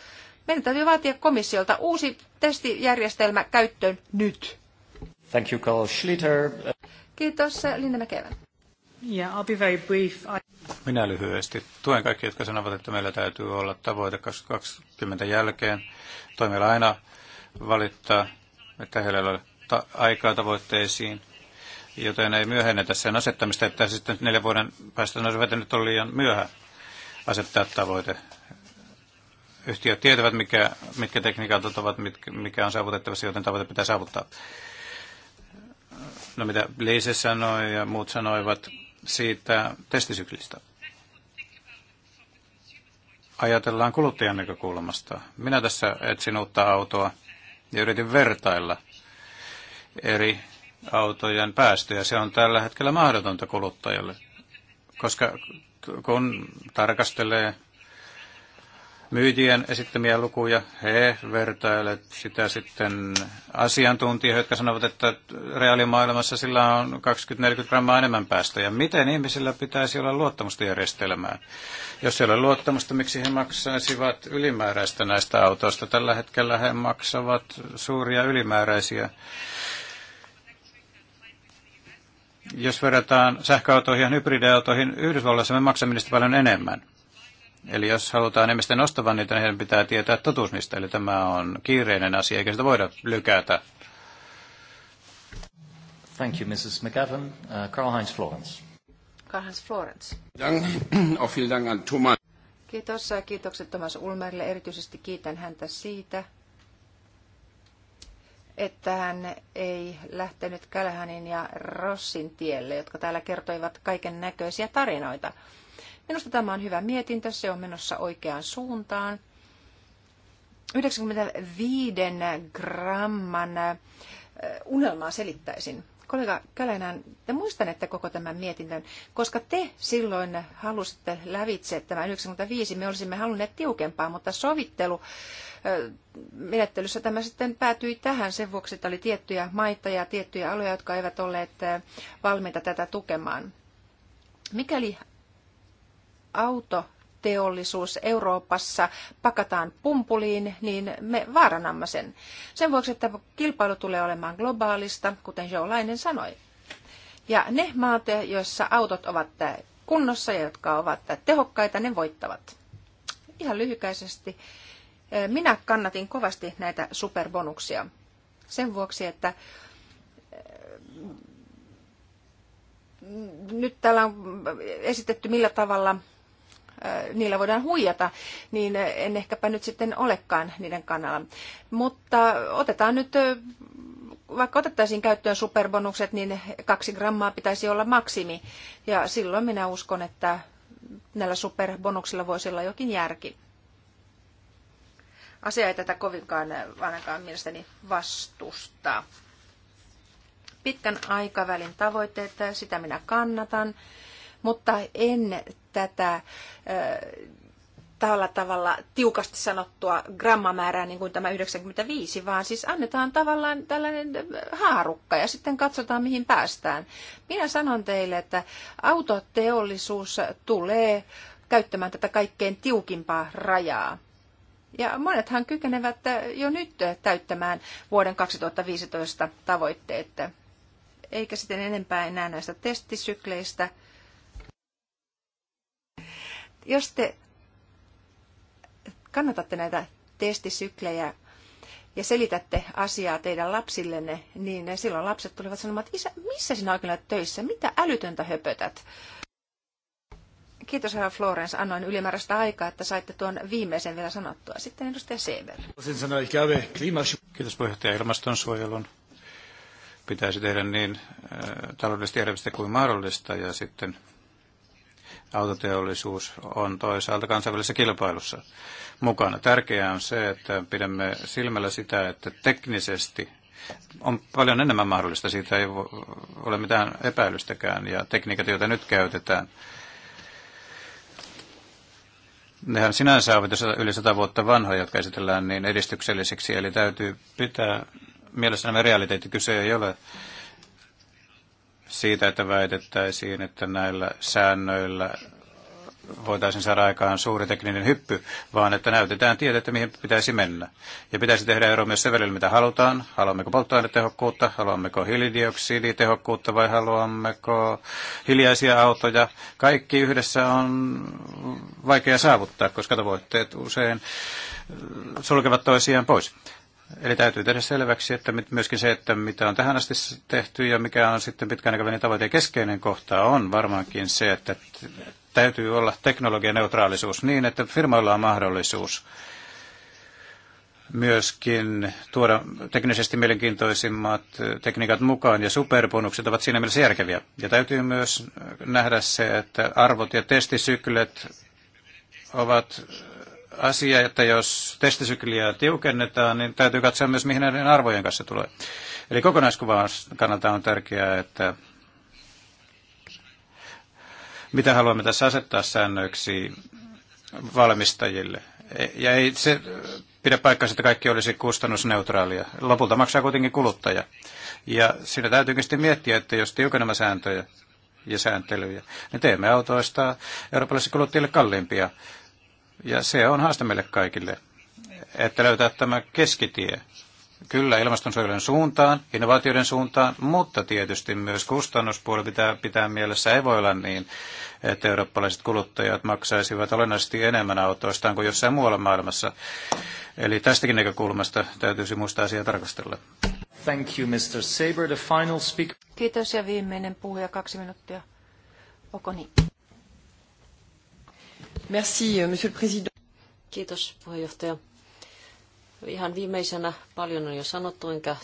Meidän täytyy vaatia komissiolta uusi testijärjestelmä käyttöön nyt. Thank you, Carl Schlitter. Kiitos, Linda Mäkevän. Yeah, I'll be very brief. I... Minä lyhyesti. Tuen kaikki, jotka sanovat, että meillä täytyy olla tavoite 2020 jälkeen. Toimiala aina valittaa, että heillä ei ole ta- aikaa tavoitteisiin, joten ei myöhennetä sen asettamista, että sitten neljän vuoden päästä olisi vetänyt on liian myöhä asettaa tavoite yhtiöt tietävät, mikä, mitkä tekniikat ovat, mitkä, mikä on saavutettavissa, joten tavoite pitää saavuttaa. No mitä Liise sanoi ja muut sanoivat siitä testisyklistä. Ajatellaan kuluttajan näkökulmasta. Minä tässä etsin uutta autoa ja yritin vertailla eri autojen päästöjä. Se on tällä hetkellä mahdotonta kuluttajalle, koska kun tarkastelee myyjien esittämiä lukuja. He vertailevat sitä sitten asiantuntijoita, jotka sanovat, että reaalimaailmassa sillä on 20-40 grammaa enemmän päästöjä. Miten ihmisillä pitäisi olla luottamusta järjestelmään? Jos ei ole luottamusta, miksi he maksaisivat ylimääräistä näistä autoista? Tällä hetkellä he maksavat suuria ylimääräisiä jos verrataan sähköautoihin ja hybridiautoihin, Yhdysvalloissa me maksamme niistä paljon enemmän. Eli jos halutaan ihmisten nostavan, niin heidän pitää tietää totuus niistä. Eli tämä on kiireinen asia, eikä sitä voida lykätä. Thank you, Mrs. McGavin. Uh, Karl-Heinz Florence. Karl-Heinz Florence. <coughs> Kiitos. Kiitokset Thomas Ulmerille. Erityisesti kiitän häntä siitä, että hän ei lähtenyt Kälhänin ja Rossin tielle, jotka täällä kertoivat kaiken näköisiä tarinoita. Minusta tämä on hyvä mietintö, se on menossa oikeaan suuntaan. 95 gramman äh, unelmaa selittäisin. Kollega Kälänän, te muistanette koko tämän mietinnön, koska te silloin halusitte lävitse tämän 95, me olisimme halunneet tiukempaa, mutta sovittelu äh, menettelyssä tämä sitten päätyi tähän sen vuoksi, että oli tiettyjä maita ja tiettyjä aloja, jotka eivät olleet äh, valmiita tätä tukemaan. Mikäli autoteollisuus Euroopassa pakataan pumpuliin, niin me vaarannamme sen. Sen vuoksi, että kilpailu tulee olemaan globaalista, kuten Jo Lainen sanoi. Ja ne maat, joissa autot ovat kunnossa ja jotka ovat tehokkaita, ne voittavat. Ihan lyhykäisesti. Minä kannatin kovasti näitä superbonuksia sen vuoksi, että mm, nyt täällä on esitetty, millä tavalla niillä voidaan huijata, niin en ehkäpä nyt sitten olekaan niiden kannalla. Mutta otetaan nyt vaikka otettaisiin käyttöön superbonukset, niin kaksi grammaa pitäisi olla maksimi. Ja silloin minä uskon, että näillä superbonuksilla voisi olla jokin järki. Asia ei tätä kovinkaan ainakaan mielestäni vastusta. Pitkän aikavälin tavoitteet, sitä minä kannatan mutta en tätä tällä tavalla tiukasti sanottua grammamäärää niin kuin tämä 95, vaan siis annetaan tavallaan tällainen haarukka ja sitten katsotaan mihin päästään. Minä sanon teille, että autoteollisuus tulee käyttämään tätä kaikkein tiukimpaa rajaa. Ja monethan kykenevät jo nyt täyttämään vuoden 2015 tavoitteet. Eikä sitten enempää enää näistä testisykleistä jos te kannatatte näitä testisyklejä ja selitätte asiaa teidän lapsillenne, niin silloin lapset tulevat sanomaan, että isä, missä sinä oikein olet töissä? Mitä älytöntä höpötät? Kiitos herra Florence, annoin ylimääräistä aikaa, että saitte tuon viimeisen vielä sanottua. Sitten edustaja Seber. Kiitos puheenjohtaja ilmastonsuojelun. Pitäisi tehdä niin äh, taloudellisesti järjestä kuin mahdollista ja sitten autoteollisuus on toisaalta kansainvälisessä kilpailussa mukana. Tärkeää on se, että pidämme silmällä sitä, että teknisesti on paljon enemmän mahdollista. Siitä ei ole mitään epäilystäkään. Ja tekniikat, joita nyt käytetään, nehän sinänsä ovat yli sata vuotta vanhoja, jotka esitellään niin edistykselliseksi, Eli täytyy pitää mielessä nämä realiteetti. Kyse ei ole siitä, että väitettäisiin, että näillä säännöillä voitaisiin saada aikaan suuri tekninen hyppy, vaan että näytetään tiedä, että mihin pitäisi mennä. Ja pitäisi tehdä ero myös sen välillä, mitä halutaan. Haluammeko polttoainetehokkuutta, haluammeko hiilidioksiditehokkuutta vai haluammeko hiljaisia autoja. Kaikki yhdessä on vaikea saavuttaa, koska tavoitteet usein sulkevat toisiaan pois. Eli täytyy tehdä selväksi, että myöskin se, että mitä on tähän asti tehty ja mikä on sitten pitkän aikavälin tavoite ja keskeinen kohta on varmaankin se, että täytyy olla teknologianeutraalisuus niin, että firmoilla on mahdollisuus myöskin tuoda teknisesti mielenkiintoisimmat tekniikat mukaan, ja superbonukset ovat siinä mielessä järkeviä. Ja täytyy myös nähdä se, että arvot ja testisyklet ovat asia, että jos testisykliä tiukennetaan, niin täytyy katsoa myös, mihin näiden arvojen kanssa tulee. Eli kokonaiskuvan kannalta on tärkeää, että mitä haluamme tässä asettaa säännöiksi valmistajille. Ja ei se pidä paikkaansa, että kaikki olisi kustannusneutraalia. Lopulta maksaa kuitenkin kuluttaja. Ja siinä täytyykin sitten miettiä, että jos tiukennamme sääntöjä ja sääntelyjä, niin teemme autoista eurooppalaisille kuluttajille kalliimpia. Ja se on haaste meille kaikille, että löytää tämä keskitie. Kyllä ilmastonsuojelun suuntaan, innovaatioiden suuntaan, mutta tietysti myös kustannuspuoli pitää pitää mielessä. Ei voi olla niin, että eurooppalaiset kuluttajat maksaisivat olennaisesti enemmän autoistaan kuin jossain muualla maailmassa. Eli tästäkin näkökulmasta täytyisi muistaa asiaa tarkastella. Thank you, Mr. Saber. The final speaker. Kiitos ja viimeinen puhuja kaksi minuuttia. Okoni. niin. Merci, euh, monsieur le président. Kiitos, puheenjohtaja. Ihan viimeisenä paljon on jo sanottu, enkä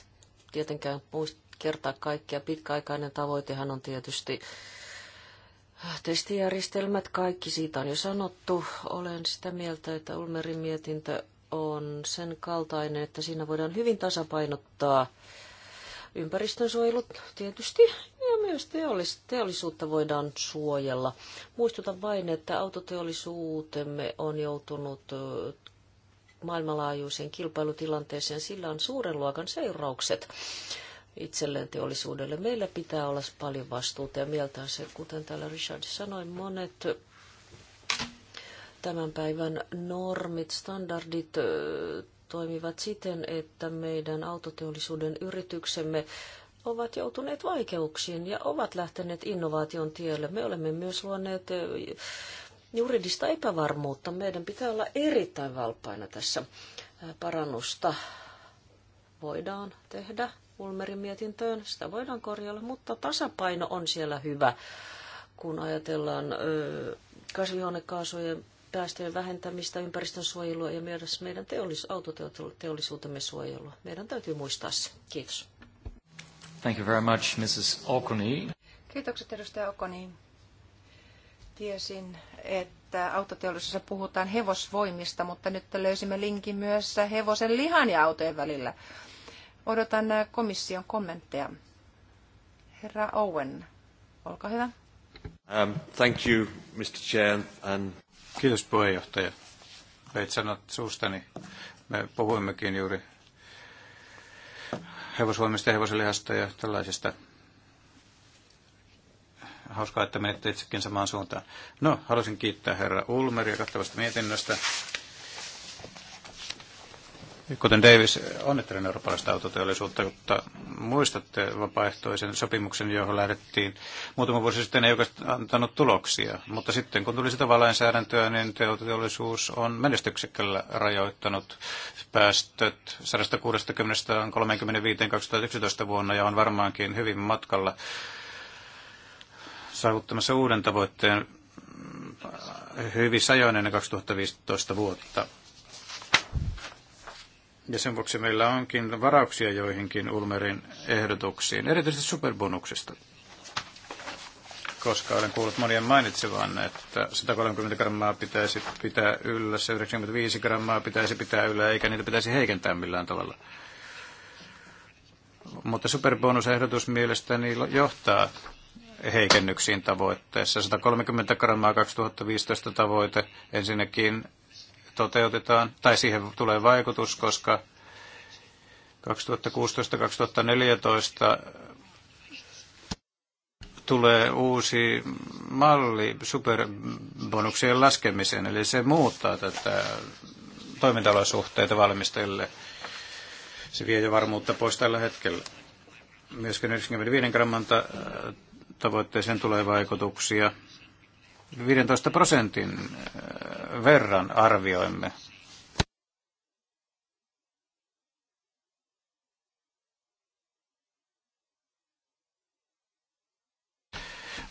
tietenkään muista kertaa kaikkia. Pitkäaikainen tavoitehan on tietysti testijärjestelmät, kaikki siitä on jo sanottu. Olen sitä mieltä, että Ulmerin mietintö on sen kaltainen, että siinä voidaan hyvin tasapainottaa ympäristönsuojelu tietysti ja myös teollis- teollisuutta voidaan suojella. Muistutan vain, että autoteollisuutemme on joutunut maailmanlaajuiseen kilpailutilanteeseen. Sillä on suuren luokan seuraukset itselleen teollisuudelle. Meillä pitää olla paljon vastuuta ja mieltään se, kuten täällä Richard sanoi, monet tämän päivän normit, standardit toimivat siten, että meidän autoteollisuuden yrityksemme ovat joutuneet vaikeuksiin ja ovat lähteneet innovaation tielle. Me olemme myös luoneet eh, juridista epävarmuutta. Meidän pitää olla erittäin valppaina tässä. Eh, parannusta voidaan tehdä Ulmerin mietintöön, sitä voidaan korjailla, mutta tasapaino on siellä hyvä, kun ajatellaan eh, kasvihuonekaasujen päästöjen vähentämistä, ympäristön suojelua ja myös meidän teollis- autoteollisuutemme suojelua. Meidän täytyy muistaa se. Kiitos. Thank you very much, Mrs. Okoni. Kiitokset, edustaja Okoni. Tiesin, että autoteollisuudessa puhutaan hevosvoimista, mutta nyt löysimme linkin myös hevosen lihan ja autojen välillä. Odotan äh, komission kommentteja. Herra Owen, olkaa hyvä. Um, thank you, Mr. Chair, and Kiitos puheenjohtaja. Veit sanot suustani. Me puhuimmekin juuri hevosvoimista ja hevoselihasta ja tällaisesta. Hauskaa, että menette itsekin samaan suuntaan. No, haluaisin kiittää herra Ulmeria kattavasta mietinnöstä. Kuten Davis, onnittelen eurooppalaista autoteollisuutta, mutta muistatte vapaaehtoisen sopimuksen, johon lähdettiin muutama vuosi sitten, ei oikeastaan antanut tuloksia. Mutta sitten kun tuli sitä lainsäädäntöä, niin autoteollisuus on menestyksekkällä rajoittanut päästöt 160-35 vuonna ja on varmaankin hyvin matkalla saavuttamassa uuden tavoitteen hyvissä sajoinen 2015 vuotta. Ja sen vuoksi meillä onkin varauksia joihinkin Ulmerin ehdotuksiin, erityisesti superbonuksista. Koska olen kuullut monien mainitsevan, että 130 grammaa pitäisi pitää yllä, 95 grammaa pitäisi pitää yllä, eikä niitä pitäisi heikentää millään tavalla. Mutta superbonusehdotus mielestäni johtaa heikennyksiin tavoitteessa. 130 grammaa 2015 tavoite ensinnäkin toteutetaan, tai siihen tulee vaikutus, koska 2016-2014 tulee uusi malli superbonuksien laskemiseen, eli se muuttaa tätä toimintalosuhteita valmistajille. Se vie jo varmuutta pois tällä hetkellä. Myöskin 95 gramman tavoitteeseen tulee vaikutuksia. 15 prosentin äh, verran arvioimme.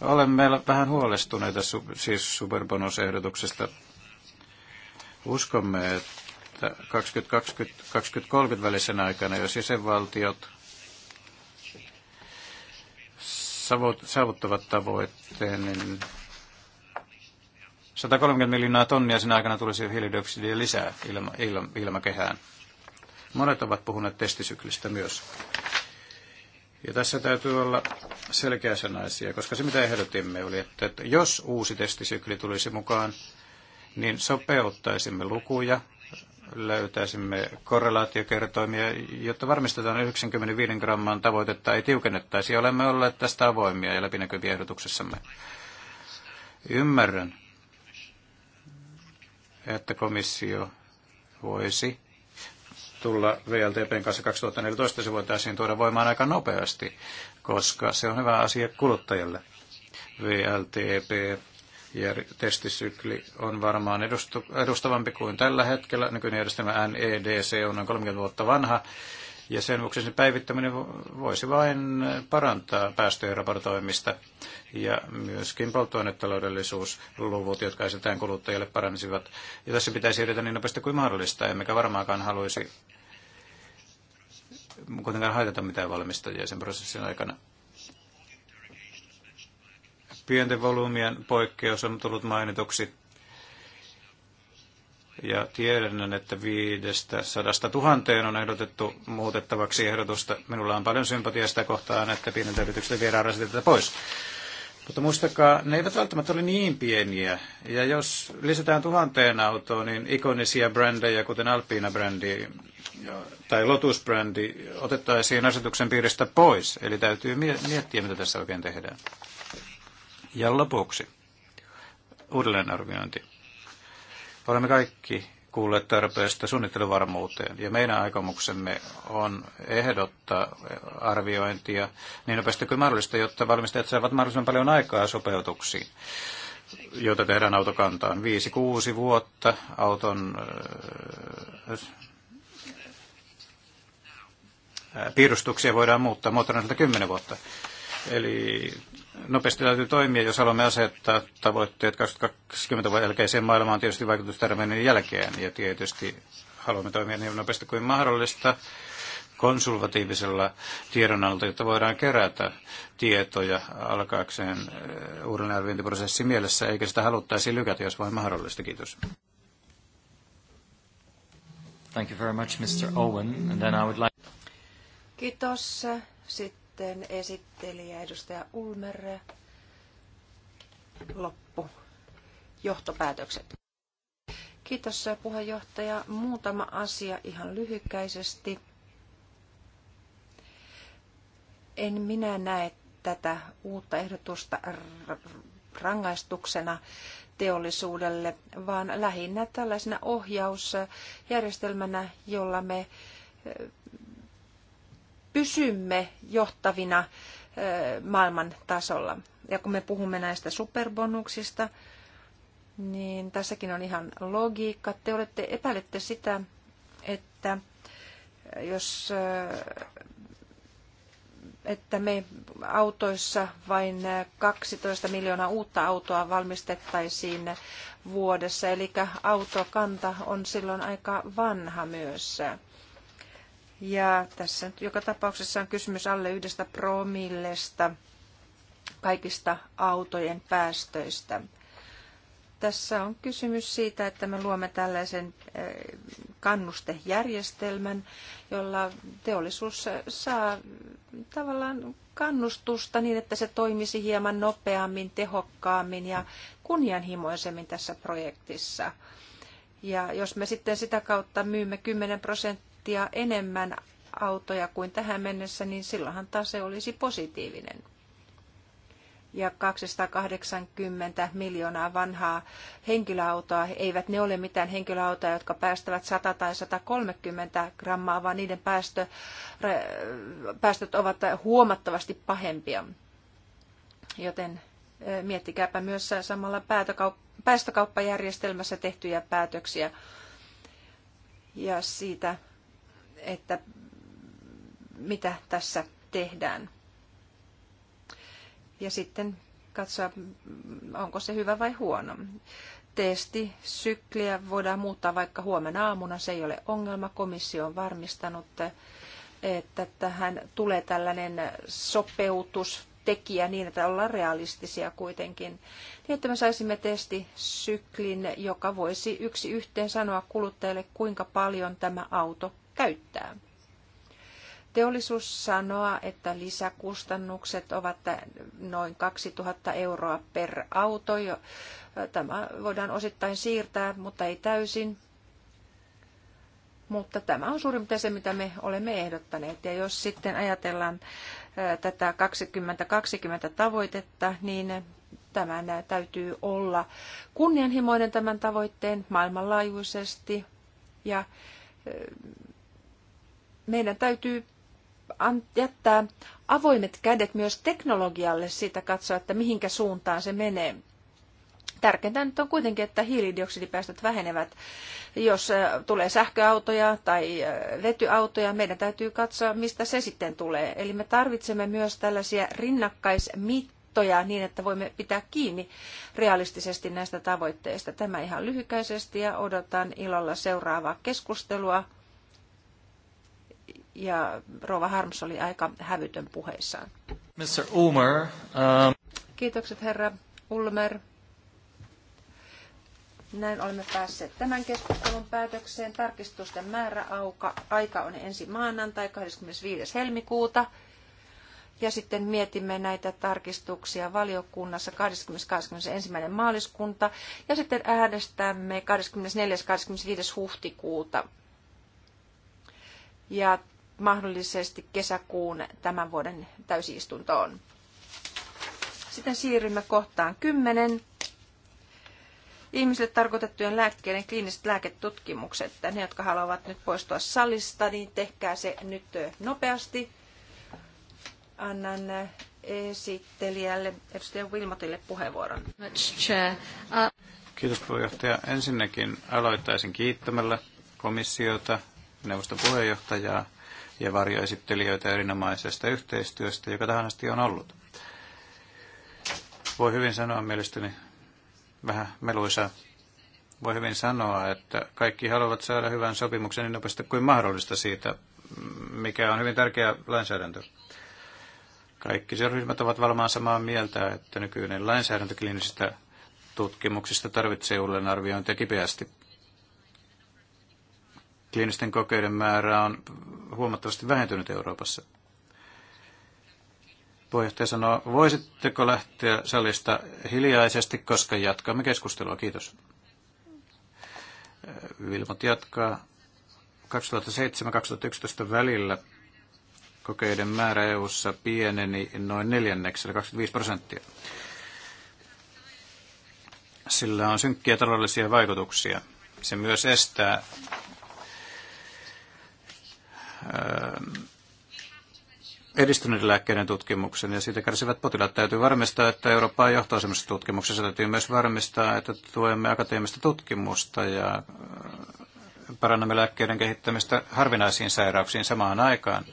Olemme vähän huolestuneita siis superbonusehdotuksesta. Uskomme, että 2020-2030 välisen aikana, jos jäsenvaltiot saavuttavat tavoitteen, niin 130 miljoonaa tonnia sinä aikana tulisi hiilidioksidia lisää ilma, ilma, ilmakehään. Monet ovat puhuneet testisyklistä myös. Ja tässä täytyy olla selkeäsanaisia, koska se mitä ehdotimme oli, että, että jos uusi testisykli tulisi mukaan, niin sopeuttaisimme lukuja, löytäisimme korrelaatiokertoimia, jotta varmistetaan 95 gramman tavoitetta ei tiukennettaisi. Olemme olleet tästä avoimia ja läpinäkyviä ehdotuksessamme. Ymmärrän, että komissio voisi tulla VLTPn kanssa 2014. Se voitaisiin tuoda voimaan aika nopeasti, koska se on hyvä asia kuluttajille. VLTP ja testisykli on varmaan edustavampi kuin tällä hetkellä. Nykyinen järjestelmä NEDC on noin 30 vuotta vanha ja sen vuoksi sen päivittäminen voisi vain parantaa päästöjen raportoimista ja myöskin polttoainetaloudellisuusluvut, jotka esitetään kuluttajille paranisivat. Ja tässä pitäisi edetä niin nopeasti kuin mahdollista, emmekä varmaankaan haluaisi kuitenkaan haitata mitään valmistajia sen prosessin aikana. Pienten volyymien poikkeus on tullut mainituksi ja tiedän, että viidestä sadasta tuhanteen on ehdotettu muutettavaksi ehdotusta. Minulla on paljon sympatiaa sitä kohtaan, että pieniltä yrityksiltä viedään rasitetta pois. Mutta muistakaa, ne eivät välttämättä ole niin pieniä. Ja jos lisätään tuhanteen autoon, niin ikonisia brändejä, kuten Alpina-brändi tai Lotus-brändi, otettaisiin asetuksen piiristä pois. Eli täytyy miettiä, mitä tässä oikein tehdään. Ja lopuksi uudelleenarviointi. Olemme kaikki kuulleet tarpeesta suunnitteluvarmuuteen ja meidän aikomuksemme on ehdottaa arviointia niin nopeasti kuin mahdollista, jotta valmistajat saavat mahdollisimman paljon aikaa sopeutuksiin joita tehdään autokantaan. 5-6 vuotta auton äh, äh, piirustuksia voidaan muuttaa moottorilta 10 vuotta. Eli nopeasti täytyy toimia, jos haluamme asettaa tavoitteet 2020 vuoden jälkeiseen maailmaan tietysti vaikutustermeinen jälkeen. Ja tietysti haluamme toimia niin nopeasti kuin mahdollista konsultatiivisella tiedonalta, jotta voidaan kerätä tietoja alkaakseen eh, uudelleenarviointiprosessi mielessä, eikä sitä haluttaisi lykätä, jos vain mahdollista. Kiitos. Thank you very much, Mr. Owen. And then I would like... Kiitos. Sitten sitten esittelijä edustaja Ulmer. Loppu. Johtopäätökset. Kiitos puheenjohtaja. Muutama asia ihan lyhykäisesti. En minä näe tätä uutta ehdotusta rangaistuksena teollisuudelle, vaan lähinnä tällaisena ohjausjärjestelmänä, jolla me pysymme johtavina maailman tasolla. Ja kun me puhumme näistä superbonuksista, niin tässäkin on ihan logiikka. Te olette epäilette sitä, että jos että me autoissa vain 12 miljoonaa uutta autoa valmistettaisiin vuodessa, eli autokanta on silloin aika vanha myös. Ja tässä nyt joka tapauksessa on kysymys alle yhdestä promillesta kaikista autojen päästöistä. Tässä on kysymys siitä, että me luomme tällaisen eh, kannustejärjestelmän, jolla teollisuus saa tavallaan kannustusta niin, että se toimisi hieman nopeammin, tehokkaammin ja kunnianhimoisemmin tässä projektissa. Ja jos me sitten sitä kautta myymme 10 prosenttia, prosenttia enemmän autoja kuin tähän mennessä, niin silloinhan tase olisi positiivinen. Ja 280 miljoonaa vanhaa henkilöautoa, eivät ne ole mitään henkilöautoja, jotka päästävät 100 tai 130 grammaa, vaan niiden päästö, päästöt ovat huomattavasti pahempia. Joten miettikääpä myös samalla päästökauppajärjestelmässä tehtyjä päätöksiä ja siitä, että mitä tässä tehdään. Ja sitten katsoa, onko se hyvä vai huono. Testi, sykliä voidaan muuttaa vaikka huomenna aamuna, se ei ole ongelma. Komissio on varmistanut, että tähän tulee tällainen tekijä niin, että ollaan realistisia kuitenkin. Niin, että me saisimme testisyklin, joka voisi yksi yhteen sanoa kuluttajalle, kuinka paljon tämä auto käyttää. Teollisuus sanoo, että lisäkustannukset ovat noin 2000 euroa per auto. Tämä voidaan osittain siirtää, mutta ei täysin. Mutta tämä on suurin piirtein se, mitä me olemme ehdottaneet. Ja jos sitten ajatellaan tätä 2020 tavoitetta, niin tämän täytyy olla kunnianhimoinen tämän tavoitteen maailmanlaajuisesti. Ja meidän täytyy jättää avoimet kädet myös teknologialle siitä katsoa, että mihinkä suuntaan se menee. Tärkeintä nyt on kuitenkin, että hiilidioksidipäästöt vähenevät. Jos äh, tulee sähköautoja tai äh, vetyautoja, meidän täytyy katsoa, mistä se sitten tulee. Eli me tarvitsemme myös tällaisia rinnakkaismittoja niin, että voimme pitää kiinni realistisesti näistä tavoitteista. Tämä ihan lyhykäisesti ja odotan ilolla seuraavaa keskustelua ja Rova Harms oli aika hävytön puheissaan. Mr. Ulmer, um... Kiitokset herra Ulmer. Näin olemme päässeet tämän keskustelun päätökseen. Tarkistusten määrä aika on ensi maanantai 25. helmikuuta. Ja sitten mietimme näitä tarkistuksia valiokunnassa 20.21. maaliskunta ja sitten äänestämme 24.25. huhtikuuta. Ja mahdollisesti kesäkuun tämän vuoden täysistuntoon. Sitten siirrymme kohtaan 10. Ihmisille tarkoitettujen lääkkeiden kliiniset lääketutkimukset. Ne, jotka haluavat nyt poistua salista, niin tehkää se nyt nopeasti. Annan esittelijälle, edustaja Wilmotille puheenvuoron. Kiitos puheenjohtaja. Ensinnäkin aloittaisin kiittämällä komissiota, neuvoston puheenjohtajaa ja varjoesittelijöitä erinomaisesta yhteistyöstä, joka tähän asti on ollut. Voi hyvin sanoa mielestäni vähän meluisa. Voi hyvin sanoa, että kaikki haluavat saada hyvän sopimuksen niin nopeasti kuin mahdollista siitä, mikä on hyvin tärkeä lainsäädäntö. Kaikki ryhmät ovat varmaan samaa mieltä, että nykyinen lainsäädäntö kliinisistä tutkimuksista tarvitsee uuden arviointia kipeästi kliinisten kokeiden määrä on huomattavasti vähentynyt Euroopassa. Puheenjohtaja sanoo, voisitteko lähteä salista hiljaisesti, koska jatkamme keskustelua. Kiitos. Vilmot jatkaa 2007-2011 välillä kokeiden määrä EU-ssa pieneni noin neljänneksellä, 25 prosenttia. Sillä on synkkiä taloudellisia vaikutuksia. Se myös estää Öö, edistyneiden lääkkeiden tutkimuksen ja siitä kärsivät potilaat. Täytyy varmistaa, että Eurooppaa johtaa sellaisessa tutkimuksessa. Täytyy myös varmistaa, että tuemme akateemista tutkimusta ja öö, parannamme lääkkeiden kehittämistä harvinaisiin sairauksiin samaan aikaan.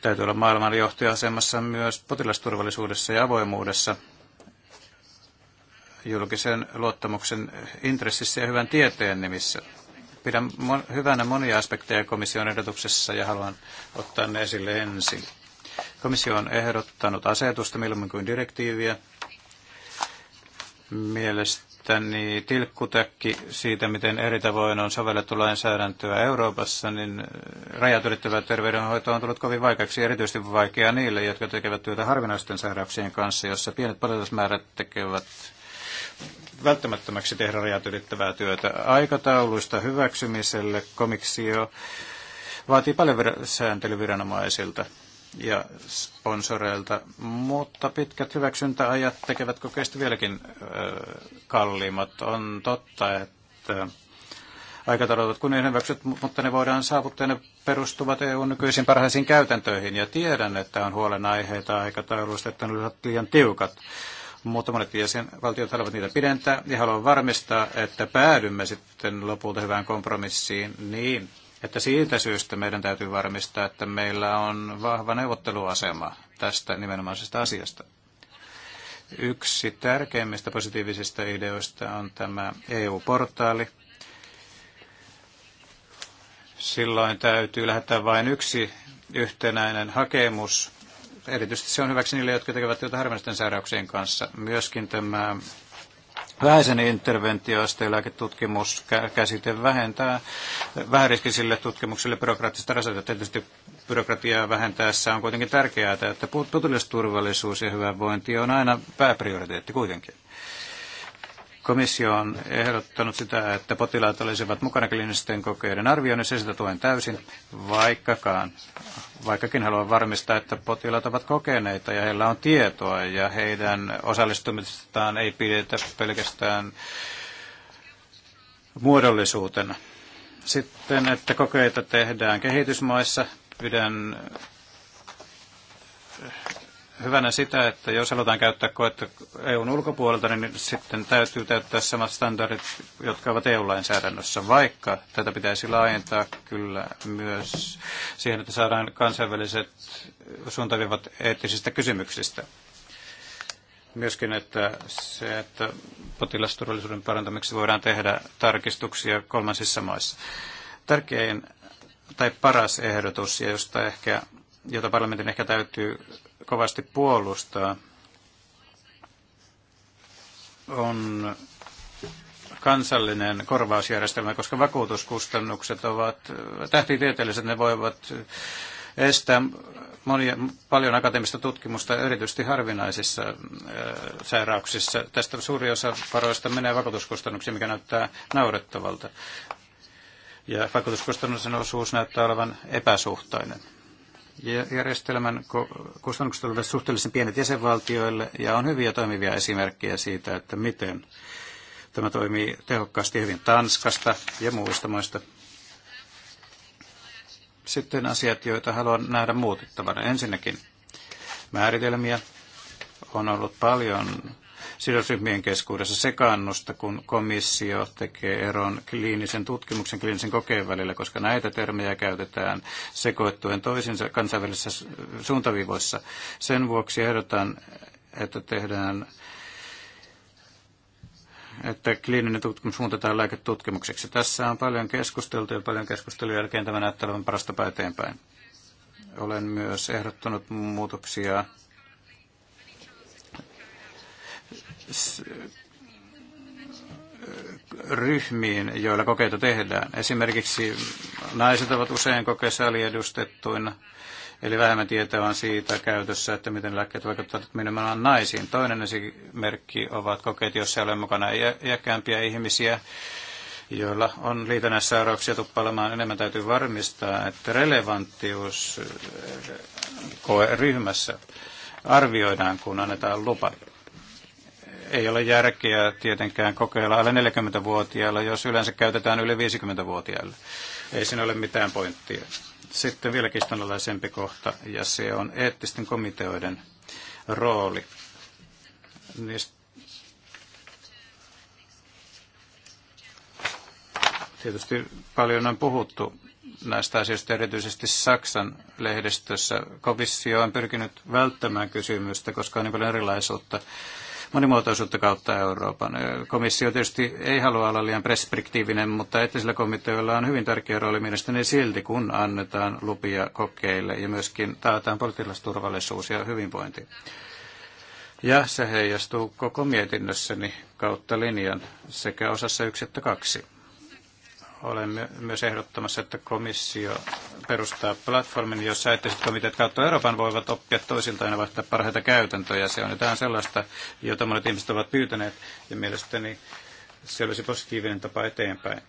Täytyy olla maailman asemassa myös potilasturvallisuudessa ja avoimuudessa julkisen luottamuksen intressissä ja hyvän tieteen nimissä. Pidän mon- hyvänä monia aspekteja komission ehdotuksessa ja haluan ottaa ne esille ensin. Komissio on ehdottanut asetusta milloin kuin direktiiviä. Mielestäni tilkkutäkki siitä, miten eri tavoin on sovellettu lainsäädäntöä Euroopassa, niin rajat ylittävä terveydenhoito on tullut kovin vaikeaksi, erityisesti vaikeaa niille, jotka tekevät työtä harvinaisten sairauksien kanssa, jossa pienet palvelusmäärät tekevät välttämättömäksi tehdä rajat ylittävää työtä. Aikatauluista hyväksymiselle komiksio vaatii paljon sääntelyviranomaisilta ja sponsoreilta, mutta pitkät hyväksyntäajat tekevät kokeista vieläkin kalliimmat. On totta, että aikataulut ovat kunnian hyväksyt, mutta ne voidaan saavuttaa ne perustuvat EUn nykyisiin parhaisiin käytäntöihin. Ja tiedän, että on huolenaiheita aikatauluista, että ne ovat liian tiukat mutta monet jäsenvaltiot haluavat niitä pidentää ja haluan varmistaa, että päädymme sitten lopulta hyvään kompromissiin niin, että siitä syystä meidän täytyy varmistaa, että meillä on vahva neuvotteluasema tästä nimenomaisesta asiasta. Yksi tärkeimmistä positiivisista ideoista on tämä EU-portaali. Silloin täytyy lähettää vain yksi yhtenäinen hakemus Erityisesti se on hyväksi niille, jotka tekevät työtä harvinaisten sairauksien kanssa. Myöskin tämä vähäisen interventioasteen lääketutkimuskäsite vähentää vähäriskisille tutkimuksille byrokraattista rasitetta. Tietysti byrokratiaa vähentäessä on kuitenkin tärkeää, että potilasturvallisuus ja hyvävointi on aina pääprioriteetti kuitenkin. Komissio on ehdottanut sitä, että potilaat olisivat mukana kliinisten kokeiden arvioinnissa ja sitä tuen täysin, vaikkakaan, vaikkakin haluan varmistaa, että potilaat ovat kokeneita ja heillä on tietoa ja heidän osallistumistaan ei pidetä pelkästään muodollisuutena. Sitten, että kokeita tehdään kehitysmaissa. Pidän hyvänä sitä, että jos halutaan käyttää koetta EUn ulkopuolelta, niin sitten täytyy täyttää samat standardit, jotka ovat EU-lainsäädännössä, vaikka tätä pitäisi laajentaa kyllä myös siihen, että saadaan kansainväliset suuntavivat eettisistä kysymyksistä. Myöskin, että se, että potilasturvallisuuden parantamiseksi voidaan tehdä tarkistuksia kolmansissa maissa. Tärkein tai paras ehdotus, ja josta ehkä, jota parlamentin ehkä täytyy kovasti puolustaa, on kansallinen korvausjärjestelmä, koska vakuutuskustannukset ovat tähtitieteelliset, ne voivat estää monia, paljon akateemista tutkimusta, erityisesti harvinaisissa äh, sairauksissa. Tästä suuri osa varoista menee vakuutuskustannuksiin, mikä näyttää naurettavalta. Ja vakuutuskustannusten osuus näyttää olevan epäsuhtainen järjestelmän kustannukset olivat suhteellisen pienet jäsenvaltioille ja on hyviä toimivia esimerkkejä siitä, että miten tämä toimii tehokkaasti hyvin Tanskasta ja muista maista. Sitten asiat, joita haluan nähdä muutettavana. Ensinnäkin määritelmiä on ollut paljon sidosryhmien keskuudessa sekaannusta, kun komissio tekee eron kliinisen tutkimuksen kliinisen kokeen välillä, koska näitä termejä käytetään sekoittuen toisinsa kansainvälisissä suuntaviivoissa. Sen vuoksi ehdotan, että tehdään että kliininen tutkimus muutetaan lääketutkimukseksi. Tässä on paljon keskusteltu ja paljon keskustelun jälkeen tämä näyttää olevan parasta eteenpäin. Olen myös ehdottanut muutoksia ryhmiin, joilla kokeita tehdään. Esimerkiksi naiset ovat usein kokeessa aliedustettuina, eli vähemmän tietoa on siitä käytössä, että miten lääkkeet vaikuttavat nimenomaan naisiin. Toinen esimerkki ovat kokeet, joissa ei ole mukana iäkkäämpiä ihmisiä, joilla on liitännäissairauksia tuppailemaan, enemmän täytyy varmistaa, että relevanttius eh, koeryhmässä arvioidaan, kun annetaan lupa ei ole järkeä tietenkään kokeilla alle 40-vuotiailla, jos yleensä käytetään yli 50-vuotiaille. Ei siinä ole mitään pointtia. Sitten vielä kistanalaisempi kohta, ja se on eettisten komiteoiden rooli. Niistä tietysti paljon on puhuttu näistä asioista, erityisesti Saksan lehdistössä. Komissio on pyrkinyt välttämään kysymystä, koska on niin paljon erilaisuutta monimuotoisuutta kautta Euroopan. Komissio tietysti ei halua olla liian perspektiivinen, mutta eettisillä komiteoilla on hyvin tärkeä rooli mielestäni silti, kun annetaan lupia kokeille ja myöskin taataan potilasturvallisuus ja hyvinvointi. Ja se heijastuu koko mietinnössäni kautta linjan sekä osassa yksi että kaksi. Olen myös ehdottamassa, että komissio perustaa platformin, jossa eettiset komiteat kautta Euroopan voivat oppia toisiltaan ja vaihtaa parhaita käytäntöjä. Se on jotain sellaista, jota monet ihmiset ovat pyytäneet ja mielestäni se olisi positiivinen tapa eteenpäin.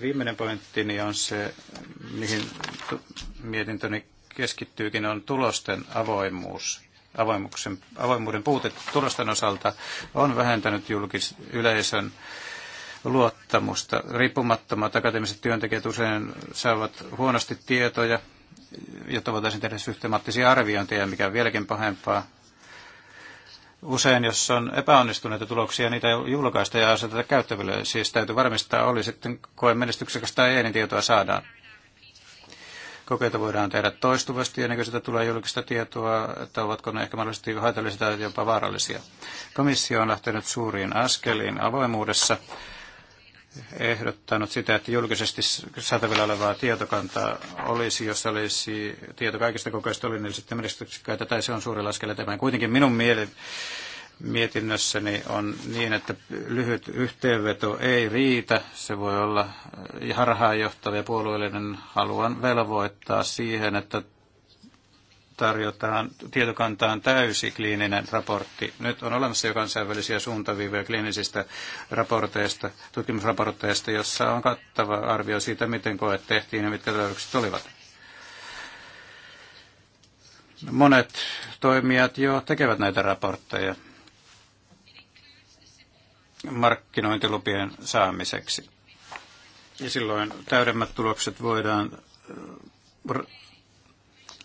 Viimeinen pointti on se, mihin mietintöni keskittyykin, on tulosten avoimuus. Avoimuksen, avoimuuden puute tulosten osalta on vähentänyt julkis, yleisön luottamusta. Riippumattomat akateemiset työntekijät usein saavat huonosti tietoja, jotta voitaisiin tehdä systemaattisia arviointeja, mikä on vieläkin pahempaa. Usein, jos on epäonnistuneita tuloksia, niitä julkaista ja aseteta käyttäville. Siis täytyy varmistaa, oli sitten koe menestyksekäs tai ei, niin tietoa saadaan. Kokeita voidaan tehdä toistuvasti ennen kuin sitä tulee julkista tietoa, että ovatko ne ehkä mahdollisesti haitallisia tai jopa vaarallisia. Komissio on lähtenyt suuriin askeliin avoimuudessa ehdottanut sitä, että julkisesti saatavilla olevaa tietokantaa olisi, jos olisi tieto kaikista kokeista sitten menestyksikkäitä, tai se on suuri laskel eteenpäin. Kuitenkin minun mieli, mietinnössäni on niin, että lyhyt yhteenveto ei riitä. Se voi olla harhaanjohtava ja puolueellinen. Haluan velvoittaa siihen, että tarjotaan tietokantaan täysi kliininen raportti. Nyt on olemassa jo kansainvälisiä suuntaviivoja kliinisistä raporteista, tutkimusraporteista, jossa on kattava arvio siitä, miten koet tehtiin ja mitkä löydökset olivat. Monet toimijat jo tekevät näitä raportteja markkinointilupien saamiseksi. Ja silloin täydemmät tulokset voidaan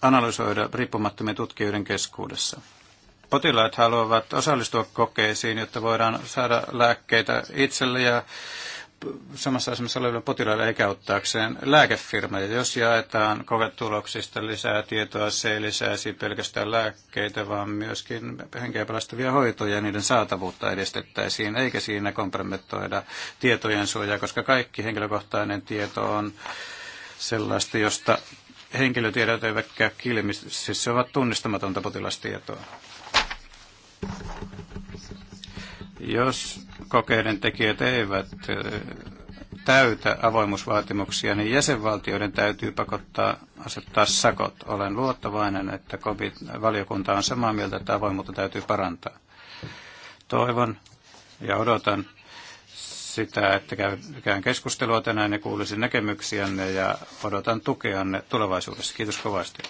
analysoida riippumattomien tutkijoiden keskuudessa. Potilaat haluavat osallistua kokeisiin, jotta voidaan saada lääkkeitä itselle ja samassa asemassa oleville potilaille eikä ottaakseen lääkefirmoja. Jos jaetaan kovetuloksista lisää tietoa, se ei lisäisi pelkästään lääkkeitä, vaan myöskin henkeä pelastavia hoitoja ja niiden saatavuutta edistettäisiin, eikä siinä kompromettoida tietojen suojaa, koska kaikki henkilökohtainen tieto on sellaista, josta henkilötiedot eivät käy kilmi, siis se ovat tunnistamatonta potilastietoa. Jos kokeiden tekijät eivät täytä avoimuusvaatimuksia, niin jäsenvaltioiden täytyy pakottaa asettaa sakot. Olen luottavainen, että valiokunta on samaa mieltä, että avoimuutta täytyy parantaa. Toivon ja odotan, sitä, että käyn keskustelua tänään ja kuulisin näkemyksiänne ja odotan tukeanne tulevaisuudessa. Kiitos kovasti.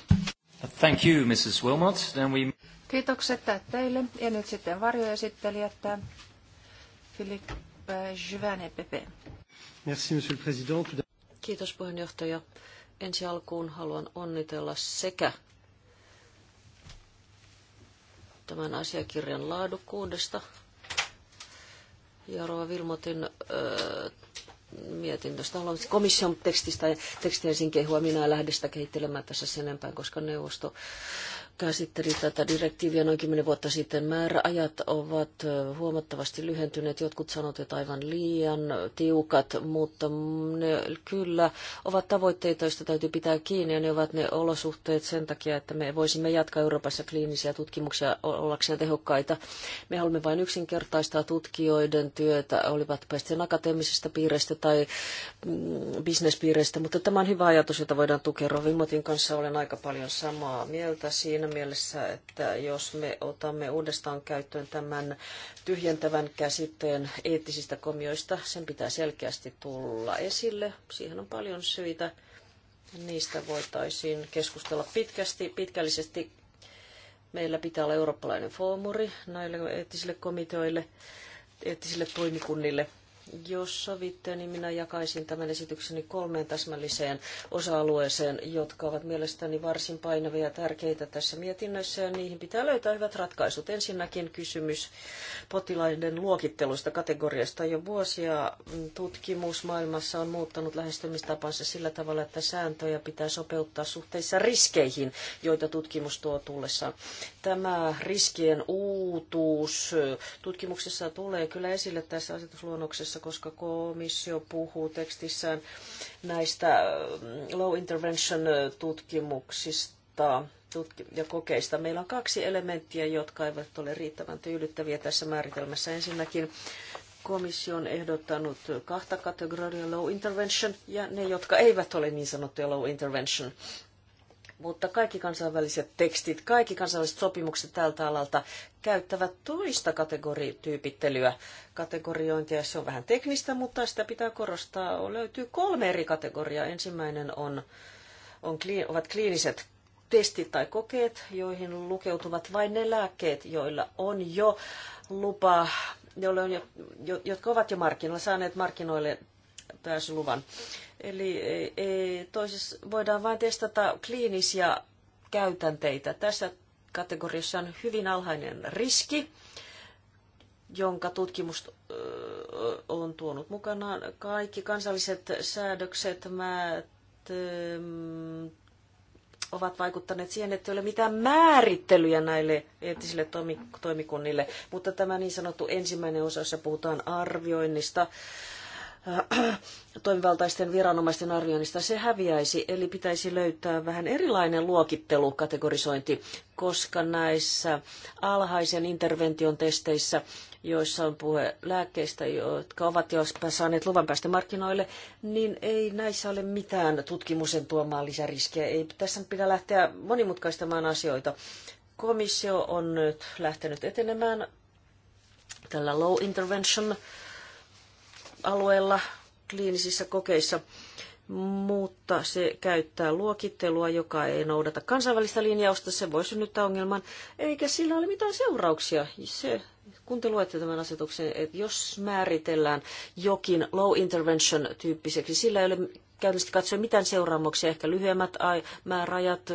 Thank you, Mrs. Wilmot. Then we... Kiitokset teille. Ja nyt sitten varjoesittelijät Philippe Juvin Pepe. Merci, Monsieur le Président. Kiitos puheenjohtaja. Ensi alkuun haluan onnitella sekä tämän asiakirjan laadukkuudesta ja Rova Vilmotin öö, mietinnöstä. Haluan komission tekstistä, tekstiä ensin kehua. Minä en lähde sitä kehittelemään tässä sen enempää, koska neuvosto käsitteli tätä direktiiviä noin 10 vuotta sitten. Määräajat ovat huomattavasti lyhentyneet, jotkut sanot, että aivan liian tiukat, mutta ne kyllä ovat tavoitteita, joista täytyy pitää kiinni ja ne ovat ne olosuhteet sen takia, että me voisimme jatkaa Euroopassa kliinisiä tutkimuksia ollakseen tehokkaita. Me haluamme vain yksinkertaistaa tutkijoiden työtä, olivat sitten akateemisista piireistä tai mm, bisnespiireistä, mutta tämä on hyvä ajatus, jota voidaan tukea. Rovimotin kanssa olen aika paljon samaa mieltä siinä mielessä, että jos me otamme uudestaan käyttöön tämän tyhjentävän käsitteen eettisistä komioista, sen pitää selkeästi tulla esille. Siihen on paljon syitä. Niistä voitaisiin keskustella pitkästi, pitkällisesti. Meillä pitää olla eurooppalainen foomuri näille eettisille komiteoille, eettisille toimikunnille – jos sovitte, niin minä jakaisin tämän esitykseni kolmeen täsmälliseen osa-alueeseen, jotka ovat mielestäni varsin painavia ja tärkeitä tässä mietinnössä, ja niihin pitää löytää hyvät ratkaisut. Ensinnäkin kysymys potilaiden luokittelusta kategoriasta. Jo vuosia mm, tutkimus maailmassa on muuttanut lähestymistapansa sillä tavalla, että sääntöjä pitää sopeuttaa suhteissa riskeihin, joita tutkimus tuo tullessaan. Tämä riskien uutuus tutkimuksessa tulee kyllä esille tässä asetusluonnoksessa tässä, koska komissio puhuu tekstissään näistä mm, low intervention tutkimuksista ja kokeista. Meillä on kaksi elementtiä, jotka eivät ole riittävän tyydyttäviä tässä määritelmässä. Ensinnäkin komissio on ehdottanut kahta kategoriaa low intervention ja ne, jotka eivät ole niin sanottuja low intervention mutta kaikki kansainväliset tekstit, kaikki kansainväliset sopimukset tältä alalta käyttävät toista kategorityypittelyä, kategoriointia. Se on vähän teknistä, mutta sitä pitää korostaa. Löytyy kolme eri kategoriaa. Ensimmäinen on, on, ovat kliiniset testit tai kokeet, joihin lukeutuvat vain ne lääkkeet, joilla on jo lupa, joilla on jo, jotka ovat jo markkinoilla, saaneet markkinoille luvan. Eli toisessa voidaan vain testata kliinisiä käytänteitä. Tässä kategoriassa on hyvin alhainen riski, jonka tutkimus on tuonut mukanaan. Kaikki kansalliset säädökset mä ovat vaikuttaneet siihen, että ei ole mitään määrittelyjä näille eettisille toimikunnille. Mutta tämä niin sanottu ensimmäinen osa, jossa puhutaan arvioinnista, Äh, toimivaltaisten viranomaisten arvioinnista, se häviäisi. Eli pitäisi löytää vähän erilainen luokittelu, kategorisointi, koska näissä alhaisen intervention testeissä joissa on puhe lääkkeistä, jotka ovat jo saaneet luvan päästä markkinoille, niin ei näissä ole mitään tutkimuksen tuomaa lisäriskiä. Ei tässä pidä lähteä monimutkaistamaan asioita. Komissio on nyt lähtenyt etenemään tällä low intervention alueella kliinisissä kokeissa mutta se käyttää luokittelua, joka ei noudata kansainvälistä linjausta, se voi synnyttää ongelman, eikä sillä ole mitään seurauksia. Se, kun te luette tämän asetuksen, että jos määritellään jokin low intervention tyyppiseksi, sillä ei ole käynnistä katsoen mitään seuraamuksia, ehkä lyhyemmät määrajat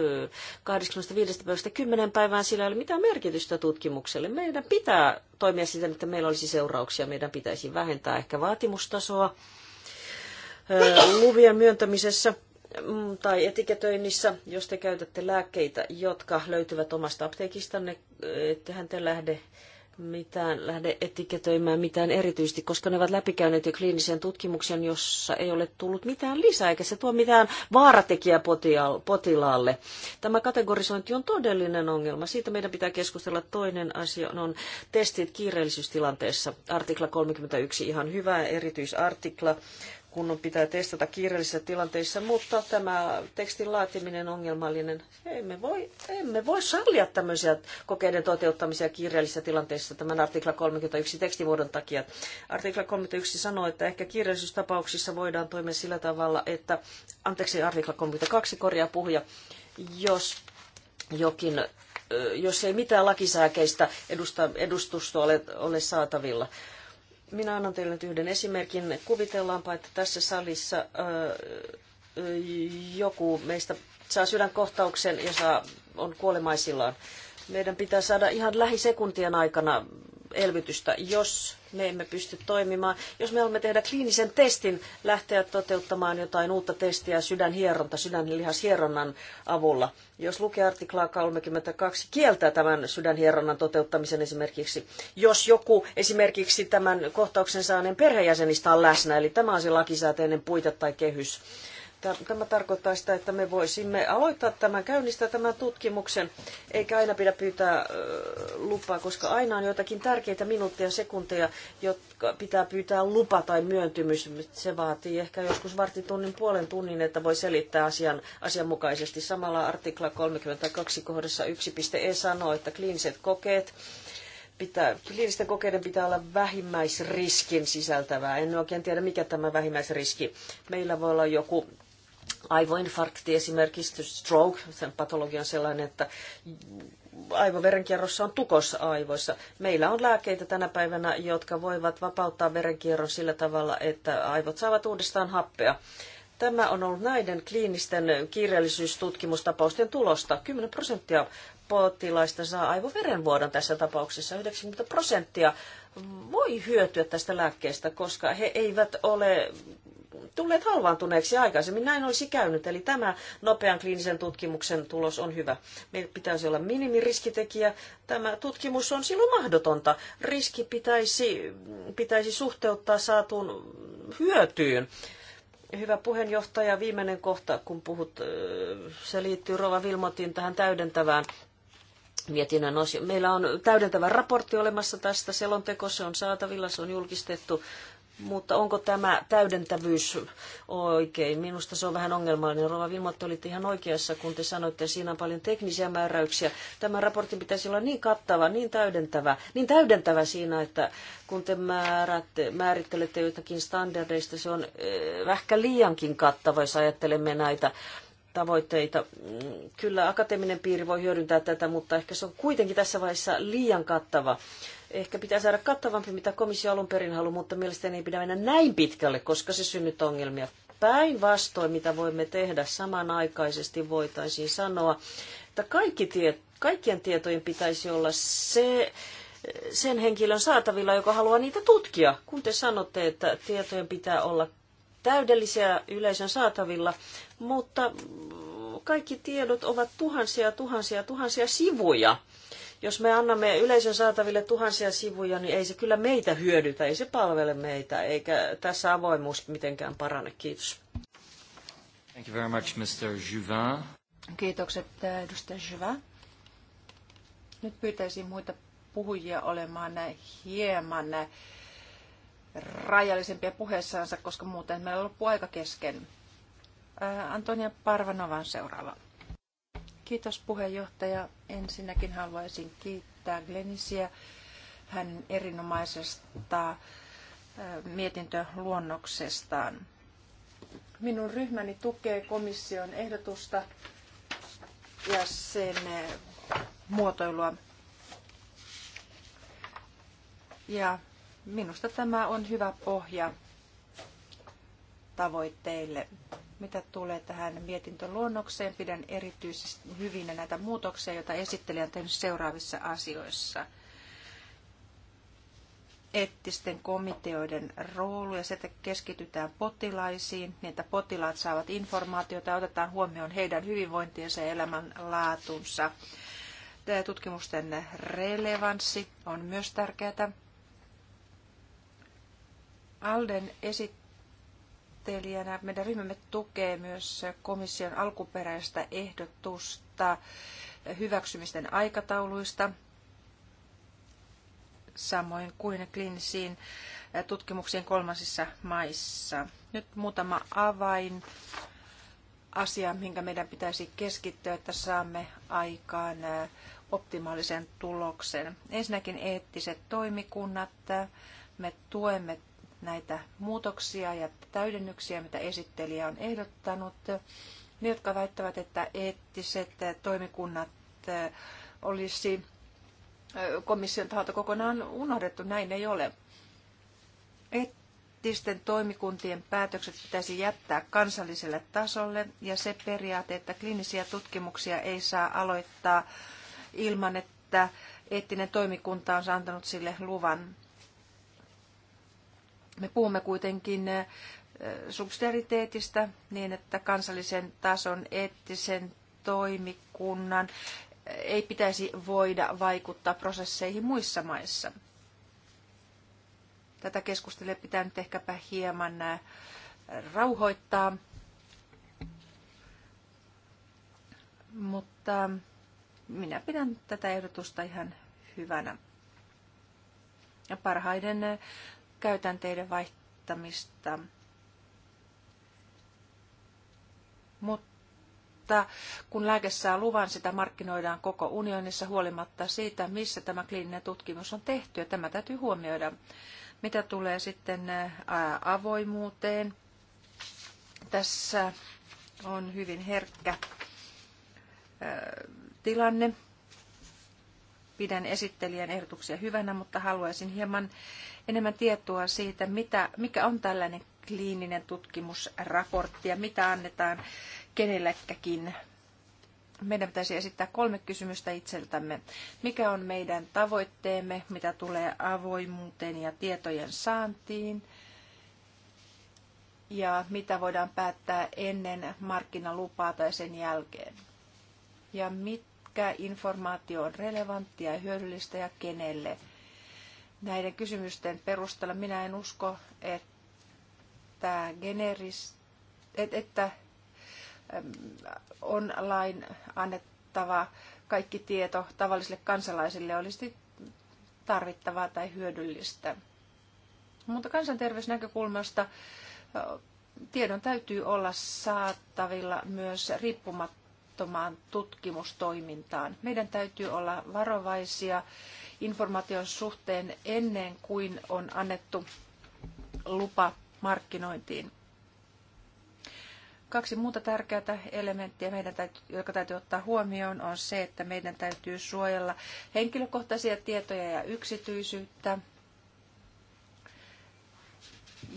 25 päivästä 10 päivään, sillä ei ole mitään merkitystä tutkimukselle. Meidän pitää toimia siten, että meillä olisi seurauksia, meidän pitäisi vähentää ehkä vaatimustasoa, luvien myöntämisessä mm, tai etiketöinnissä, jos te käytätte lääkkeitä, jotka löytyvät omasta apteekistanne, ettehän te lähde mitään, lähde etiketöimään mitään erityisesti, koska ne ovat läpikäyneet jo kliinisen tutkimuksen, jossa ei ole tullut mitään lisää, eikä se tuo mitään vaaratekijää potilaalle. Tämä kategorisointi on todellinen ongelma. Siitä meidän pitää keskustella. Toinen asia on testit kiireellisyystilanteessa. Artikla 31, ihan hyvä erityisartikla kunnon pitää testata kiireellisissä tilanteissa, mutta tämä tekstin laatiminen ongelmallinen. Emme voi, emme voi sallia tämmöisiä kokeiden toteuttamisia kiireellisissä tilanteissa tämän artikla 31 tekstivuodon takia. Artikla 31 sanoo, että ehkä kiireellisyystapauksissa voidaan toimia sillä tavalla, että, anteeksi, artikla 32 korjaa puhuja, jos jokin jos ei mitään lakisääkeistä edustusta ole, ole saatavilla. Minä annan teille nyt yhden esimerkin. Kuvitellaanpa, että tässä salissa joku meistä saa sydänkohtauksen ja saa, on kuolemaisillaan. Meidän pitää saada ihan lähisekuntien aikana elvytystä, jos me emme pysty toimimaan. Jos me olemme tehdä kliinisen testin, lähteä toteuttamaan jotain uutta testiä sydänhieronta, sydänlihashieronnan avulla. Jos lukee artiklaa 32 kieltää tämän sydänhieronnan toteuttamisen esimerkiksi, jos joku esimerkiksi tämän kohtauksen saaneen perheenjäsenistä on läsnä, eli tämä on se lakisääteinen puite tai kehys Tämä tarkoittaa sitä, että me voisimme aloittaa tämän, käynnistää tämän tutkimuksen, eikä aina pidä pyytää lupaa, koska aina on jotakin tärkeitä minuutteja, sekunteja, jotka pitää pyytää lupa tai myöntymys. Se vaatii ehkä joskus vartitunnin, puolen tunnin, että voi selittää asian asianmukaisesti. Samalla artikla 32 kohdassa 1.e e sanoo, että kliiniset kokeet pitää, kliinisten kokeiden pitää olla vähimmäisriskin sisältävää. En oikein tiedä, mikä tämä vähimmäisriski. Meillä voi olla joku Aivoinfarkti esimerkiksi, stroke, sen patologia on sellainen, että aivoverenkierrossa on tukossa aivoissa. Meillä on lääkkeitä tänä päivänä, jotka voivat vapauttaa verenkierron sillä tavalla, että aivot saavat uudestaan happea. Tämä on ollut näiden kliinisten kirjallisuustutkimustapausten tulosta. 10 prosenttia potilaista saa aivoverenvuodon tässä tapauksessa. 90 prosenttia voi hyötyä tästä lääkkeestä, koska he eivät ole tulleet halvaantuneeksi aikaisemmin. Näin olisi käynyt. Eli tämä nopean kliinisen tutkimuksen tulos on hyvä. Meillä pitäisi olla minimiriskitekijä. Tämä tutkimus on silloin mahdotonta. Riski pitäisi, pitäisi suhteuttaa saatuun hyötyyn. Hyvä puheenjohtaja, viimeinen kohta, kun puhut, se liittyy Rova Vilmotin tähän täydentävään mietinnön osio. Meillä on täydentävä raportti olemassa tästä, selonteko se on saatavilla, se on julkistettu mutta onko tämä täydentävyys oikein? Minusta se on vähän ongelmallinen. Rova Vilmo, te olitte ihan oikeassa, kun te sanoitte, että siinä on paljon teknisiä määräyksiä. Tämän raportin pitäisi olla niin kattava, niin täydentävä, niin täydentävä siinä, että kun te määrätte, määrittelette jotakin standardeista, se on eh, ehkä liiankin kattava, jos ajattelemme näitä tavoitteita. Mm, kyllä akateeminen piiri voi hyödyntää tätä, mutta ehkä se on kuitenkin tässä vaiheessa liian kattava ehkä pitää saada kattavampi, mitä komissio alun perin haluaa, mutta mielestäni ei pidä mennä näin pitkälle, koska se synnyttää ongelmia. Päinvastoin, mitä voimme tehdä samanaikaisesti, voitaisiin sanoa, että kaikki tie, kaikkien tietojen pitäisi olla se, sen henkilön saatavilla, joka haluaa niitä tutkia. Kun te sanotte, että tietojen pitää olla täydellisiä yleisön saatavilla, mutta kaikki tiedot ovat tuhansia, tuhansia, tuhansia sivuja jos me annamme yleisön saataville tuhansia sivuja, niin ei se kyllä meitä hyödytä, ei se palvele meitä, eikä tässä avoimuus mitenkään parane. Kiitos. Thank you very much, Mr. Juvin. Kiitokset, äh, edustaja Juvin. Nyt pyytäisin muita puhujia olemaan hieman rajallisempia puheissaansa, koska muuten meillä loppuu aika kesken. Äh, Antonia Parvanova on seuraava. Kiitos puheenjohtaja. Ensinnäkin haluaisin kiittää Glenisiä hänen erinomaisesta mietintöluonnoksestaan. Minun ryhmäni tukee komission ehdotusta ja sen muotoilua. Ja minusta tämä on hyvä pohja tavoitteille mitä tulee tähän mietintöluonnokseen, pidän erityisesti hyvinä näitä muutoksia, joita esittelijä on tehnyt seuraavissa asioissa. Eettisten komiteoiden rooli ja se, että keskitytään potilaisiin, niin että potilaat saavat informaatiota ja otetaan huomioon heidän hyvinvointiensa ja elämänlaatunsa. Tämä tutkimusten relevanssi on myös tärkeää. Alden esittää esittelijänä. Meidän ryhmämme tukee myös komission alkuperäistä ehdotusta hyväksymisten aikatauluista, samoin kuin kliinisiin tutkimuksiin kolmansissa maissa. Nyt muutama avain asia, minkä meidän pitäisi keskittyä, että saamme aikaan optimaalisen tuloksen. Ensinnäkin eettiset toimikunnat. Me tuemme näitä muutoksia ja täydennyksiä, mitä esittelijä on ehdottanut. Ne, jotka väittävät, että eettiset toimikunnat eh, olisi eh, komission taholta kokonaan unohdettu, näin ei ole. Eettisten toimikuntien päätökset pitäisi jättää kansalliselle tasolle ja se periaate, että kliinisiä tutkimuksia ei saa aloittaa ilman, että eettinen toimikunta on antanut sille luvan. Me puhumme kuitenkin subsidiariteetista niin, että kansallisen tason eettisen toimikunnan ei pitäisi voida vaikuttaa prosesseihin muissa maissa. Tätä keskustelua pitää nyt ehkäpä hieman rauhoittaa. Mutta minä pidän tätä ehdotusta ihan hyvänä. Ja parhaiden käytänteiden vaihtamista. Mutta kun lääke saa luvan, sitä markkinoidaan koko unionissa huolimatta siitä, missä tämä kliininen tutkimus on tehty. Ja tämä täytyy huomioida. Mitä tulee sitten avoimuuteen, tässä on hyvin herkkä tilanne pidän esittelijän ehdotuksia hyvänä, mutta haluaisin hieman enemmän tietoa siitä, mitä, mikä on tällainen kliininen tutkimusraportti ja mitä annetaan kenellekäkin. Meidän pitäisi esittää kolme kysymystä itseltämme. Mikä on meidän tavoitteemme, mitä tulee avoimuuteen ja tietojen saantiin? Ja mitä voidaan päättää ennen markkinalupaa tai sen jälkeen? Ja mit, mikä informaatio on relevanttia ja hyödyllistä ja kenelle. Näiden kysymysten perusteella minä en usko, että, generis, että online annettava kaikki tieto tavallisille kansalaisille olisi tarvittavaa tai hyödyllistä. Mutta kansanterveysnäkökulmasta tiedon täytyy olla saatavilla myös riippumatta riippumattomaan tutkimustoimintaan. Meidän täytyy olla varovaisia informaation suhteen ennen kuin on annettu lupa markkinointiin. Kaksi muuta tärkeää elementtiä, meidän täytyy, jotka täytyy ottaa huomioon, on se, että meidän täytyy suojella henkilökohtaisia tietoja ja yksityisyyttä.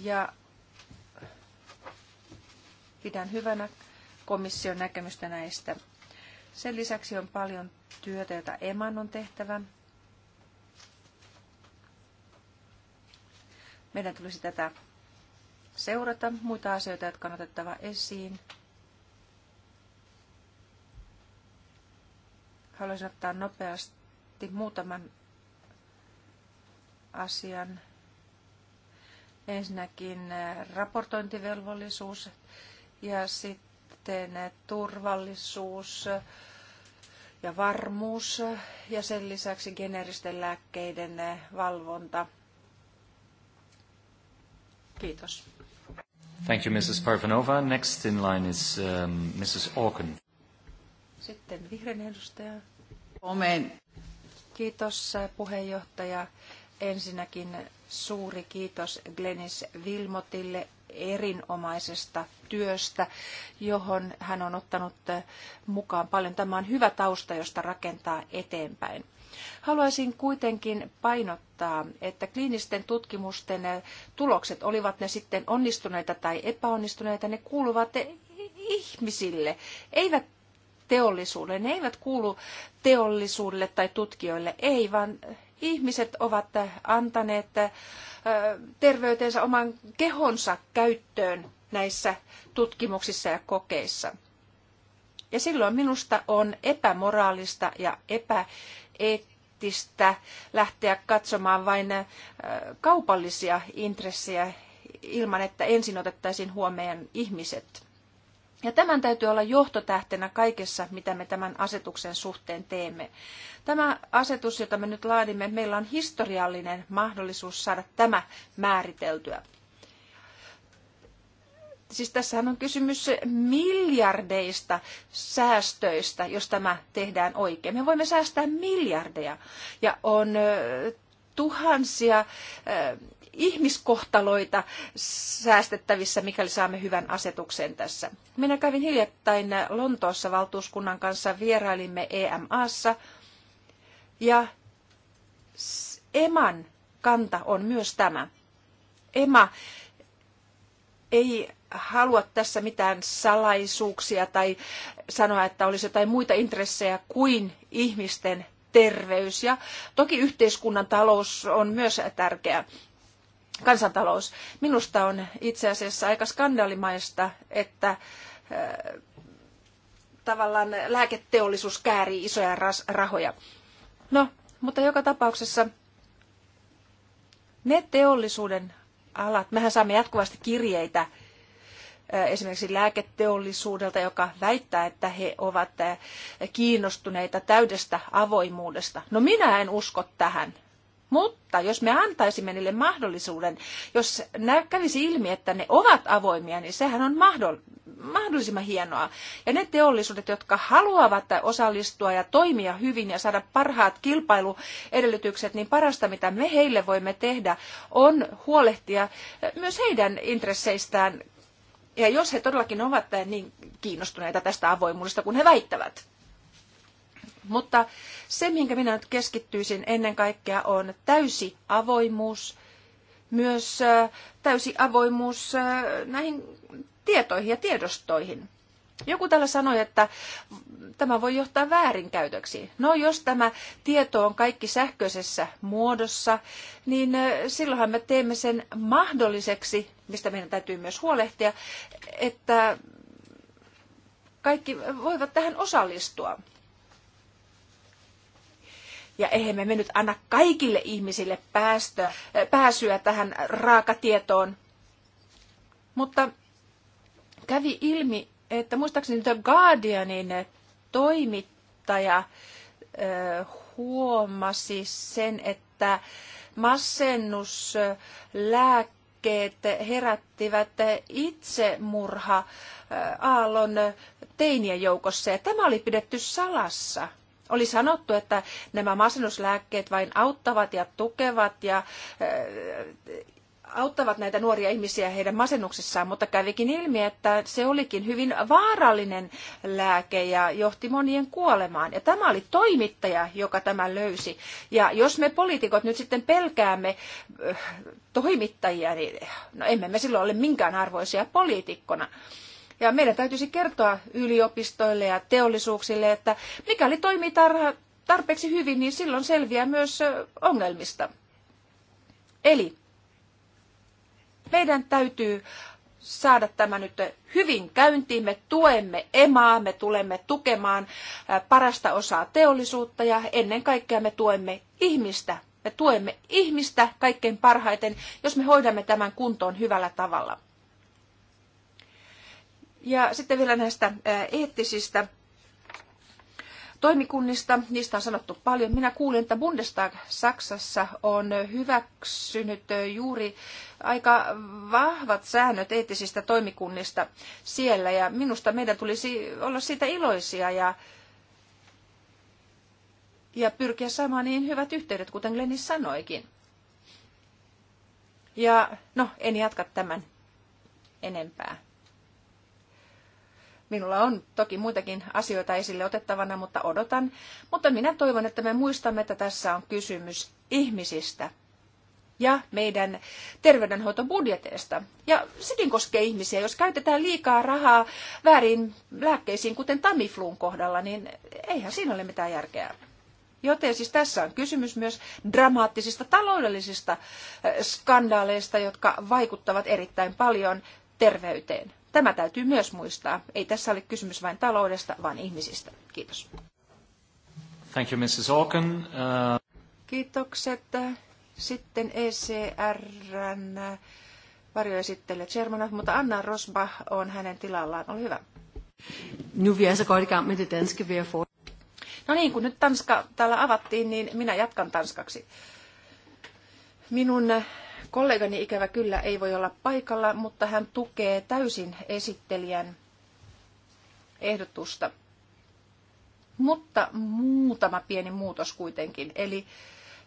Ja pidän hyvänä komission näkemystä näistä. Sen lisäksi on paljon työtä, jota EMAN on tehtävä. Meidän tulisi tätä seurata, muita asioita, jotka on otettava esiin. Haluaisin ottaa nopeasti muutaman asian. Ensinnäkin eh, raportointivelvollisuus ja sitten suhteen turvallisuus ja varmuus ja sen lisäksi geneeristen lääkkeiden valvonta. Kiitos. Thank you, Mrs. Parvanova. Next in line is um, Mrs. Orkin. Sitten vihreän edustaja. Omen. Kiitos puheenjohtaja. Ensinnäkin suuri kiitos Glenis Vilmotille erinomaisesta työstä, johon hän on ottanut eh, mukaan paljon. Tämä on hyvä tausta, josta rakentaa eteenpäin. Haluaisin kuitenkin painottaa, että kliinisten tutkimusten eh, tulokset, olivat ne sitten onnistuneita tai epäonnistuneita, ne kuuluvat ihmisille, eivät teollisuudelle. Ne eivät kuulu teollisuudelle tai tutkijoille, ei, vaan Ihmiset ovat antaneet terveytensä oman kehonsa käyttöön näissä tutkimuksissa ja kokeissa. Ja silloin minusta on epämoraalista ja epäeettistä lähteä katsomaan vain kaupallisia intressejä ilman, että ensin otettaisiin huomioon ihmiset. Ja tämän täytyy olla johtotähtenä kaikessa, mitä me tämän asetuksen suhteen teemme. Tämä asetus, jota me nyt laadimme, meillä on historiallinen mahdollisuus saada tämä määriteltyä. Siis tässähän on kysymys miljardeista säästöistä, jos tämä tehdään oikein. Me voimme säästää miljardeja ja on tuhansia ihmiskohtaloita säästettävissä, mikäli saamme hyvän asetuksen tässä. Minä kävin hiljattain Lontoossa valtuuskunnan kanssa, vierailimme EMAssa ja EMAn kanta on myös tämä. EMA ei halua tässä mitään salaisuuksia tai sanoa, että olisi jotain muita intressejä kuin ihmisten terveys. Ja toki yhteiskunnan talous on myös tärkeä kansantalous. Minusta on itse asiassa aika skandaalimaista, että tavallaan lääketeollisuus käärii isoja rahoja. No, mutta joka tapauksessa ne teollisuuden alat, mehän saamme jatkuvasti kirjeitä esimerkiksi lääketeollisuudelta, joka väittää, että he ovat kiinnostuneita täydestä avoimuudesta. No minä en usko tähän. Mutta jos me antaisimme niille mahdollisuuden, jos kävisi ilmi, että ne ovat avoimia, niin sehän on mahdollisimman hienoa. Ja ne teollisuudet, jotka haluavat osallistua ja toimia hyvin ja saada parhaat kilpailuedellytykset, niin parasta mitä me heille voimme tehdä on huolehtia myös heidän intresseistään. Ja jos he todellakin ovat niin kiinnostuneita tästä avoimuudesta kuin he väittävät. Mutta se, minkä minä nyt keskittyisin ennen kaikkea, on täysi avoimuus, myös täysi avoimuus näihin tietoihin ja tiedostoihin. Joku täällä sanoi, että tämä voi johtaa väärinkäytöksiin. No jos tämä tieto on kaikki sähköisessä muodossa, niin silloinhan me teemme sen mahdolliseksi, mistä meidän täytyy myös huolehtia, että kaikki voivat tähän osallistua. Ja eihän me nyt anna kaikille ihmisille päästö, eh, pääsyä tähän raakatietoon. Mutta kävi ilmi, että muistaakseni The Guardianin toimittaja eh, huomasi sen, että masennuslääkkeet herättivät itsemurha eh, aallon teinien joukossa ja tämä oli pidetty salassa. Oli sanottu, että nämä masennuslääkkeet vain auttavat ja tukevat ja äh, auttavat näitä nuoria ihmisiä heidän masennuksessaan, mutta kävikin ilmi, että se olikin hyvin vaarallinen lääke ja johti monien kuolemaan. Ja tämä oli toimittaja, joka tämän löysi. Ja jos me poliitikot nyt sitten pelkäämme äh, toimittajia, niin no emme me silloin ole minkään arvoisia poliitikkona. Ja meidän täytyisi kertoa yliopistoille ja teollisuuksille, että mikäli toimii tarha, tarpeeksi hyvin, niin silloin selviää myös ongelmista. Eli meidän täytyy saada tämä nyt hyvin käyntiin. Me tuemme emaa, me tulemme tukemaan parasta osaa teollisuutta ja ennen kaikkea me tuemme ihmistä. Me tuemme ihmistä kaikkein parhaiten, jos me hoidamme tämän kuntoon hyvällä tavalla. Ja sitten vielä näistä eettisistä toimikunnista, niistä on sanottu paljon. Minä kuulin, että Bundestag Saksassa on hyväksynyt juuri aika vahvat säännöt eettisistä toimikunnista siellä ja minusta meidän tulisi olla siitä iloisia ja, ja pyrkiä saamaan niin hyvät yhteydet, kuten Glennis sanoikin. Ja no, en jatka tämän enempää. Minulla on toki muitakin asioita esille otettavana, mutta odotan. Mutta minä toivon, että me muistamme, että tässä on kysymys ihmisistä ja meidän terveydenhoitobudjeteista. Ja sekin koskee ihmisiä. Jos käytetään liikaa rahaa väärin lääkkeisiin, kuten Tamifluun kohdalla, niin eihän siinä ole mitään järkeä. Joten siis tässä on kysymys myös dramaattisista taloudellisista eh, skandaaleista, jotka vaikuttavat erittäin paljon terveyteen. Tämä täytyy myös muistaa. Ei tässä ole kysymys vain taloudesta, vaan ihmisistä. Kiitos. Thank you, Mrs. Orkin. Uh... Kiitokset. Sitten ECRn varjoesittelijä Germanov, mutta Anna Rosba on hänen tilallaan. Ole hyvä. Nu vi er så godt i gang med det danske ved at No niin, kun nyt Tanska täällä avattiin, niin minä jatkan Tanskaksi. Minun Kollegani ikävä kyllä ei voi olla paikalla, mutta hän tukee täysin esittelijän ehdotusta. Mutta muutama pieni muutos kuitenkin, eli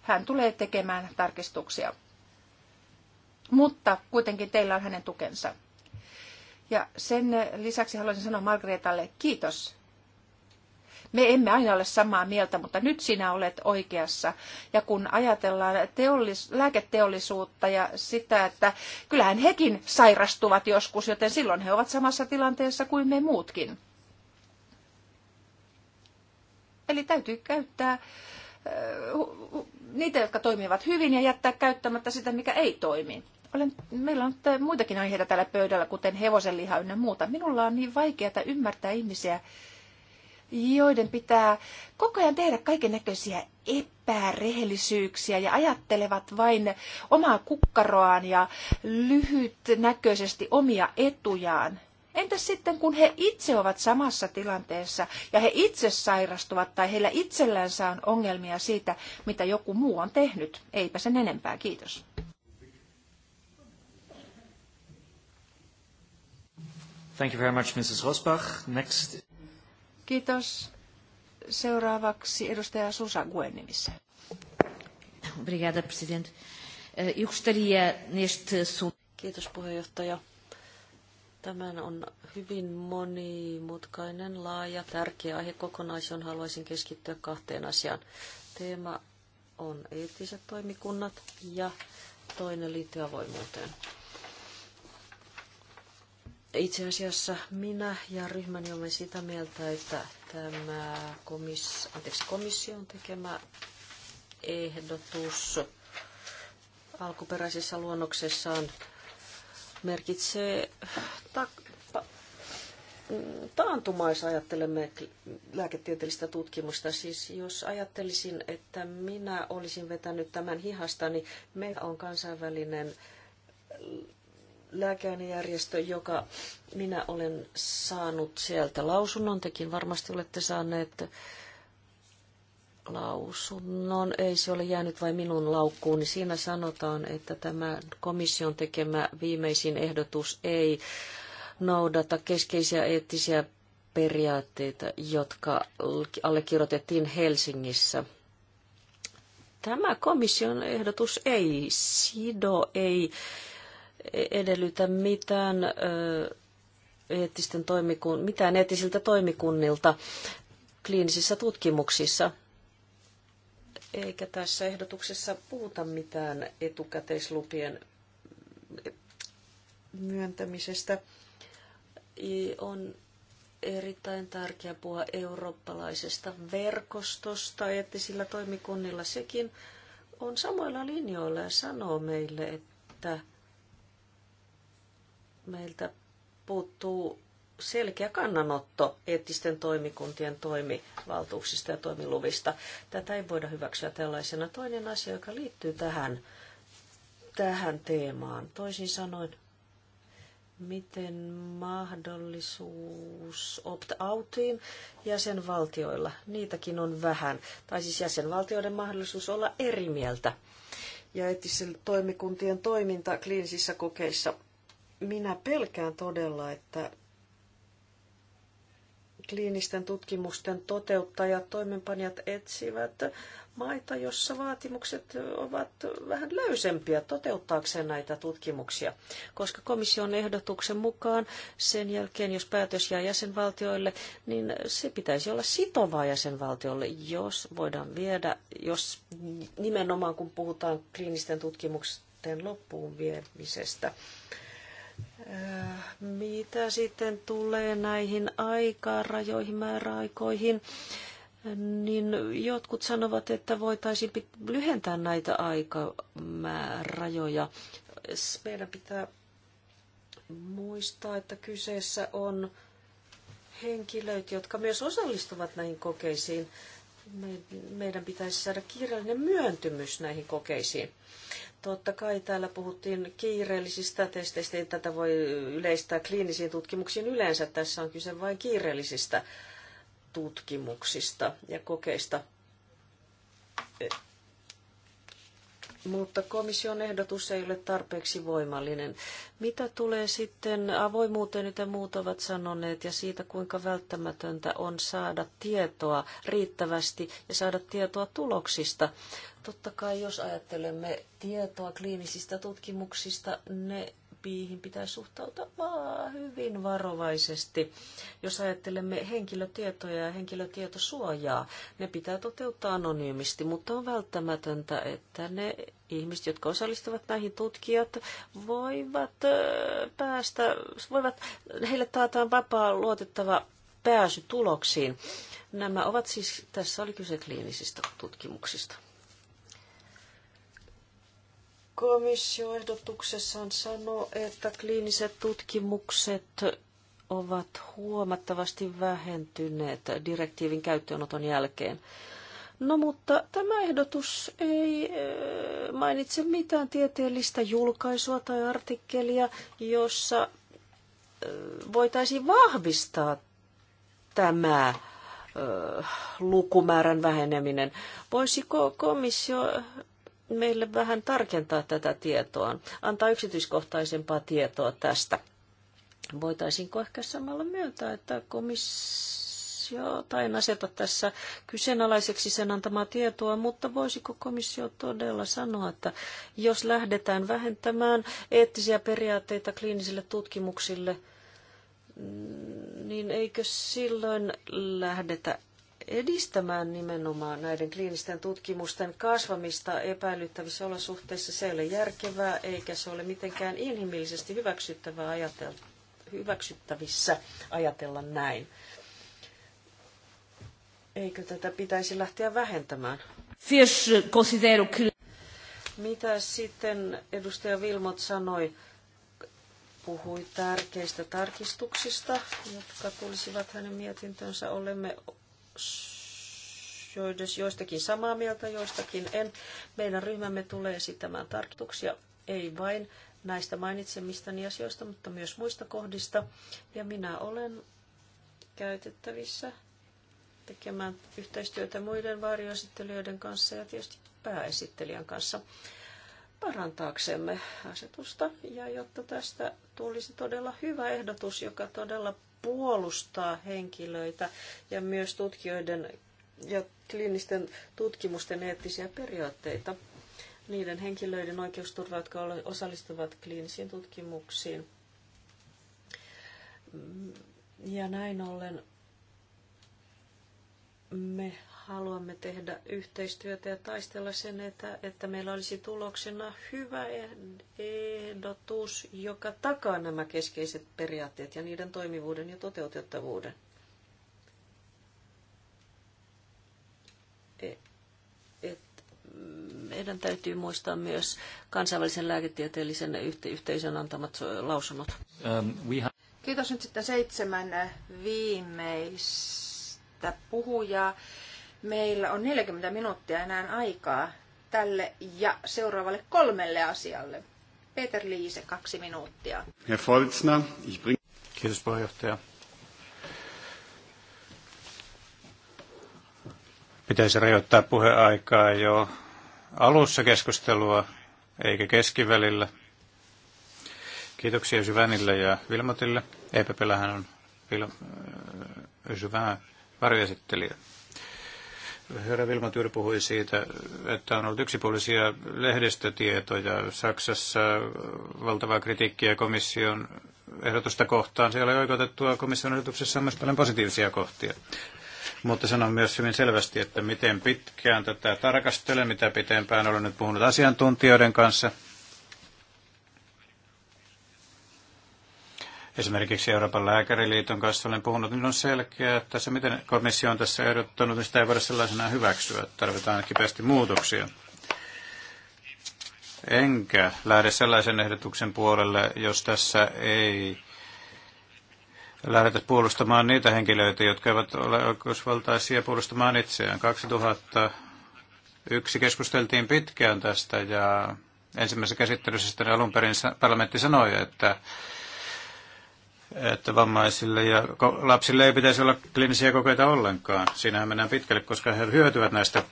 hän tulee tekemään tarkistuksia. Mutta kuitenkin teillä on hänen tukensa. Ja sen lisäksi haluaisin sanoa Margretalle kiitos me emme aina ole samaa mieltä, mutta nyt sinä olet oikeassa. Ja kun ajatellaan teollis- lääketeollisuutta ja sitä, että kyllähän hekin sairastuvat joskus, joten silloin he ovat samassa tilanteessa kuin me muutkin. Eli täytyy käyttää niitä, jotka toimivat hyvin ja jättää käyttämättä sitä, mikä ei toimi. Olen, meillä on muitakin aiheita täällä pöydällä, kuten hevosenliha ynnä muuta. Minulla on niin vaikeaa ymmärtää ihmisiä, joiden pitää koko ajan tehdä kaiken näköisiä epärehellisyyksiä ja ajattelevat vain omaa kukkaroaan ja lyhytnäköisesti omia etujaan. Entäs sitten, kun he itse ovat samassa tilanteessa ja he itse sairastuvat tai heillä itsellänsä on ongelmia siitä, mitä joku muu on tehnyt? Eipä sen enempää, kiitos. Thank you very much, Mrs. Rosbach. Next. Kiitos. Seuraavaksi edustaja Susa Guen nimissä. Obrigada, presidente. Eh, neste Kiitos puheenjohtaja. Tämän on hyvin monimutkainen, laaja, tärkeä aihe kokonaisuus, johon haluaisin keskittyä kahteen asiaan. Teema on eettiset toimikunnat ja toinen liittyy avoimuuteen. Itse asiassa minä ja ryhmäni olemme sitä mieltä, että tämä komis, anteeksi, komission tekemä ehdotus alkuperäisessä luonnoksessaan merkitsee ta- pa- ajattelemme lääketieteellistä tutkimusta. Siis jos ajattelisin, että minä olisin vetänyt tämän hihasta, niin meillä on kansainvälinen lääkeainejärjestö, joka minä olen saanut sieltä lausunnon. Tekin varmasti olette saaneet lausunnon. Ei se ole jäänyt vain minun laukkuuni. Siinä sanotaan, että tämä komission tekemä viimeisin ehdotus ei noudata keskeisiä eettisiä periaatteita, jotka allekirjoitettiin Helsingissä. Tämä komission ehdotus ei sido, ei edellytä mitään eettisten toimikun, mitään eettisiltä toimikunnilta kliinisissä tutkimuksissa. Eikä tässä ehdotuksessa puhuta mitään etukäteislupien myöntämisestä. On erittäin tärkeää puhua eurooppalaisesta verkostosta eettisillä toimikunnilla. Sekin on samoilla linjoilla ja sanoo meille, että meiltä puuttuu selkeä kannanotto eettisten toimikuntien toimivaltuuksista ja toimiluvista. Tätä ei voida hyväksyä tällaisena. Toinen asia, joka liittyy tähän, tähän teemaan, toisin sanoen, miten mahdollisuus opt-outiin jäsenvaltioilla, niitäkin on vähän, tai siis jäsenvaltioiden mahdollisuus olla eri mieltä. Ja eettisten toimikuntien toiminta kliinisissä kokeissa – minä pelkään todella, että kliinisten tutkimusten toteuttajat, toimenpanijat etsivät maita, jossa vaatimukset ovat vähän löysempiä toteuttaakseen näitä tutkimuksia. Koska komission ehdotuksen mukaan sen jälkeen, jos päätös jää jäsenvaltioille, niin se pitäisi olla sitovaa jäsenvaltiolle, jos voidaan viedä, jos nimenomaan kun puhutaan kliinisten tutkimusten loppuun viemisestä. Äh, mitä sitten tulee näihin aikarajoihin, määräaikoihin, niin jotkut sanovat, että voitaisiin lyhentää näitä aikamäärajoja. Meidän pitää muistaa, että kyseessä on henkilöt, jotka myös osallistuvat näihin kokeisiin. Meidän pitäisi saada kirjallinen myöntymys näihin kokeisiin. Totta kai täällä puhuttiin kiireellisistä testeistä, ei niin tätä voi yleistää kliinisiin tutkimuksiin yleensä. Tässä on kyse vain kiireellisistä tutkimuksista ja kokeista mutta komission ehdotus ei ole tarpeeksi voimallinen. Mitä tulee sitten avoimuuteen, mitä muut ovat sanoneet, ja siitä, kuinka välttämätöntä on saada tietoa riittävästi ja saada tietoa tuloksista? Totta kai, jos ajattelemme tietoa kliinisistä tutkimuksista, ne piihin pitää suhtautua hyvin varovaisesti. Jos ajattelemme henkilötietoja ja henkilötietosuojaa, ne pitää toteuttaa anonyymisti, mutta on välttämätöntä, että ne ihmiset, jotka osallistuvat näihin tutkijat, voivat päästä, voivat, heille taataan vapaa luotettava pääsy tuloksiin. Nämä ovat siis, tässä oli kyse kliinisistä tutkimuksista. Komissio ehdotuksessaan sanoo, että kliiniset tutkimukset ovat huomattavasti vähentyneet direktiivin käyttöönoton jälkeen. No mutta tämä ehdotus ei eh, mainitse mitään tieteellistä julkaisua tai artikkelia, jossa eh, voitaisiin vahvistaa tämä eh, lukumäärän väheneminen. Voisiko komissio meille vähän tarkentaa tätä tietoa, antaa yksityiskohtaisempaa tietoa tästä? Voitaisinko ehkä samalla myöntää, että komissio tai en aseta tässä kyseenalaiseksi sen antamaa tietoa, mutta voisiko komissio todella sanoa, että jos lähdetään vähentämään eettisiä periaatteita kliinisille tutkimuksille, mm, niin eikö silloin lähdetä edistämään nimenomaan näiden kliinisten tutkimusten kasvamista epäilyttävissä olosuhteissa. Se ei ole järkevää eikä se ole mitenkään inhimillisesti hyväksyttävää ajatella, hyväksyttävissä ajatella näin. Eikö tätä pitäisi lähteä vähentämään? Mitä sitten edustaja Vilmot sanoi? puhui tärkeistä tarkistuksista, jotka tulisivat hänen mietintönsä. Olemme joistakin samaa mieltä, joistakin en. Meidän ryhmämme tulee esittämään tarkoituksia, ei vain näistä mainitsemistani asioista, mutta myös muista kohdista. Ja minä olen käytettävissä tekemään yhteistyötä muiden varjoesittelijöiden kanssa ja tietysti pääesittelijän kanssa parantaaksemme asetusta ja jotta tästä tulisi todella hyvä ehdotus, joka todella puolustaa henkilöitä ja myös tutkijoiden ja kliinisten tutkimusten eettisiä periaatteita. Niiden henkilöiden oikeusturva, jotka osallistuvat kliinisiin tutkimuksiin. Mm, ja näin ollen me haluamme tehdä yhteistyötä ja taistella sen, että, että meillä olisi tuloksena hyvä ehdotus, joka takaa nämä keskeiset periaatteet ja niiden toimivuuden ja toteutettavuuden. E- et meidän täytyy muistaa myös kansainvälisen lääketieteellisen yhteisön antamat lausunnot. Ähm, Kiitos nyt sitten seitsemän viimeistä puhujaa. Meillä on 40 minuuttia enää aikaa tälle ja seuraavalle kolmelle asialle. Peter Liise, kaksi minuuttia. Herr Volzner, ich bring... Kiitos puheenjohtaja. Pitäisi rajoittaa puheaikaa jo alussa keskustelua, eikä keskivälillä. Kiitoksia Syvänille ja Vilmotille. Eipä pelähän on Vil- Syvän varjoesittelijä. Herra Vilma Tyr puhui siitä, että on ollut yksipuolisia lehdistötietoja Saksassa, valtavaa kritiikkiä komission ehdotusta kohtaan. Siellä ei oikeutettua komission ehdotuksessa on myös paljon positiivisia kohtia. Mutta sanon myös hyvin selvästi, että miten pitkään tätä tarkastelen, mitä pitempään olen nyt puhunut asiantuntijoiden kanssa – esimerkiksi Euroopan lääkäriliiton kanssa olen puhunut, niin on selkeää, että se miten komissio on tässä ehdottanut, niin sitä ei voida sellaisena hyväksyä. Tarvitaan kipeästi muutoksia. Enkä lähde sellaisen ehdotuksen puolelle, jos tässä ei lähdetä puolustamaan niitä henkilöitä, jotka eivät ole oikeusvaltaisia puolustamaan itseään. 2001 keskusteltiin pitkään tästä ja ensimmäisessä käsittelyssä sitten alun perin parlamentti sanoi, että että vammaisille ja lapsille ei pitäisi olla kliinisiä kokeita ollenkaan. Siinähän mennään pitkälle, koska he hyötyvät näistä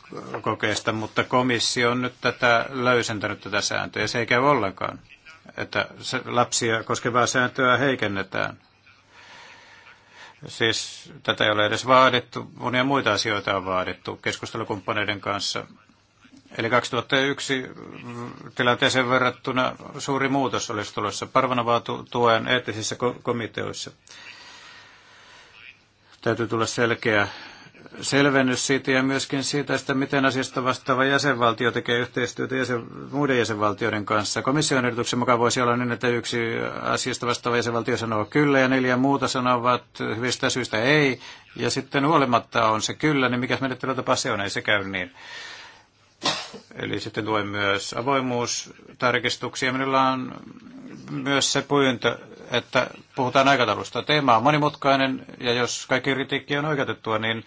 kokeista, mutta komissio on nyt tätä löysentänyt tätä sääntöä, ja se ei käy ollenkaan, että lapsia koskevaa sääntöä heikennetään. Siis tätä ei ole edes vaadittu, monia muita asioita on vaadittu keskustelukumppaneiden kanssa Eli 2001 tilanteeseen verrattuna suuri muutos olisi tulossa Parvanovaa tuen eettisissä komiteoissa. Täytyy tulla selkeä selvennys siitä ja myöskin siitä, että miten asiasta vastaava jäsenvaltio tekee yhteistyötä jäsen, muiden jäsenvaltioiden kanssa. Komission ehdotuksen mukaan voisi olla niin, että yksi asiasta vastaava jäsenvaltio sanoo kyllä ja neljä muuta sanovat hyvistä syistä ei. Ja sitten huolimatta on se kyllä, niin mikä menettelytapa se on, ei se käy niin. Eli sitten tulee myös avoimuustarkistuksia. Minulla on myös se pyyntö, että puhutaan aikataulusta. Teema on monimutkainen ja jos kaikki kritiikki on oikeutettua, niin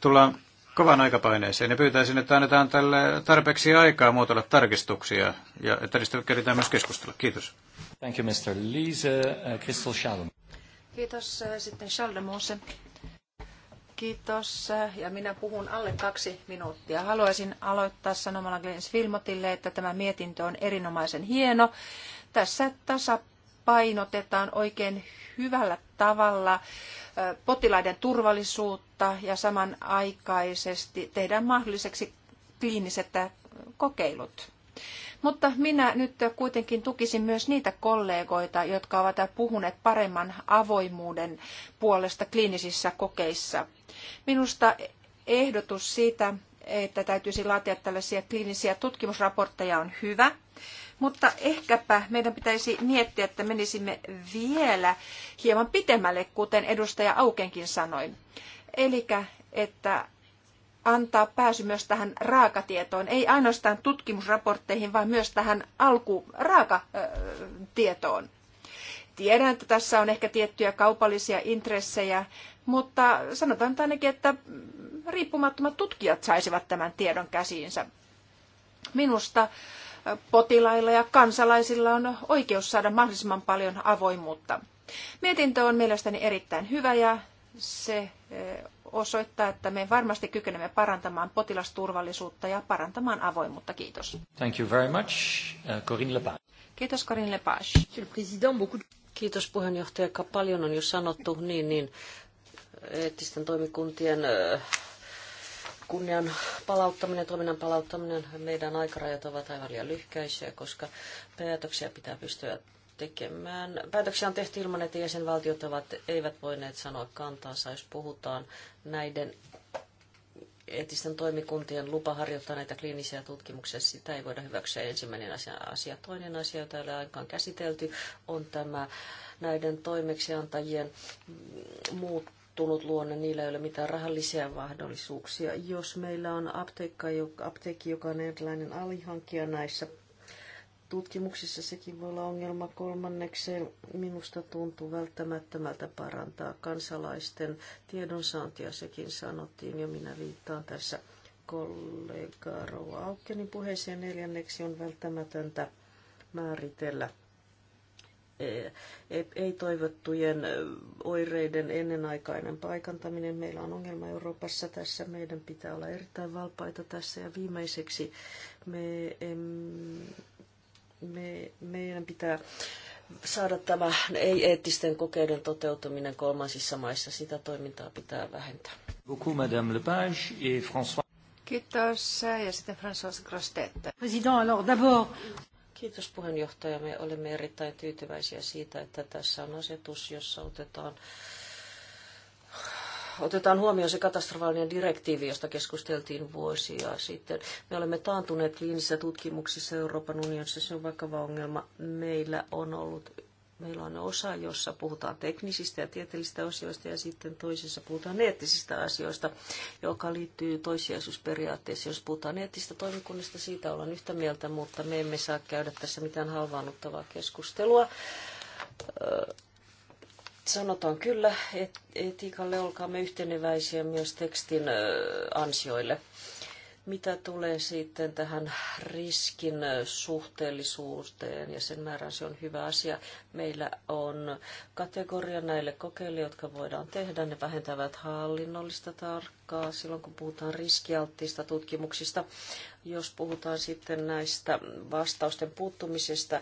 tullaan kovan aikapaineeseen ja pyytäisin, että annetaan tälle tarpeeksi aikaa muotoilla tarkistuksia ja että niistä keritään myös keskustella. Kiitos. Thank you, Mr. Lise. Uh, Crystal Shalom. Kiitos. Uh, sitten Charles Kiitos. Ja minä puhun alle kaksi minuuttia. Haluaisin aloittaa sanomalla Glens Vilmotille, että tämä mietintö on erinomaisen hieno. Tässä tasapainotetaan oikein hyvällä tavalla potilaiden turvallisuutta ja samanaikaisesti tehdään mahdolliseksi kliiniset kokeilut. Mutta minä nyt kuitenkin tukisin myös niitä kollegoita, jotka ovat puhuneet paremman avoimuuden puolesta kliinisissä kokeissa. Minusta ehdotus siitä, että täytyisi laatia tällaisia kliinisiä tutkimusraportteja on hyvä, mutta ehkäpä meidän pitäisi miettiä, että menisimme vielä hieman pitemmälle, kuten edustaja Aukenkin sanoi. Eli että antaa pääsy myös tähän raakatietoon, ei ainoastaan tutkimusraportteihin, vaan myös tähän alkuraakatietoon. Tiedän, että tässä on ehkä tiettyjä kaupallisia intressejä, mutta sanotaan nyt ainakin, että riippumattomat tutkijat saisivat tämän tiedon käsiinsä. Minusta potilailla ja kansalaisilla on oikeus saada mahdollisimman paljon avoimuutta. Mietintö on mielestäni erittäin hyvä ja se osoittaa, että me varmasti kykenemme parantamaan potilasturvallisuutta ja parantamaan avoimuutta. Kiitos. Thank you very much, uh, Corinne Lepage. Kiitos Corinne Lepage. Kiitos puheenjohtaja, paljon on jo sanottu niin, niin eettisten toimikuntien kunnian palauttaminen, toiminnan palauttaminen, meidän aikarajat ovat aivan liian lyhkäisiä, koska päätöksiä pitää pystyä tekemään. Päätöksiä on tehty ilman, että jäsenvaltiot ovat, eivät voineet sanoa kantaansa, jos puhutaan näiden eettisten toimikuntien lupa harjoittaa näitä kliinisiä tutkimuksia, sitä ei voida hyväksyä ensimmäinen asia. asia. Toinen asia, jota ei ole aikaan käsitelty, on tämä näiden toimeksiantajien muuttunut luonne. Niillä ei ole mitään rahallisia mahdollisuuksia. Jos meillä on apteekka, apteekki, joka on erilainen alihankkija näissä tutkimuksissa sekin voi olla ongelma. Kolmanneksi minusta tuntuu välttämättömältä parantaa kansalaisten tiedonsaantia, sekin sanottiin ja minä viittaan tässä kollega Rouva Aukkenin puheeseen. Neljänneksi on välttämätöntä määritellä e, e, ei-toivottujen oireiden ennenaikainen paikantaminen. Meillä on ongelma Euroopassa tässä. Meidän pitää olla erittäin valpaita tässä. Ja viimeiseksi me me, meidän pitää saada tämä ei-eettisten kokeiden toteutuminen kolmansissa maissa. Sitä toimintaa pitää vähentää. Beaucoup, Madame et François. Kiitos. Ja sitten François Grostet. President, Kiitos puheenjohtaja. Me olemme erittäin tyytyväisiä siitä, että tässä on asetus, jossa otetaan otetaan huomioon se katastrofaalinen direktiivi, josta keskusteltiin vuosia sitten. Me olemme taantuneet kliinisissä tutkimuksissa Euroopan unionissa, se on vakava ongelma. Meillä on ollut Meillä on osa, jossa puhutaan teknisistä ja tieteellisistä asioista ja sitten toisessa puhutaan eettisistä asioista, joka liittyy toissijaisuusperiaatteeseen. Jos puhutaan eettisistä toimikunnista, siitä ollaan yhtä mieltä, mutta me emme saa käydä tässä mitään halvaannuttavaa keskustelua sanotaan kyllä et, etiikalle, olkaamme yhteneväisiä myös tekstin ansioille. Mitä tulee sitten tähän riskin suhteellisuuteen ja sen määrään, se on hyvä asia. Meillä on kategoria näille kokeille, jotka voidaan tehdä. Ne vähentävät hallinnollista tarkkaa silloin, kun puhutaan riskialttiista tutkimuksista. Jos puhutaan sitten näistä vastausten puuttumisesta,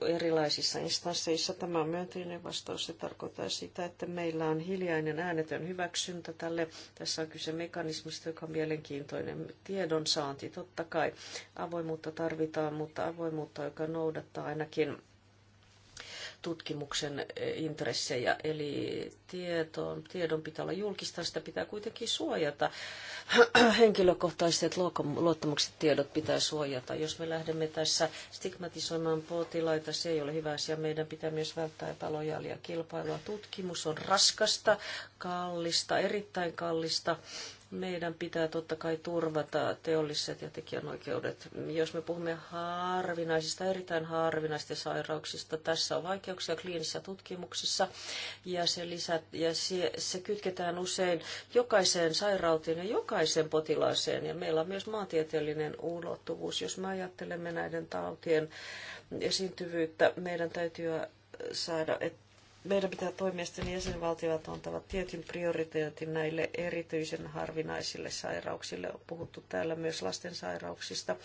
erilaisissa instansseissa. Tämä on myönteinen vastaus. Se tarkoittaa sitä, että meillä on hiljainen äänetön hyväksyntä tälle. Tässä on kyse mekanismista, joka on mielenkiintoinen tiedonsaanti. Totta kai avoimuutta tarvitaan, mutta avoimuutta, joka noudattaa ainakin tutkimuksen eh, intressejä, eli tietoon, tiedon pitää olla julkista, sitä pitää kuitenkin suojata. <clears throat> Henkilökohtaiset luottamukset tiedot pitää suojata. Jos me lähdemme tässä stigmatisoimaan potilaita, se ei ole hyvä asia. Meidän pitää myös välttää epälojaalia kilpailua. Tutkimus on raskasta, kallista, erittäin kallista meidän pitää totta kai turvata teolliset ja tekijänoikeudet. Jos me puhumme harvinaisista, erittäin harvinaisista sairauksista, tässä on vaikeuksia kliinisissä tutkimuksissa ja se, lisä, ja se, se kytketään usein jokaiseen sairauteen ja jokaiseen potilaaseen. Ja meillä on myös maantieteellinen ulottuvuus. Jos me ajattelemme näiden tautien esiintyvyyttä, meidän täytyy saada, että meidän pitää toimia sitten niin, jäsenvaltiot antavat tietyn prioriteetin näille erityisen harvinaisille sairauksille. On puhuttu täällä myös lastensairauksista,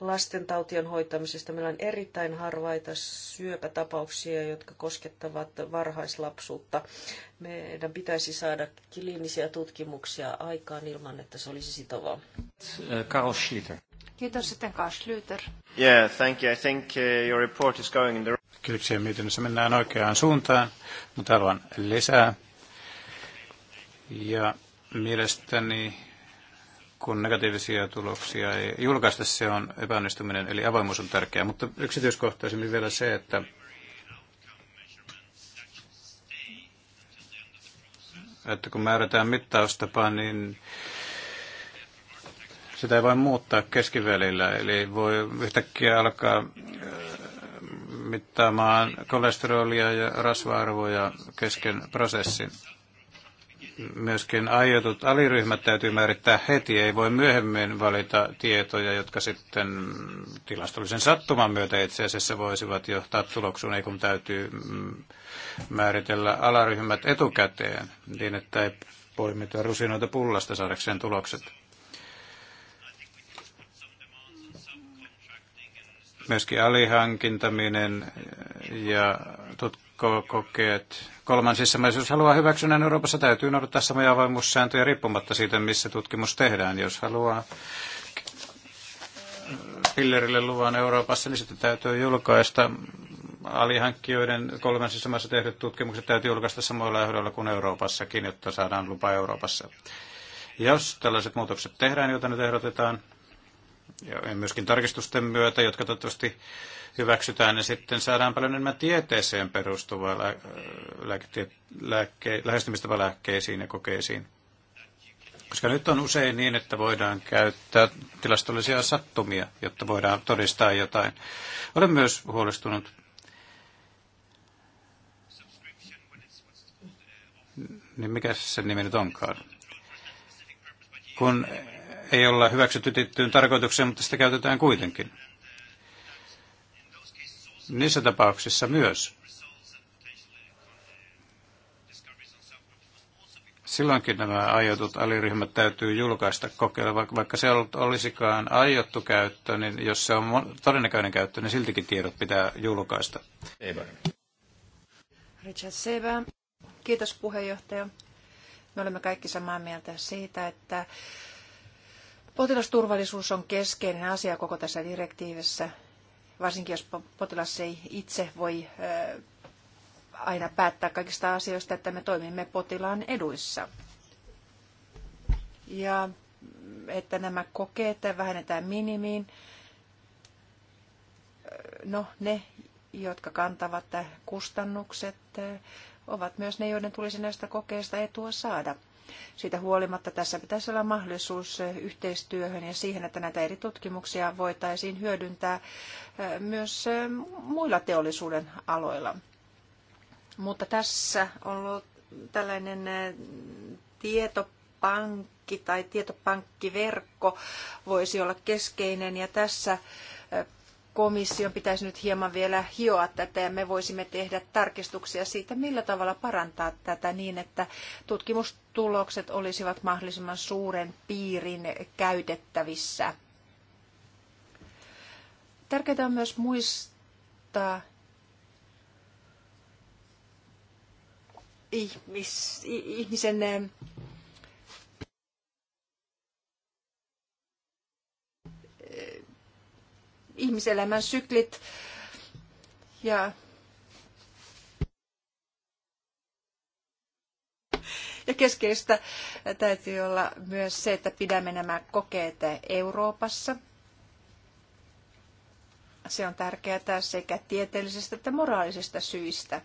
lastentautien hoitamisesta. Meillä on erittäin harvaita syöpätapauksia, jotka koskettavat varhaislapsuutta. Meidän pitäisi saada kliinisiä tutkimuksia aikaan ilman, että se olisi sitovaa. Kiitos sitten Karl Schlüter. Yeah, thank you. I think uh, your report is going in the Kiitoksia mietinnössä. Mennään oikeaan suuntaan, mutta haluan lisää. Ja mielestäni kun negatiivisia tuloksia ei julkaista, se on epäonnistuminen, eli avoimuus on tärkeää. Mutta yksityiskohtaisemmin vielä se, että että kun määrätään mittaustapa, niin sitä ei voi muuttaa keskivälillä, eli voi yhtäkkiä alkaa mittaamaan kolesterolia ja rasva-arvoja kesken prosessin. Myöskin aiotut aliryhmät täytyy määrittää heti, ei voi myöhemmin valita tietoja, jotka sitten tilastollisen sattuman myötä itse asiassa voisivat johtaa tuloksuun, ei kun täytyy mm, määritellä alaryhmät etukäteen, niin että ei poimita rusinoita pullasta saadakseen tulokset. myöskin alihankintaminen ja tutkokokeet kolmansissa maissa. Jos haluaa hyväksynnän Euroopassa, täytyy noudattaa samoja avoimuussääntöjä riippumatta siitä, missä tutkimus tehdään. Jos haluaa pillerille luvan Euroopassa, niin sitten täytyy julkaista alihankkijoiden kolmansissa maissa tehdyt tutkimukset täytyy julkaista samoilla ehdoilla kuin Euroopassakin, jotta saadaan lupa Euroopassa. Jos tällaiset muutokset tehdään, joita nyt ehdotetaan, ja myöskin tarkistusten myötä, jotka toivottavasti hyväksytään, niin sitten saadaan paljon enemmän tieteeseen perustuvaa lä- äh, lääke- lääke- lähestymistä lääkkeisiin ja kokeisiin. Koska nyt on usein niin, että voidaan käyttää tilastollisia sattumia, jotta voidaan todistaa jotain. Olen myös huolestunut niin mikä se nimi nyt onkaan? Kun ei olla hyväksytty tiettyyn tarkoitukseen, mutta sitä käytetään kuitenkin. Niissä tapauksissa myös. Silloinkin nämä aiotut aliryhmät täytyy julkaista kokeilla, vaikka se olisikaan aiottu käyttö, niin jos se on todennäköinen käyttö, niin siltikin tiedot pitää julkaista. Richard Seva, Kiitos puheenjohtaja. Me olemme kaikki samaa mieltä siitä, että Potilasturvallisuus on keskeinen asia koko tässä direktiivissä, varsinkin jos potilas ei itse voi aina päättää kaikista asioista, että me toimimme potilaan eduissa. Ja mm, että nämä kokeet vähennetään minimiin. No, ne, jotka kantavat kustannukset, ovat myös ne, joiden tulisi näistä kokeista etua saada. Siitä huolimatta tässä pitäisi olla mahdollisuus yhteistyöhön ja siihen, että näitä eri tutkimuksia voitaisiin hyödyntää myös muilla teollisuuden aloilla. Mutta tässä on ollut tällainen tietopankki tai tietopankkiverkko voisi olla keskeinen ja tässä komission pitäisi nyt hieman vielä hioa tätä ja me voisimme tehdä tarkistuksia siitä, millä tavalla parantaa tätä niin, että tutkimustulokset olisivat mahdollisimman suuren piirin käytettävissä. Tärkeää on myös muistaa ihmis, ihmisen ihmiselämän syklit ja Ja keskeistä täytyy olla myös se, että pidämme nämä kokeet Euroopassa. Se on tärkeää sekä tieteellisestä että moraalisista syistä.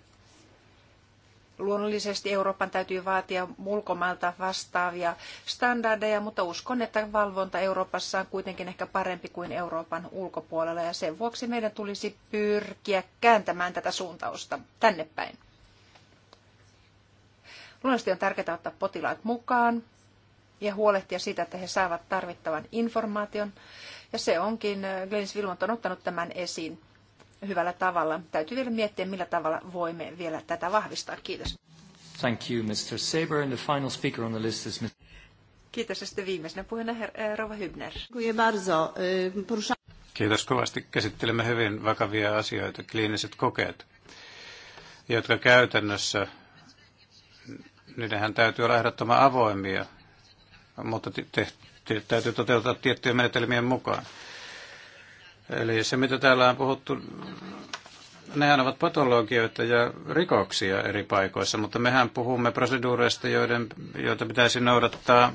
Luonnollisesti Euroopan täytyy vaatia ulkomailta vastaavia standardeja, mutta uskon, että valvonta Euroopassa on kuitenkin ehkä parempi kuin Euroopan ulkopuolella ja sen vuoksi meidän tulisi pyrkiä kääntämään tätä suuntausta tänne päin. Luonnollisesti on tärkeää ottaa potilaat mukaan ja huolehtia siitä, että he saavat tarvittavan informaation. Ja se onkin, Glenis Vilmont on ottanut tämän esiin hyvällä tavalla. Täytyy vielä miettiä, millä tavalla voimme vielä tätä vahvistaa. Kiitos. Thank you, Mr. Saber. And the final speaker on the list is Mr. Kiitos. Ja sitten viimeisenä puheena eh, Rova Hybner. Kiitos kovasti. Käsittelemme hyvin vakavia asioita, kliiniset kokeet, jotka käytännössä, niidenhän täytyy olla ehdottoman avoimia, mutta te, te, täytyy toteuttaa tiettyjen menetelmien mukaan. Eli se, mitä täällä on puhuttu, nehän ovat patologioita ja rikoksia eri paikoissa, mutta mehän puhumme proseduureista, joiden, joita pitäisi noudattaa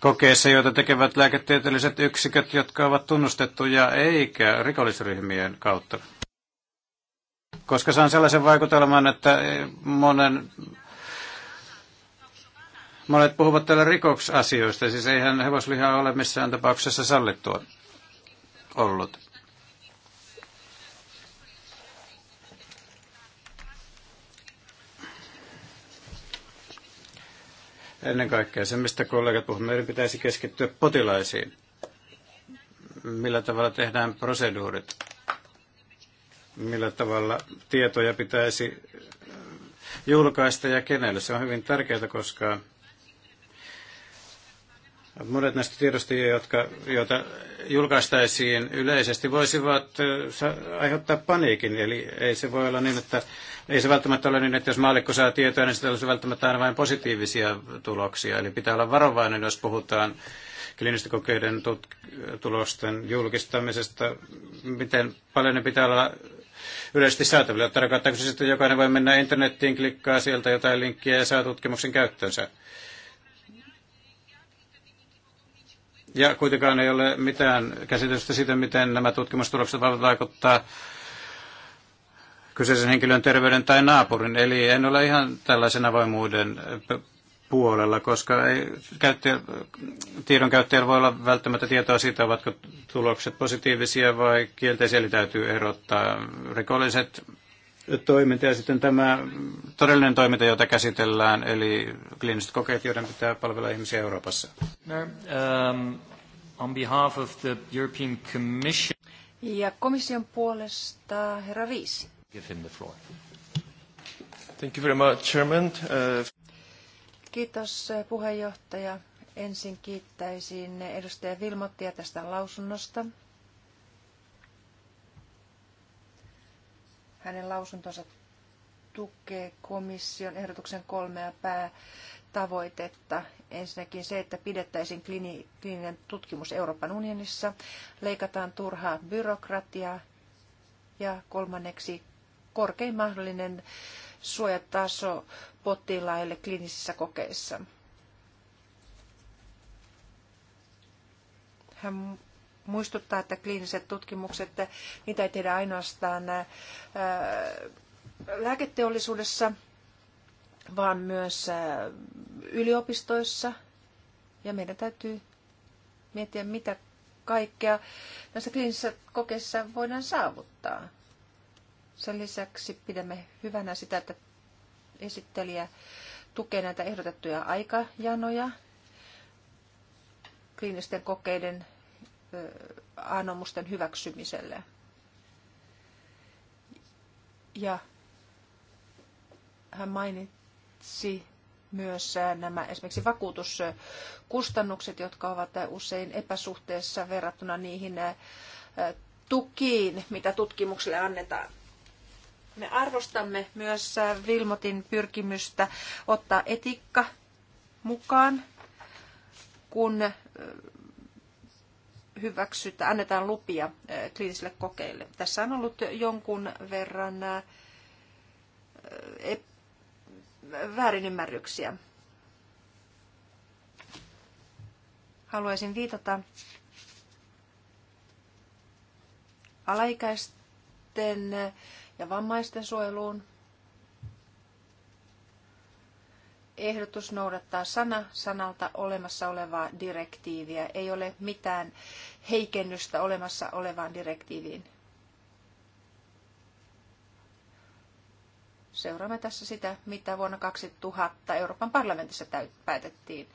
kokeissa, joita tekevät lääketieteelliset yksiköt, jotka ovat tunnustettuja eikä rikollisryhmien kautta. Koska saan sellaisen vaikutelman, että monen Monet puhuvat täällä rikoksasioista, siis eihän hevoslihaa ole missään tapauksessa sallittua ollut. Ennen kaikkea se, mistä kollegat puhuvat, meidän pitäisi keskittyä potilaisiin. Millä tavalla tehdään proseduurit? Millä tavalla tietoja pitäisi julkaista ja kenelle? Se on hyvin tärkeää, koska Monet näistä tiedostajia, jotka, joita julkaistaisiin yleisesti, voisivat aiheuttaa paniikin. Eli ei se voi olla niin, että ei se välttämättä ole niin, että jos maalikko saa tietoa, niin se olisi välttämättä aina vain positiivisia tuloksia. Eli pitää olla varovainen, jos puhutaan kliinisten kokeiden tulosten julkistamisesta, miten paljon ne pitää olla yleisesti saatavilla. Tarkoittaako se sitten, jokainen voi mennä internettiin, klikkaa sieltä jotain linkkiä ja saa tutkimuksen käyttöönsä? Ja kuitenkaan ei ole mitään käsitystä siitä, miten nämä tutkimustulokset voivat vaikuttaa kyseisen henkilön terveyden tai naapurin. Eli en ole ihan tällaisen avoimuuden puolella, koska ei, käyttäjä, tiedon käyttäjällä voi olla välttämättä tietoa siitä, ovatko tulokset positiivisia vai kielteisiä, eli täytyy erottaa rikolliset toiminta ja sitten tämä todellinen toiminta, jota käsitellään, eli kliiniset kokeet, joiden pitää palvella ihmisiä Euroopassa. No, um, on behalf of the European Commission. Ja komission puolesta herra Riis. Give him the floor. Thank you very much, Chairman. Uh... Kiitos eh, puheenjohtaja. Ensin kiittäisin edustaja Vilmottia tästä lausunnosta. Hänen lausuntonsa tukee komission ehdotuksen kolmea päätavoitetta. Ensinnäkin se, että pidettäisiin kliininen tutkimus Euroopan unionissa, leikataan turhaa byrokratiaa ja kolmanneksi korkein mahdollinen suojataso potilaille kliinisissä kokeissa. Hän muistuttaa, että kliiniset tutkimukset, niitä ei tehdä ainoastaan lääketeollisuudessa, vaan myös yliopistoissa. Ja meidän täytyy miettiä, mitä kaikkea näissä kliinisissä kokeissa voidaan saavuttaa. Sen lisäksi pidämme hyvänä sitä, että esittelijä tukee näitä ehdotettuja aikajanoja kliinisten kokeiden anomusten hyväksymiselle. Ja hän mainitsi myös nämä esimerkiksi vakuutuskustannukset, jotka ovat usein epäsuhteessa verrattuna niihin tukiin, mitä tutkimukselle annetaan. Me arvostamme myös Vilmotin pyrkimystä ottaa etiikka mukaan, kun hyväksytä, annetaan lupia eh, kliinisille kokeille. Tässä on ollut jonkun verran eh, väärinymmärryksiä. Haluaisin viitata alaikäisten ja vammaisten suojeluun ehdotus noudattaa sana sanalta olemassa olevaa direktiiviä. Ei ole mitään heikennystä olemassa olevaan direktiiviin. Seuraamme tässä sitä, mitä vuonna 2000 Euroopan parlamentissa päätettiin.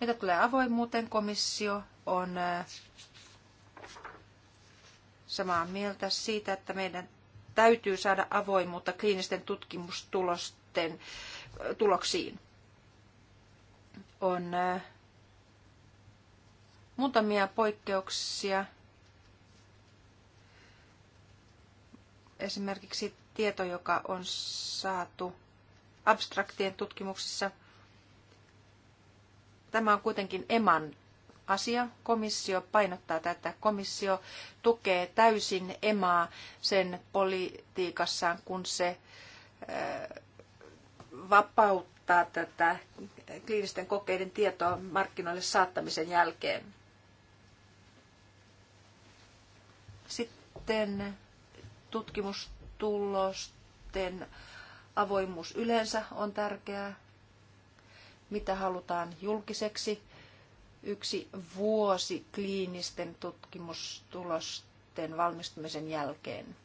Mitä tulee avoimuuteen, komissio on samaa mieltä siitä, että meidän täytyy saada avoimuutta kliinisten tutkimustulosten tuloksiin on äh, muutamia poikkeuksia. Esimerkiksi tieto, joka on saatu abstraktien tutkimuksissa. Tämä on kuitenkin EMAN asia. Komissio painottaa tätä. Komissio tukee täysin EMAa sen politiikassaan, kun se äh, vapauttaa parantaa tätä kliinisten kokeiden tietoa markkinoille saattamisen jälkeen. Sitten tutkimustulosten avoimuus yleensä on tärkeää. Mitä halutaan julkiseksi? Yksi vuosi kliinisten tutkimustulosten valmistumisen jälkeen.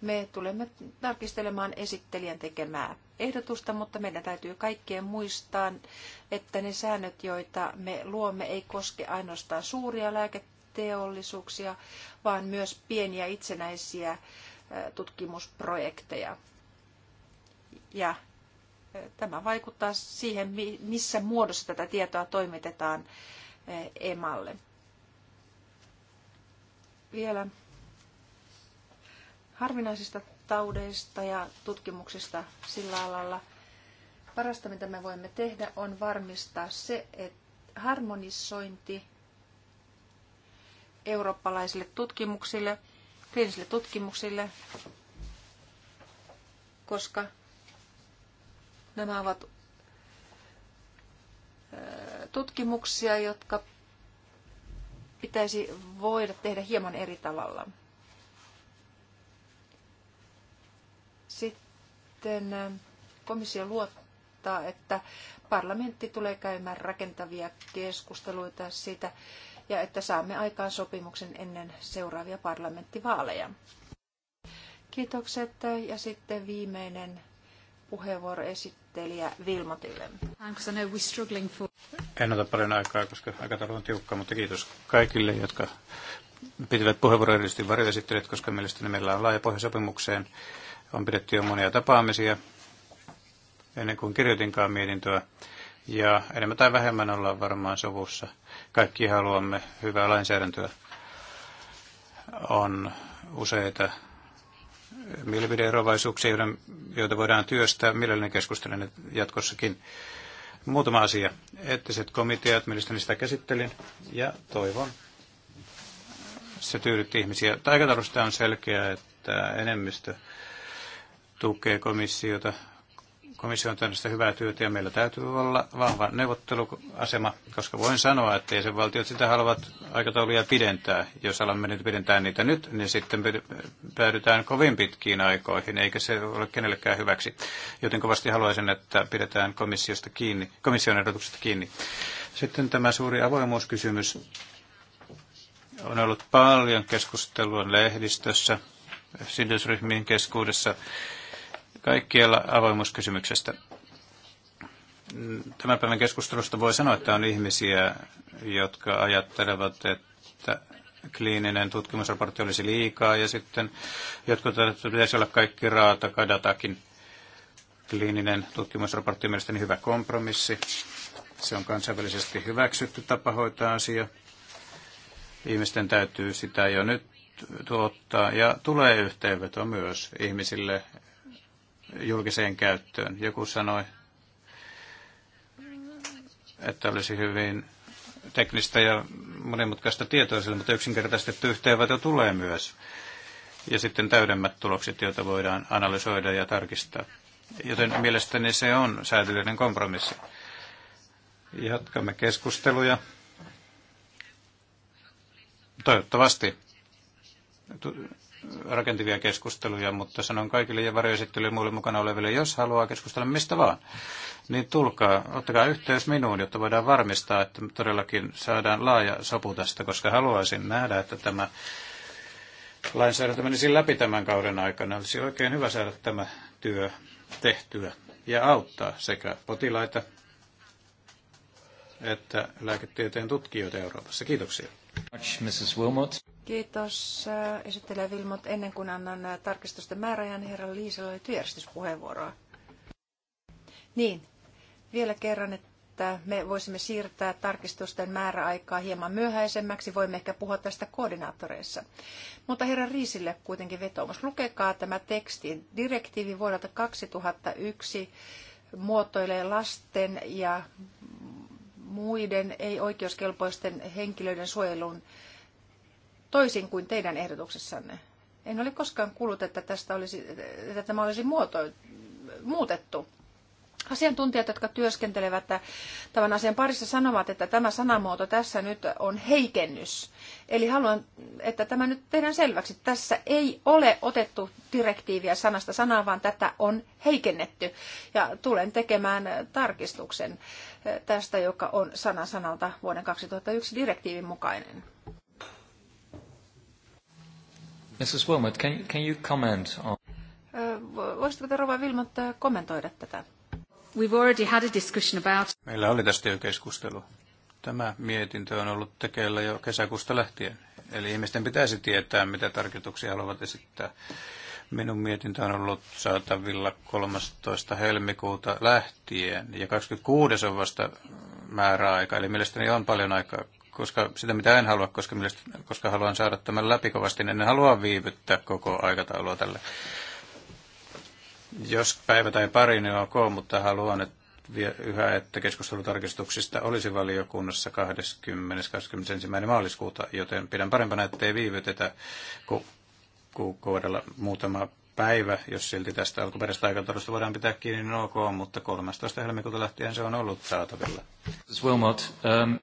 Me tulemme tarkistelemaan esittelijän tekemää ehdotusta, mutta meidän täytyy kaikkien muistaa, että ne säännöt, joita me luomme, ei koske ainoastaan suuria lääketeollisuuksia, vaan myös pieniä itsenäisiä tutkimusprojekteja. Ja tämä vaikuttaa siihen, missä muodossa tätä tietoa toimitetaan emalle. Vielä harvinaisista taudeista ja tutkimuksista sillä alalla. Parasta, mitä me voimme tehdä, on varmistaa se, että harmonisointi eurooppalaisille tutkimuksille, kliinisille tutkimuksille, koska nämä ovat tutkimuksia, jotka pitäisi voida tehdä hieman eri tavalla. sitten komissio luottaa, että parlamentti tulee käymään rakentavia keskusteluita siitä ja että saamme aikaan sopimuksen ennen seuraavia parlamenttivaaleja. Kiitokset ja sitten viimeinen puheenvuoro esittelijä Vilmotille. En ota paljon aikaa, koska aikataulu on tiukka, mutta kiitos kaikille, jotka pitivät puheenvuoron erityisesti varjoesittelijät, koska mielestäni meillä on laaja pohja sopimukseen on pidetty jo monia tapaamisia ennen kuin kirjoitinkaan mietintöä. Ja enemmän tai vähemmän ollaan varmaan sovussa. Kaikki haluamme hyvää lainsäädäntöä. On useita mielipideerovaisuuksia, joita voidaan työstää. Mielelläni keskustelen jatkossakin. Muutama asia. Eettiset komiteat, mielestäni sitä käsittelin ja toivon. Se tyydytti ihmisiä. Aikataulusta on selkeä, että enemmistö tukee komissiota. Komissio on tehnyt hyvää työtä ja meillä täytyy olla vahva neuvotteluasema, koska voin sanoa, että jäsenvaltiot sitä haluavat aikatauluja pidentää. Jos alamme nyt pidentää niitä nyt, niin sitten päädytään kovin pitkiin aikoihin, eikä se ole kenellekään hyväksi. Joten kovasti haluaisin, että pidetään komissiosta kiinni, komission ehdotuksesta kiinni. Sitten tämä suuri avoimuuskysymys. On ollut paljon keskustelua lehdistössä, sidosryhmien keskuudessa kaikkialla avoimuuskysymyksestä. Tämän päivän keskustelusta voi sanoa, että on ihmisiä, jotka ajattelevat, että kliininen tutkimusraportti olisi liikaa ja sitten jotkut pitäisi olla kaikki raata kadatakin. Kliininen tutkimusraportti on mielestäni hyvä kompromissi. Se on kansainvälisesti hyväksytty tapa hoitaa asia. Ihmisten täytyy sitä jo nyt tuottaa ja tulee yhteenveto myös ihmisille julkiseen käyttöön. Joku sanoi, että olisi hyvin teknistä ja monimutkaista tietoisille, mutta yksinkertaistettu yhteenveto tulee myös. Ja sitten täydemmät tulokset, joita voidaan analysoida ja tarkistaa. Joten mielestäni se on säätelyinen kompromissi. Jatkamme keskusteluja. Toivottavasti rakentavia keskusteluja, mutta sanon kaikille ja varjoesittelyille muille mukana oleville, jos haluaa keskustella mistä vaan, niin tulkaa, ottakaa yhteys minuun, jotta voidaan varmistaa, että todellakin saadaan laaja sopu tästä, koska haluaisin nähdä, että tämä lainsäädäntö menisi läpi tämän kauden aikana. Olisi oikein hyvä saada tämä työ tehtyä ja auttaa sekä potilaita että lääketieteen tutkijoita Euroopassa. Kiitoksia. Mrs. Wilmot. Kiitos äh, esittelee Vilmot. Ennen kuin annan äh, tarkistusten määräajan, herra Liisalla oli työjärjestyspuheenvuoroa. Niin, vielä kerran, että me voisimme siirtää tarkistusten määräaikaa hieman myöhäisemmäksi. Voimme ehkä puhua tästä koordinaattoreissa. Mutta herra Riisille kuitenkin vetoomus. Lukekaa tämä teksti. Direktiivi vuodelta 2001 muotoilee lasten ja muiden ei-oikeuskelpoisten henkilöiden suojelun toisin kuin teidän ehdotuksessanne. En ole koskaan kuullut, että, tästä olisi, että tämä olisi muoto, muutettu. Asiantuntijat, jotka työskentelevät tämän asian parissa, sanovat, että tämä sanamuoto tässä nyt on heikennys. Eli haluan, että tämä nyt tehdään selväksi. Tässä ei ole otettu direktiiviä sanasta sanaa, vaan tätä on heikennetty. Ja tulen tekemään tarkistuksen tästä, joka on sana sanalta vuoden 2001 direktiivin mukainen. Mrs. Wilmot, can, can you comment on... te Rova Wilmot kommentoida tätä? We've already had a discussion about... Meillä oli tästä jo keskustelu. Tämä mietintö on ollut tekeillä jo kesäkuusta lähtien. Eli ihmisten pitäisi tietää, mitä tarkoituksia haluavat esittää. Minun mietintö on ollut saatavilla 13. helmikuuta lähtien ja 26. on vasta määräaika, eli mielestäni on paljon aikaa koska sitä mitä en halua, koska, koska haluan saada tämän läpi kovasti, niin en halua viivyttää koko aikataulua tälle. Jos päivä tai pari, niin ok, mutta haluan että yhä, että keskustelutarkistuksista olisi valiokunnassa 20.21. maaliskuuta, joten pidän parempana, ei viivytetä ku, kuukaudella muutama päivä, jos silti tästä alkuperäisestä aikataulusta voidaan pitää kiinni, niin ok, mutta 13. helmikuuta lähtien se on ollut saatavilla. Wilmot, um...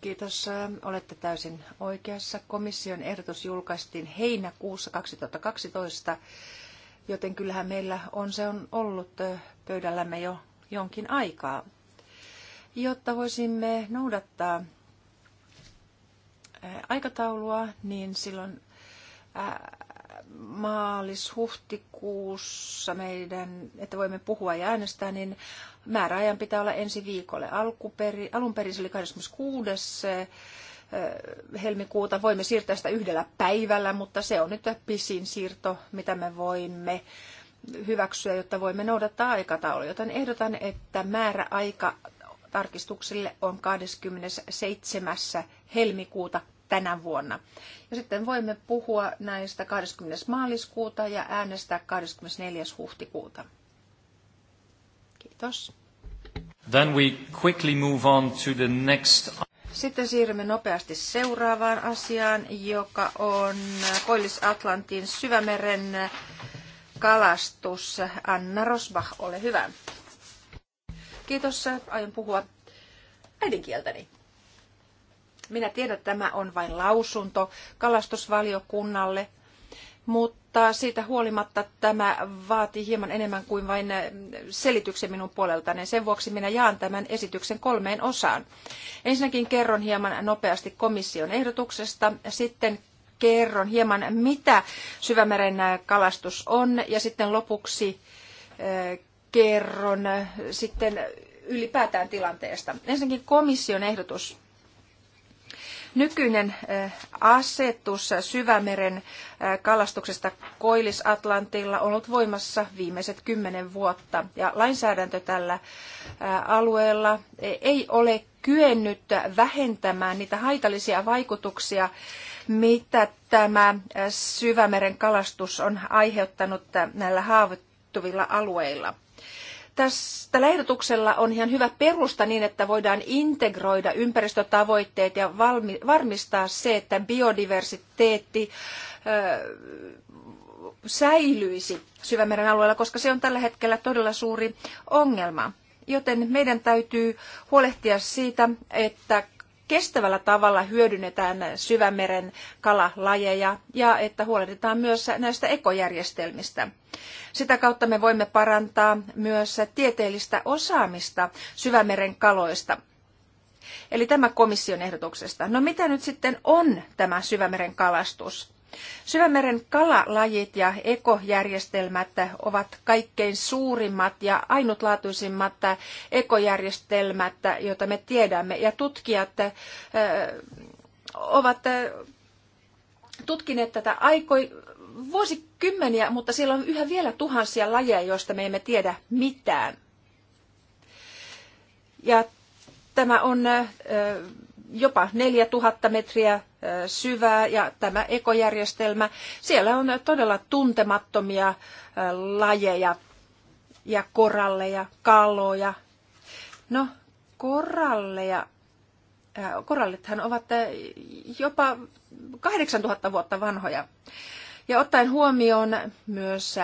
Kiitos. Olette täysin oikeassa. Komission ehdotus julkaistiin heinäkuussa 2012, joten kyllähän meillä on se on ollut pöydällämme jo jonkin aikaa. Jotta voisimme noudattaa aikataulua, niin silloin maalis-huhtikuussa meidän, että voimme puhua ja äänestää, niin määräajan pitää olla ensi viikolle. Alkuperi, alun perin se oli 26 eh, helmikuuta. Voimme siirtää sitä yhdellä päivällä, mutta se on nyt pisin siirto, mitä me voimme hyväksyä, jotta voimme noudattaa aikataulua. Joten ehdotan, että määräaika tarkistuksille on 27. helmikuuta tänä vuonna. Ja sitten voimme puhua näistä 20. maaliskuuta ja äänestää 24. huhtikuuta. Kiitos. Then we quickly move on to the next... Sitten siirrymme nopeasti seuraavaan asiaan, joka on Koillis-Atlantin syvämeren kalastus. Anna Rosbach, ole hyvä. Kiitos, aion puhua äidinkieltäni. Minä tiedän, että tämä on vain lausunto kalastusvaliokunnalle, mutta siitä huolimatta tämä vaatii hieman enemmän kuin vain eh, selityksen minun puoleltani. Sen vuoksi minä jaan tämän esityksen kolmeen osaan. Ensinnäkin kerron hieman nopeasti komission ehdotuksesta, sitten kerron hieman, mitä syvämeren eh, kalastus on, ja sitten lopuksi eh, kerron sitten ylipäätään tilanteesta. Ensinnäkin komission ehdotus Nykyinen asetus syvämeren kalastuksesta Koillis-Atlantilla on ollut voimassa viimeiset kymmenen vuotta ja lainsäädäntö tällä alueella e, ei ole kyennyt vähentämään niitä haitallisia vaikutuksia, mitä tämä syvämeren kalastus on aiheuttanut näillä haavoittuvilla alueilla tällä ehdotuksella on ihan hyvä perusta niin, että voidaan integroida ympäristötavoitteet ja varmistaa se, että biodiversiteetti säilyisi syvämeren alueella, koska se on tällä hetkellä todella suuri ongelma. Joten meidän täytyy huolehtia siitä, että kestävällä tavalla hyödynnetään syvämeren kalalajeja ja että huolehditaan myös näistä ekojärjestelmistä. Sitä kautta me voimme parantaa myös tieteellistä osaamista syvämeren kaloista. Eli tämä komission ehdotuksesta. No mitä nyt sitten on tämä syvämeren kalastus? Syvämeren kalalajit ja ekojärjestelmät ovat kaikkein suurimmat ja ainutlaatuisimmat ekojärjestelmät, joita me tiedämme. Ja tutkijat ovat tutkineet tätä aikoi, vuosikymmeniä, mutta siellä on yhä vielä tuhansia lajeja, joista me emme tiedä mitään. Ja tämä on jopa 4000 metriä syvää ja tämä ekojärjestelmä, siellä on todella tuntemattomia lajeja ja koralleja, kaloja. No, koralleja, korallithan ovat jopa 8000 vuotta vanhoja. Ja ottaen huomioon myös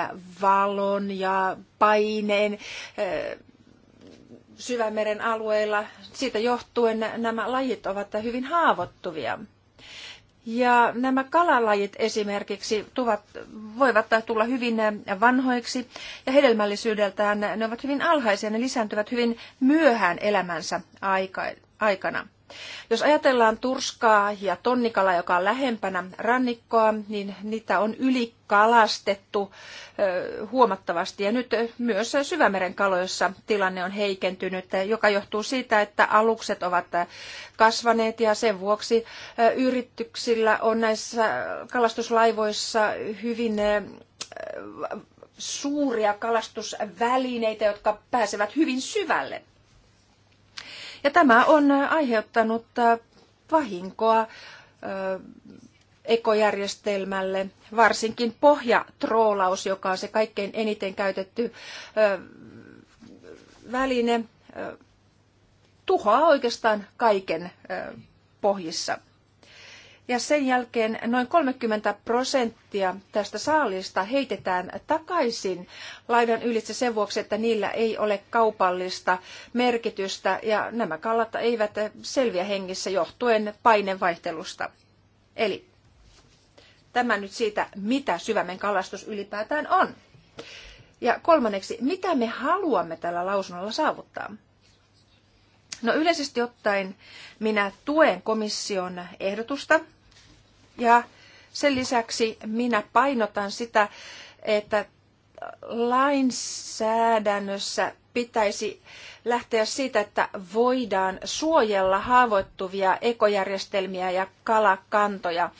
valon ja paineen syvämeren alueilla. Siitä johtuen nämä lajit ovat hyvin haavoittuvia. Ja nämä kalalajit esimerkiksi tuvat, voivat tulla hyvin vanhoiksi ja hedelmällisyydeltään ne ovat hyvin alhaisia, ne lisääntyvät hyvin myöhään elämänsä aikana. Jos ajatellaan turskaa ja tonnikala, joka on lähempänä rannikkoa, niin niitä on ylikalastettu huomattavasti. Ja nyt myös syvämeren kaloissa tilanne on heikentynyt, joka johtuu siitä, että alukset ovat kasvaneet ja sen vuoksi yrityksillä on näissä kalastuslaivoissa hyvin suuria kalastusvälineitä, jotka pääsevät hyvin syvälle. Ja tämä on aiheuttanut vahinkoa ekojärjestelmälle, varsinkin pohjatroolaus, joka on se kaikkein eniten käytetty väline, tuhoaa oikeastaan kaiken pohjissa. Ja sen jälkeen noin 30 prosenttia tästä saalista heitetään takaisin laidan ylitse sen vuoksi, että niillä ei ole kaupallista merkitystä ja nämä kalat eivät selviä hengissä johtuen painevaihtelusta. Eli tämä nyt siitä, mitä syvämen kalastus ylipäätään on. Ja kolmanneksi, mitä me haluamme tällä lausunnolla saavuttaa? No yleisesti ottaen minä tuen komission ehdotusta ja sen lisäksi minä painotan sitä, että lainsäädännössä pitäisi lähteä siitä, että voidaan suojella haavoittuvia ekojärjestelmiä ja kalakantoja.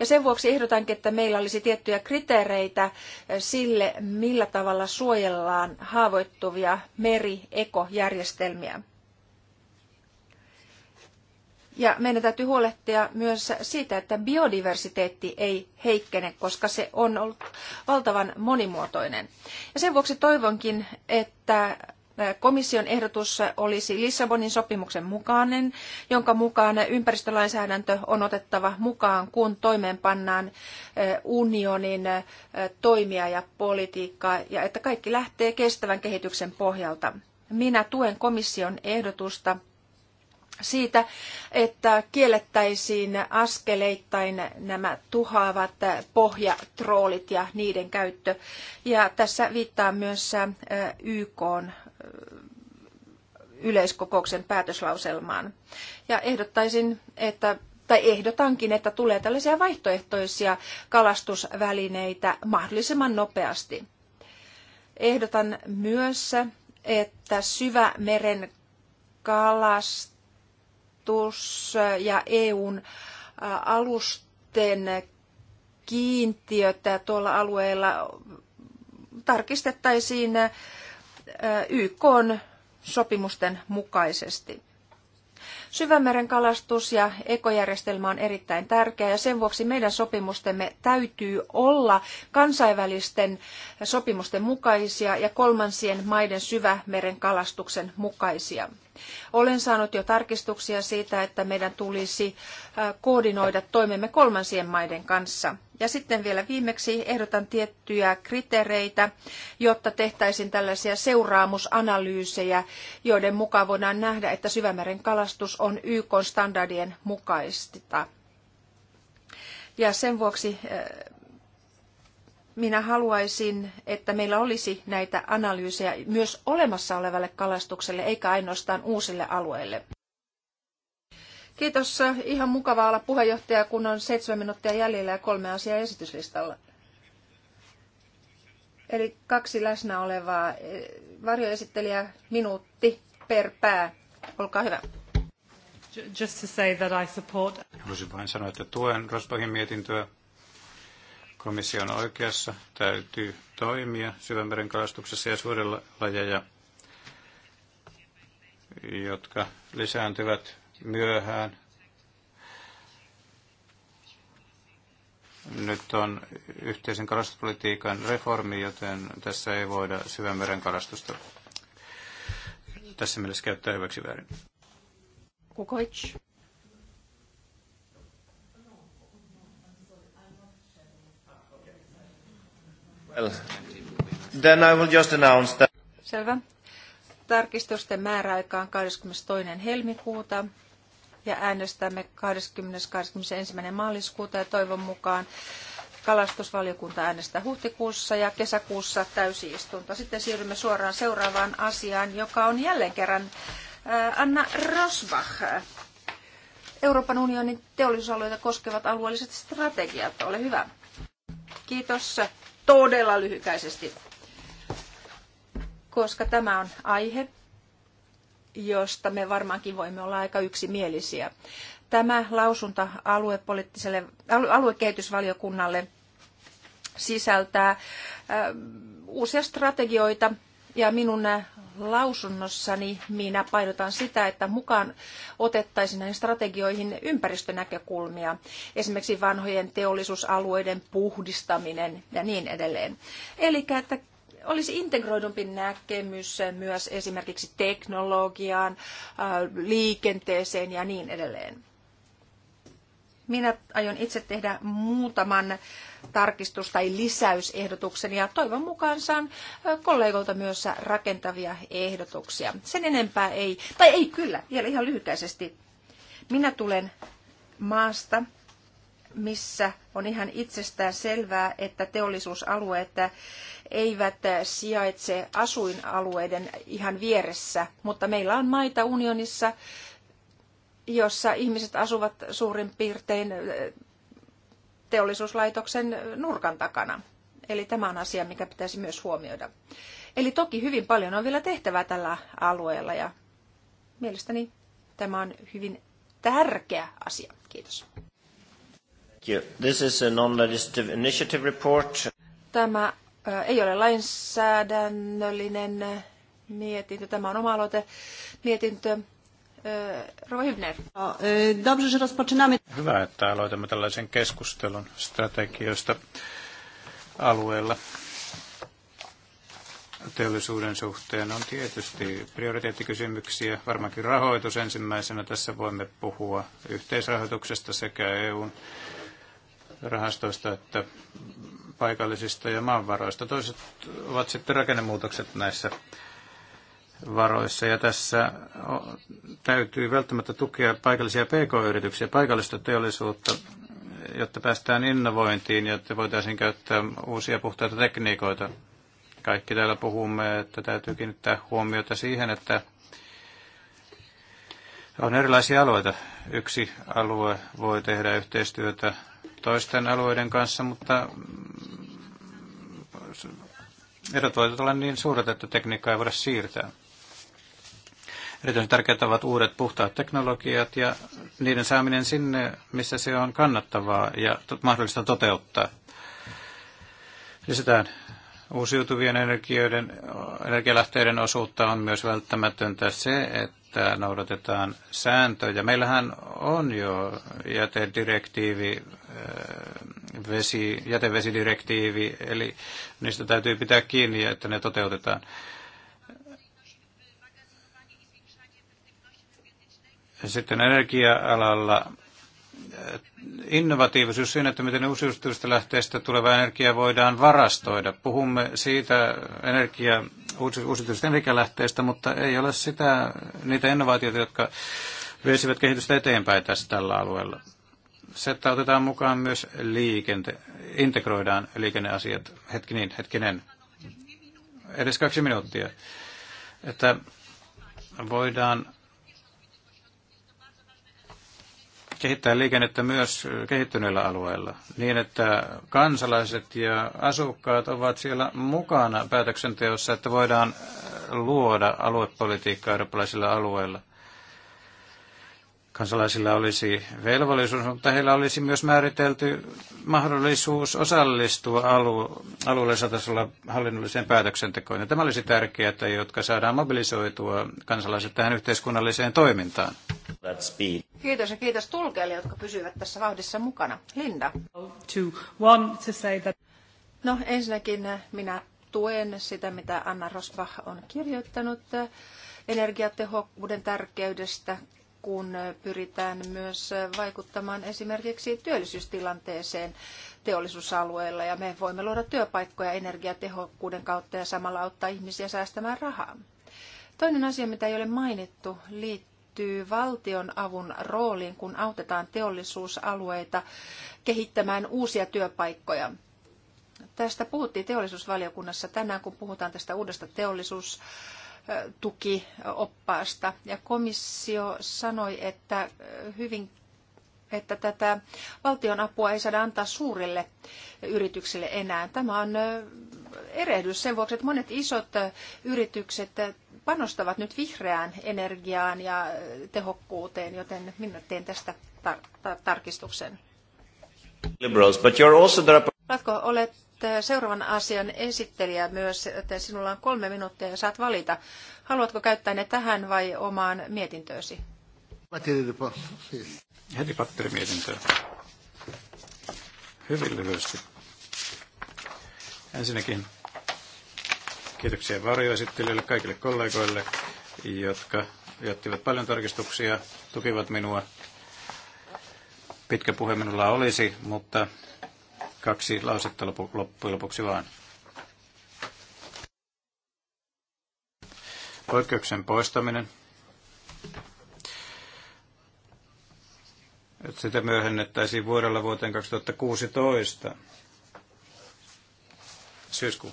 Ja sen vuoksi ehdotankin, että meillä olisi tiettyjä kriteereitä sille, millä tavalla suojellaan haavoittuvia meriekojärjestelmiä. Ja meidän täytyy huolehtia myös siitä, että biodiversiteetti ei heikkene, koska se on ollut valtavan monimuotoinen. Ja sen vuoksi toivonkin, että komission ehdotus olisi Lissabonin sopimuksen mukainen, jonka mukaan ympäristölainsäädäntö on otettava mukaan, kun toimeenpannaan unionin toimia ja politiikkaa, ja että kaikki lähtee kestävän kehityksen pohjalta. Minä tuen komission ehdotusta siitä, että kiellettäisiin askeleittain nämä tuhaavat pohjatroolit ja niiden käyttö. Ja tässä viittaa myös äh, YK äh, yleiskokouksen päätöslauselmaan. Ja ehdottaisin, että tai ehdotankin, että tulee tällaisia vaihtoehtoisia kalastusvälineitä mahdollisimman nopeasti. Ehdotan myös, että syvämeren kalast verotus ja EUn alusten kiintiötä tuolla alueella tarkistettaisiin YK sopimusten mukaisesti. Syvämeren kalastus ja ekojärjestelmä on erittäin tärkeä ja sen vuoksi meidän sopimustemme täytyy olla kansainvälisten sopimusten mukaisia ja kolmansien maiden syvämeren kalastuksen mukaisia. Olen saanut jo tarkistuksia siitä, että meidän tulisi koordinoida toimemme kolmansien maiden kanssa. Ja sitten vielä viimeksi ehdotan tiettyjä kriteereitä, jotta tehtäisiin tällaisia seuraamusanalyysejä, joiden mukaan voidaan nähdä, että syvämeren kalastus on YK-standardien mukaista. Ja sen vuoksi eh, minä haluaisin, että meillä olisi näitä analyysejä myös olemassa olevalle kalastukselle, eikä ainoastaan uusille alueille. Kiitos. Ihan mukavaa olla puheenjohtaja, kun on seitsemän minuuttia jäljellä ja kolme asiaa esityslistalla. Eli kaksi läsnä olevaa eh, varjoesittelijä minuutti per pää. Olkaa hyvä. Just to say that I support... Haluaisin vain sanoa, että tuen Rosbachin mietintöä. Komission oikeassa täytyy toimia syvämeren kalastuksessa ja suurella lajeja, jotka lisääntyvät myöhään. Nyt on yhteisen kalastuspolitiikan reformi, joten tässä ei voida syvämeren kalastusta tässä mielessä käyttää hyväksi väärin. Kukovic. Well, then I will just announce that. Selvä. Tarkistusten määräaika on 22. helmikuuta ja äänestämme 20. maaliskuuta ja toivon mukaan kalastusvaliokunta äänestää huhtikuussa ja kesäkuussa täysistunto. Sitten siirrymme suoraan seuraavaan asiaan, joka on jälleen kerran äh, Anna Rosbach. Euroopan unionin teollisuusalueita koskevat alueelliset strategiat. Ole hyvä. Kiitos todella lyhykäisesti, koska tämä on aihe, josta me varmaankin voimme olla aika yksimielisiä. Tämä lausunta aluepoliittiselle, aluekehitysvaliokunnalle sisältää äh, uusia strategioita ja minun äh, lausunnossani minä painotan sitä, että mukaan otettaisiin näihin strategioihin ympäristönäkökulmia, esimerkiksi vanhojen teollisuusalueiden puhdistaminen ja niin edelleen. Eli että olisi integroidumpi näkemys myös esimerkiksi teknologiaan, äh, liikenteeseen ja niin edelleen. Minä aion itse tehdä muutaman tarkistus- tai lisäysehdotuksen ja toivon mukaan saan äh, kollegoilta myös rakentavia ehdotuksia. Sen enempää ei, tai ei kyllä, vielä ihan lyhykäisesti. Minä tulen maasta, missä on ihan itsestään selvää, että teollisuusalueet eivät sijaitse asuinalueiden ihan vieressä, mutta meillä on maita unionissa, jossa ihmiset asuvat suurin piirtein teollisuuslaitoksen nurkan takana. Eli tämä on asia, mikä pitäisi myös huomioida. Eli toki hyvin paljon on vielä tehtävää tällä alueella ja mielestäni tämä on hyvin tärkeä asia. Kiitos. This is a non-legislative initiative report. Tämä ei ole lainsäädännöllinen mietintö. Tämä on oma-aloite mietintö. Rova Dobrze, że rozpoczynamy. Hyvä, että aloitamme tällaisen keskustelun strategioista alueella. Teollisuuden suhteen on tietysti prioriteettikysymyksiä, varmaankin rahoitus ensimmäisenä. Tässä voimme puhua yhteisrahoituksesta sekä EUn rahastoista että paikallisista ja maanvaroista. Toiset ovat sitten rakennemuutokset näissä varoissa. Ja tässä täytyy välttämättä tukea paikallisia pk-yrityksiä, paikallista teollisuutta, jotta päästään innovointiin, että voitaisiin käyttää uusia puhtaita tekniikoita. Kaikki täällä puhumme, että täytyy kiinnittää huomiota siihen, että on erilaisia alueita. Yksi alue voi tehdä yhteistyötä toisten alueiden kanssa, mutta erot voivat olla niin suuret, että tekniikkaa ei voida siirtää. Erityisen tärkeitä ovat uudet puhtaat teknologiat ja niiden saaminen sinne, missä se on kannattavaa ja mahdollista toteuttaa. Lisätään uusiutuvien energioiden, energialähteiden osuutta on myös välttämätöntä se, että että noudatetaan sääntöjä. Meillähän on jo jätedirektiivi, äh, vesi, jätevesidirektiivi, eli niistä täytyy pitää kiinni, että ne toteutetaan. Sitten energia-alalla innovatiivisuus siinä, että miten uusiutuvista lähteistä tuleva energia voidaan varastoida. Puhumme siitä energia, uusiutuvista energialähteistä, mutta ei ole sitä, niitä innovaatioita, jotka veisivät kehitystä eteenpäin tässä tällä alueella. Se, että otetaan mukaan myös liikente, integroidaan liikenneasiat, niin, hetkinen, edes kaksi minuuttia, että voidaan kehittää liikennettä myös kehittyneillä alueilla niin, että kansalaiset ja asukkaat ovat siellä mukana päätöksenteossa, että voidaan luoda aluepolitiikkaa eurooppalaisilla alueilla – Kansalaisilla olisi velvollisuus, mutta heillä olisi myös määritelty mahdollisuus osallistua alu- alueellisella tasolla hallinnolliseen päätöksentekoon. Ja tämä olisi tärkeää, että jotka saadaan mobilisoitua kansalaiset tähän yhteiskunnalliseen toimintaan. Kiitos ja kiitos tulkeille, jotka pysyvät tässä vauhdissa mukana. Linda. No ensinnäkin minä tuen sitä, mitä Anna Rosbach on kirjoittanut energiatehokkuuden tärkeydestä kun pyritään myös vaikuttamaan esimerkiksi työllisyystilanteeseen teollisuusalueella ja me voimme luoda työpaikkoja energiatehokkuuden kautta ja samalla auttaa ihmisiä säästämään rahaa. Toinen asia, mitä ei ole mainittu, liittyy valtion avun rooliin, kun autetaan teollisuusalueita kehittämään uusia työpaikkoja. Tästä puhuttiin teollisuusvaliokunnassa tänään, kun puhutaan tästä uudesta teollisuus tukioppaasta. Ja komissio sanoi, että hyvin että tätä valtion apua ei saada antaa suurille yrityksille enää. Tämä on erehdys sen vuoksi, että monet isot yritykset panostavat nyt vihreään energiaan ja tehokkuuteen, joten minä teen tästä tar- tar- tarkistuksen. Liberals, but you're also olet seuraavan asian esittelijä myös, että sinulla on kolme minuuttia ja saat valita. Haluatko käyttää ne tähän vai omaan mietintöösi? Heti mietintö. Hyvin lyhyesti. Ensinnäkin kiitoksia varjoesittelijöille, kaikille kollegoille, jotka jättivät paljon tarkistuksia, tukivat minua. Pitkä puhe minulla olisi, mutta Kaksi lausetta lopu, loppujen lopuksi vaan. Poikkeuksen poistaminen. Että sitä myöhennettäisiin vuodella vuoteen 2016 syyskuun.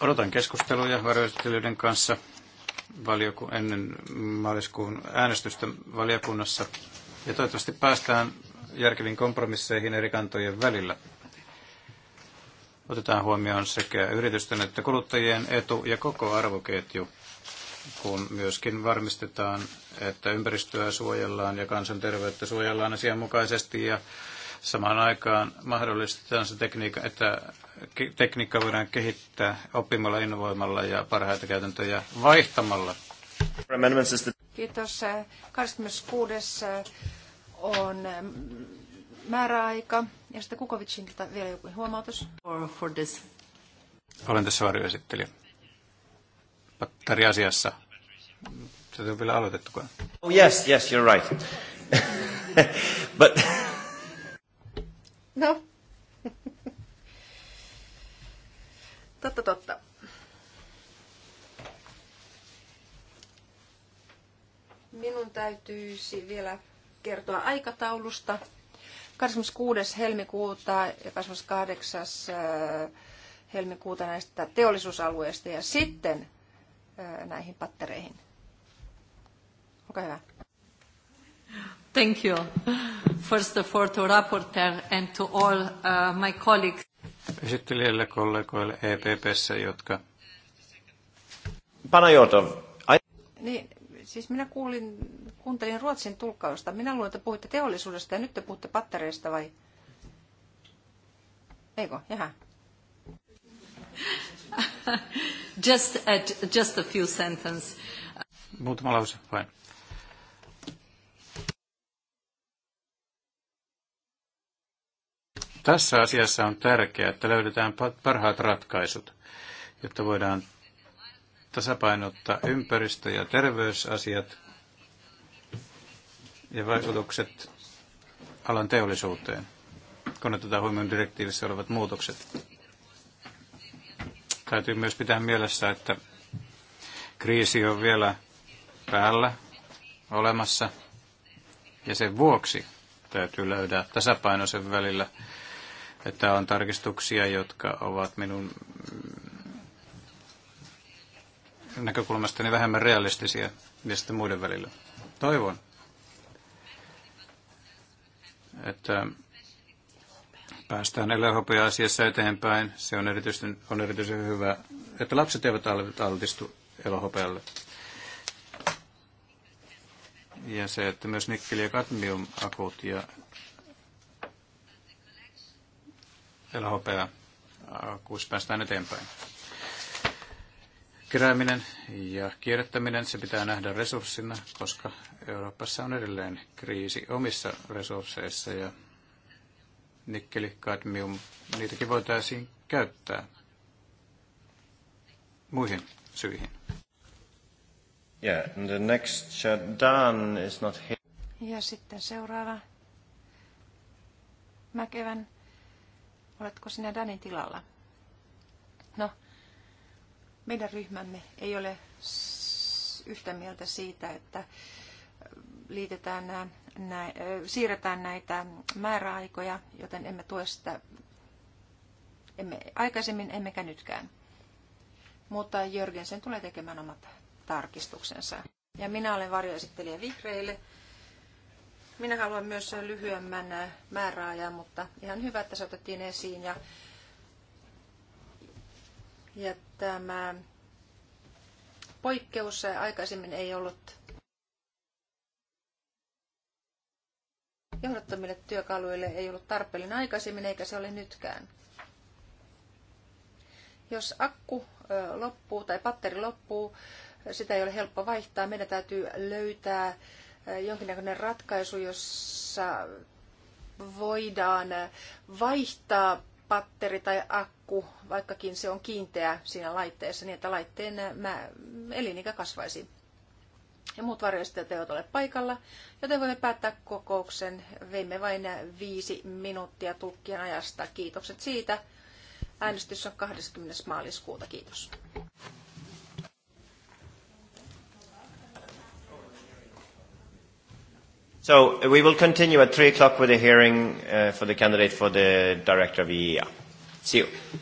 Odotan keskusteluja varjoittelijoiden kanssa valioku- ennen maaliskuun äänestystä valiokunnassa ja toivottavasti päästään järkeviin kompromisseihin eri kantojen välillä. Otetaan huomioon sekä yritysten että kuluttajien etu ja koko arvoketju, kun myöskin varmistetaan, että ympäristöä suojellaan ja kansanterveyttä suojellaan asianmukaisesti ja samaan aikaan mahdollistetaan se tekniikka, että tekniikka voidaan kehittää oppimalla, innovoimalla ja parhaita käytäntöjä vaihtamalla – Kiitos. 26. Eh, on eh, määräaika. Ja sitten Kukovicilta vielä joku huomautus. For, for this. Olen tässä varjoesittelijä. Pattari asiassa. Se on vielä aloitettukaan. Oh yes, yes, you're right. <laughs> But... no. <laughs> totta, totta. Minun täytyisi vielä kertoa aikataulusta. 26. helmikuuta ja 28. Äh, helmikuuta näistä teollisuusalueista ja sitten äh, näihin pattereihin. Olkaa hyvä. Thank you. First of all to rapporteur and to all uh, my colleagues. Esittelijälle kollegoille EPPssä, jotka... Panajotov. I... Niin, Siis minä kuulin, kuuntelin ruotsin tulkkausta. Minä luulen, että puhutte teollisuudesta ja nyt te puhutte pattereista vai? Eikö? Jaha. <laughs> just, a, just a few sentences. Muutama lause vain. Tässä asiassa on tärkeää, että löydetään parhaat ratkaisut, jotta voidaan tasapainottaa ympäristö- ja terveysasiat ja vaikutukset alan teollisuuteen, kun otetaan huomioon direktiivissä olevat muutokset. Täytyy myös pitää mielessä, että kriisi on vielä päällä olemassa ja sen vuoksi täytyy löydää tasapaino sen välillä, että on tarkistuksia, jotka ovat minun näkökulmastani niin vähemmän realistisia ja sitten muiden välillä. Toivon, että päästään elohopea-asiassa eteenpäin. Se on erityisen, on erityisen hyvä, että lapset eivät altistu elohopealle. Ja se, että myös nikkeli- ja kadmiumakut ja elohopea akuissa päästään eteenpäin kerääminen ja kierrättäminen, se pitää nähdä resurssina, koska Euroopassa on edelleen kriisi omissa resursseissa ja nikkeli, kadmium, niitäkin voitaisiin käyttää muihin syihin. Yeah, the next Dan is not here. Ja sitten seuraava. Mäkevän, oletko sinä Danin tilalla? No, meidän ryhmämme ei ole yhtä mieltä siitä, että liitetään nämä, nämä, siirretään näitä määräaikoja, joten emme tue sitä emme, aikaisemmin emmekä nytkään. Mutta Jörgensen tulee tekemään omat tarkistuksensa. Ja minä olen varjoesittelijä vihreille. Minä haluan myös lyhyemmän määräajan, mutta ihan hyvä, että se otettiin esiin. Ja ja tämä poikkeus aikaisemmin ei ollut johdottomille työkaluille ei ollut tarpeellinen aikaisemmin eikä se ole nytkään. Jos akku loppuu tai patteri loppuu, sitä ei ole helppo vaihtaa. Meidän täytyy löytää jonkinnäköinen ratkaisu, jossa voidaan vaihtaa patteri tai akku akku, vaikkakin se on kiinteä siinä laitteessa, niin että laitteen mä, elinikä kasvaisi. Ja muut varjoistajat eivät ole paikalla, joten voimme päättää kokouksen. Veimme vain viisi minuuttia tulkkien ajasta. Kiitokset siitä. Äänestys on 20. maaliskuuta. Kiitos. So we will continue at 3 o'clock with the hearing uh, for the candidate for the director of EEA. See you.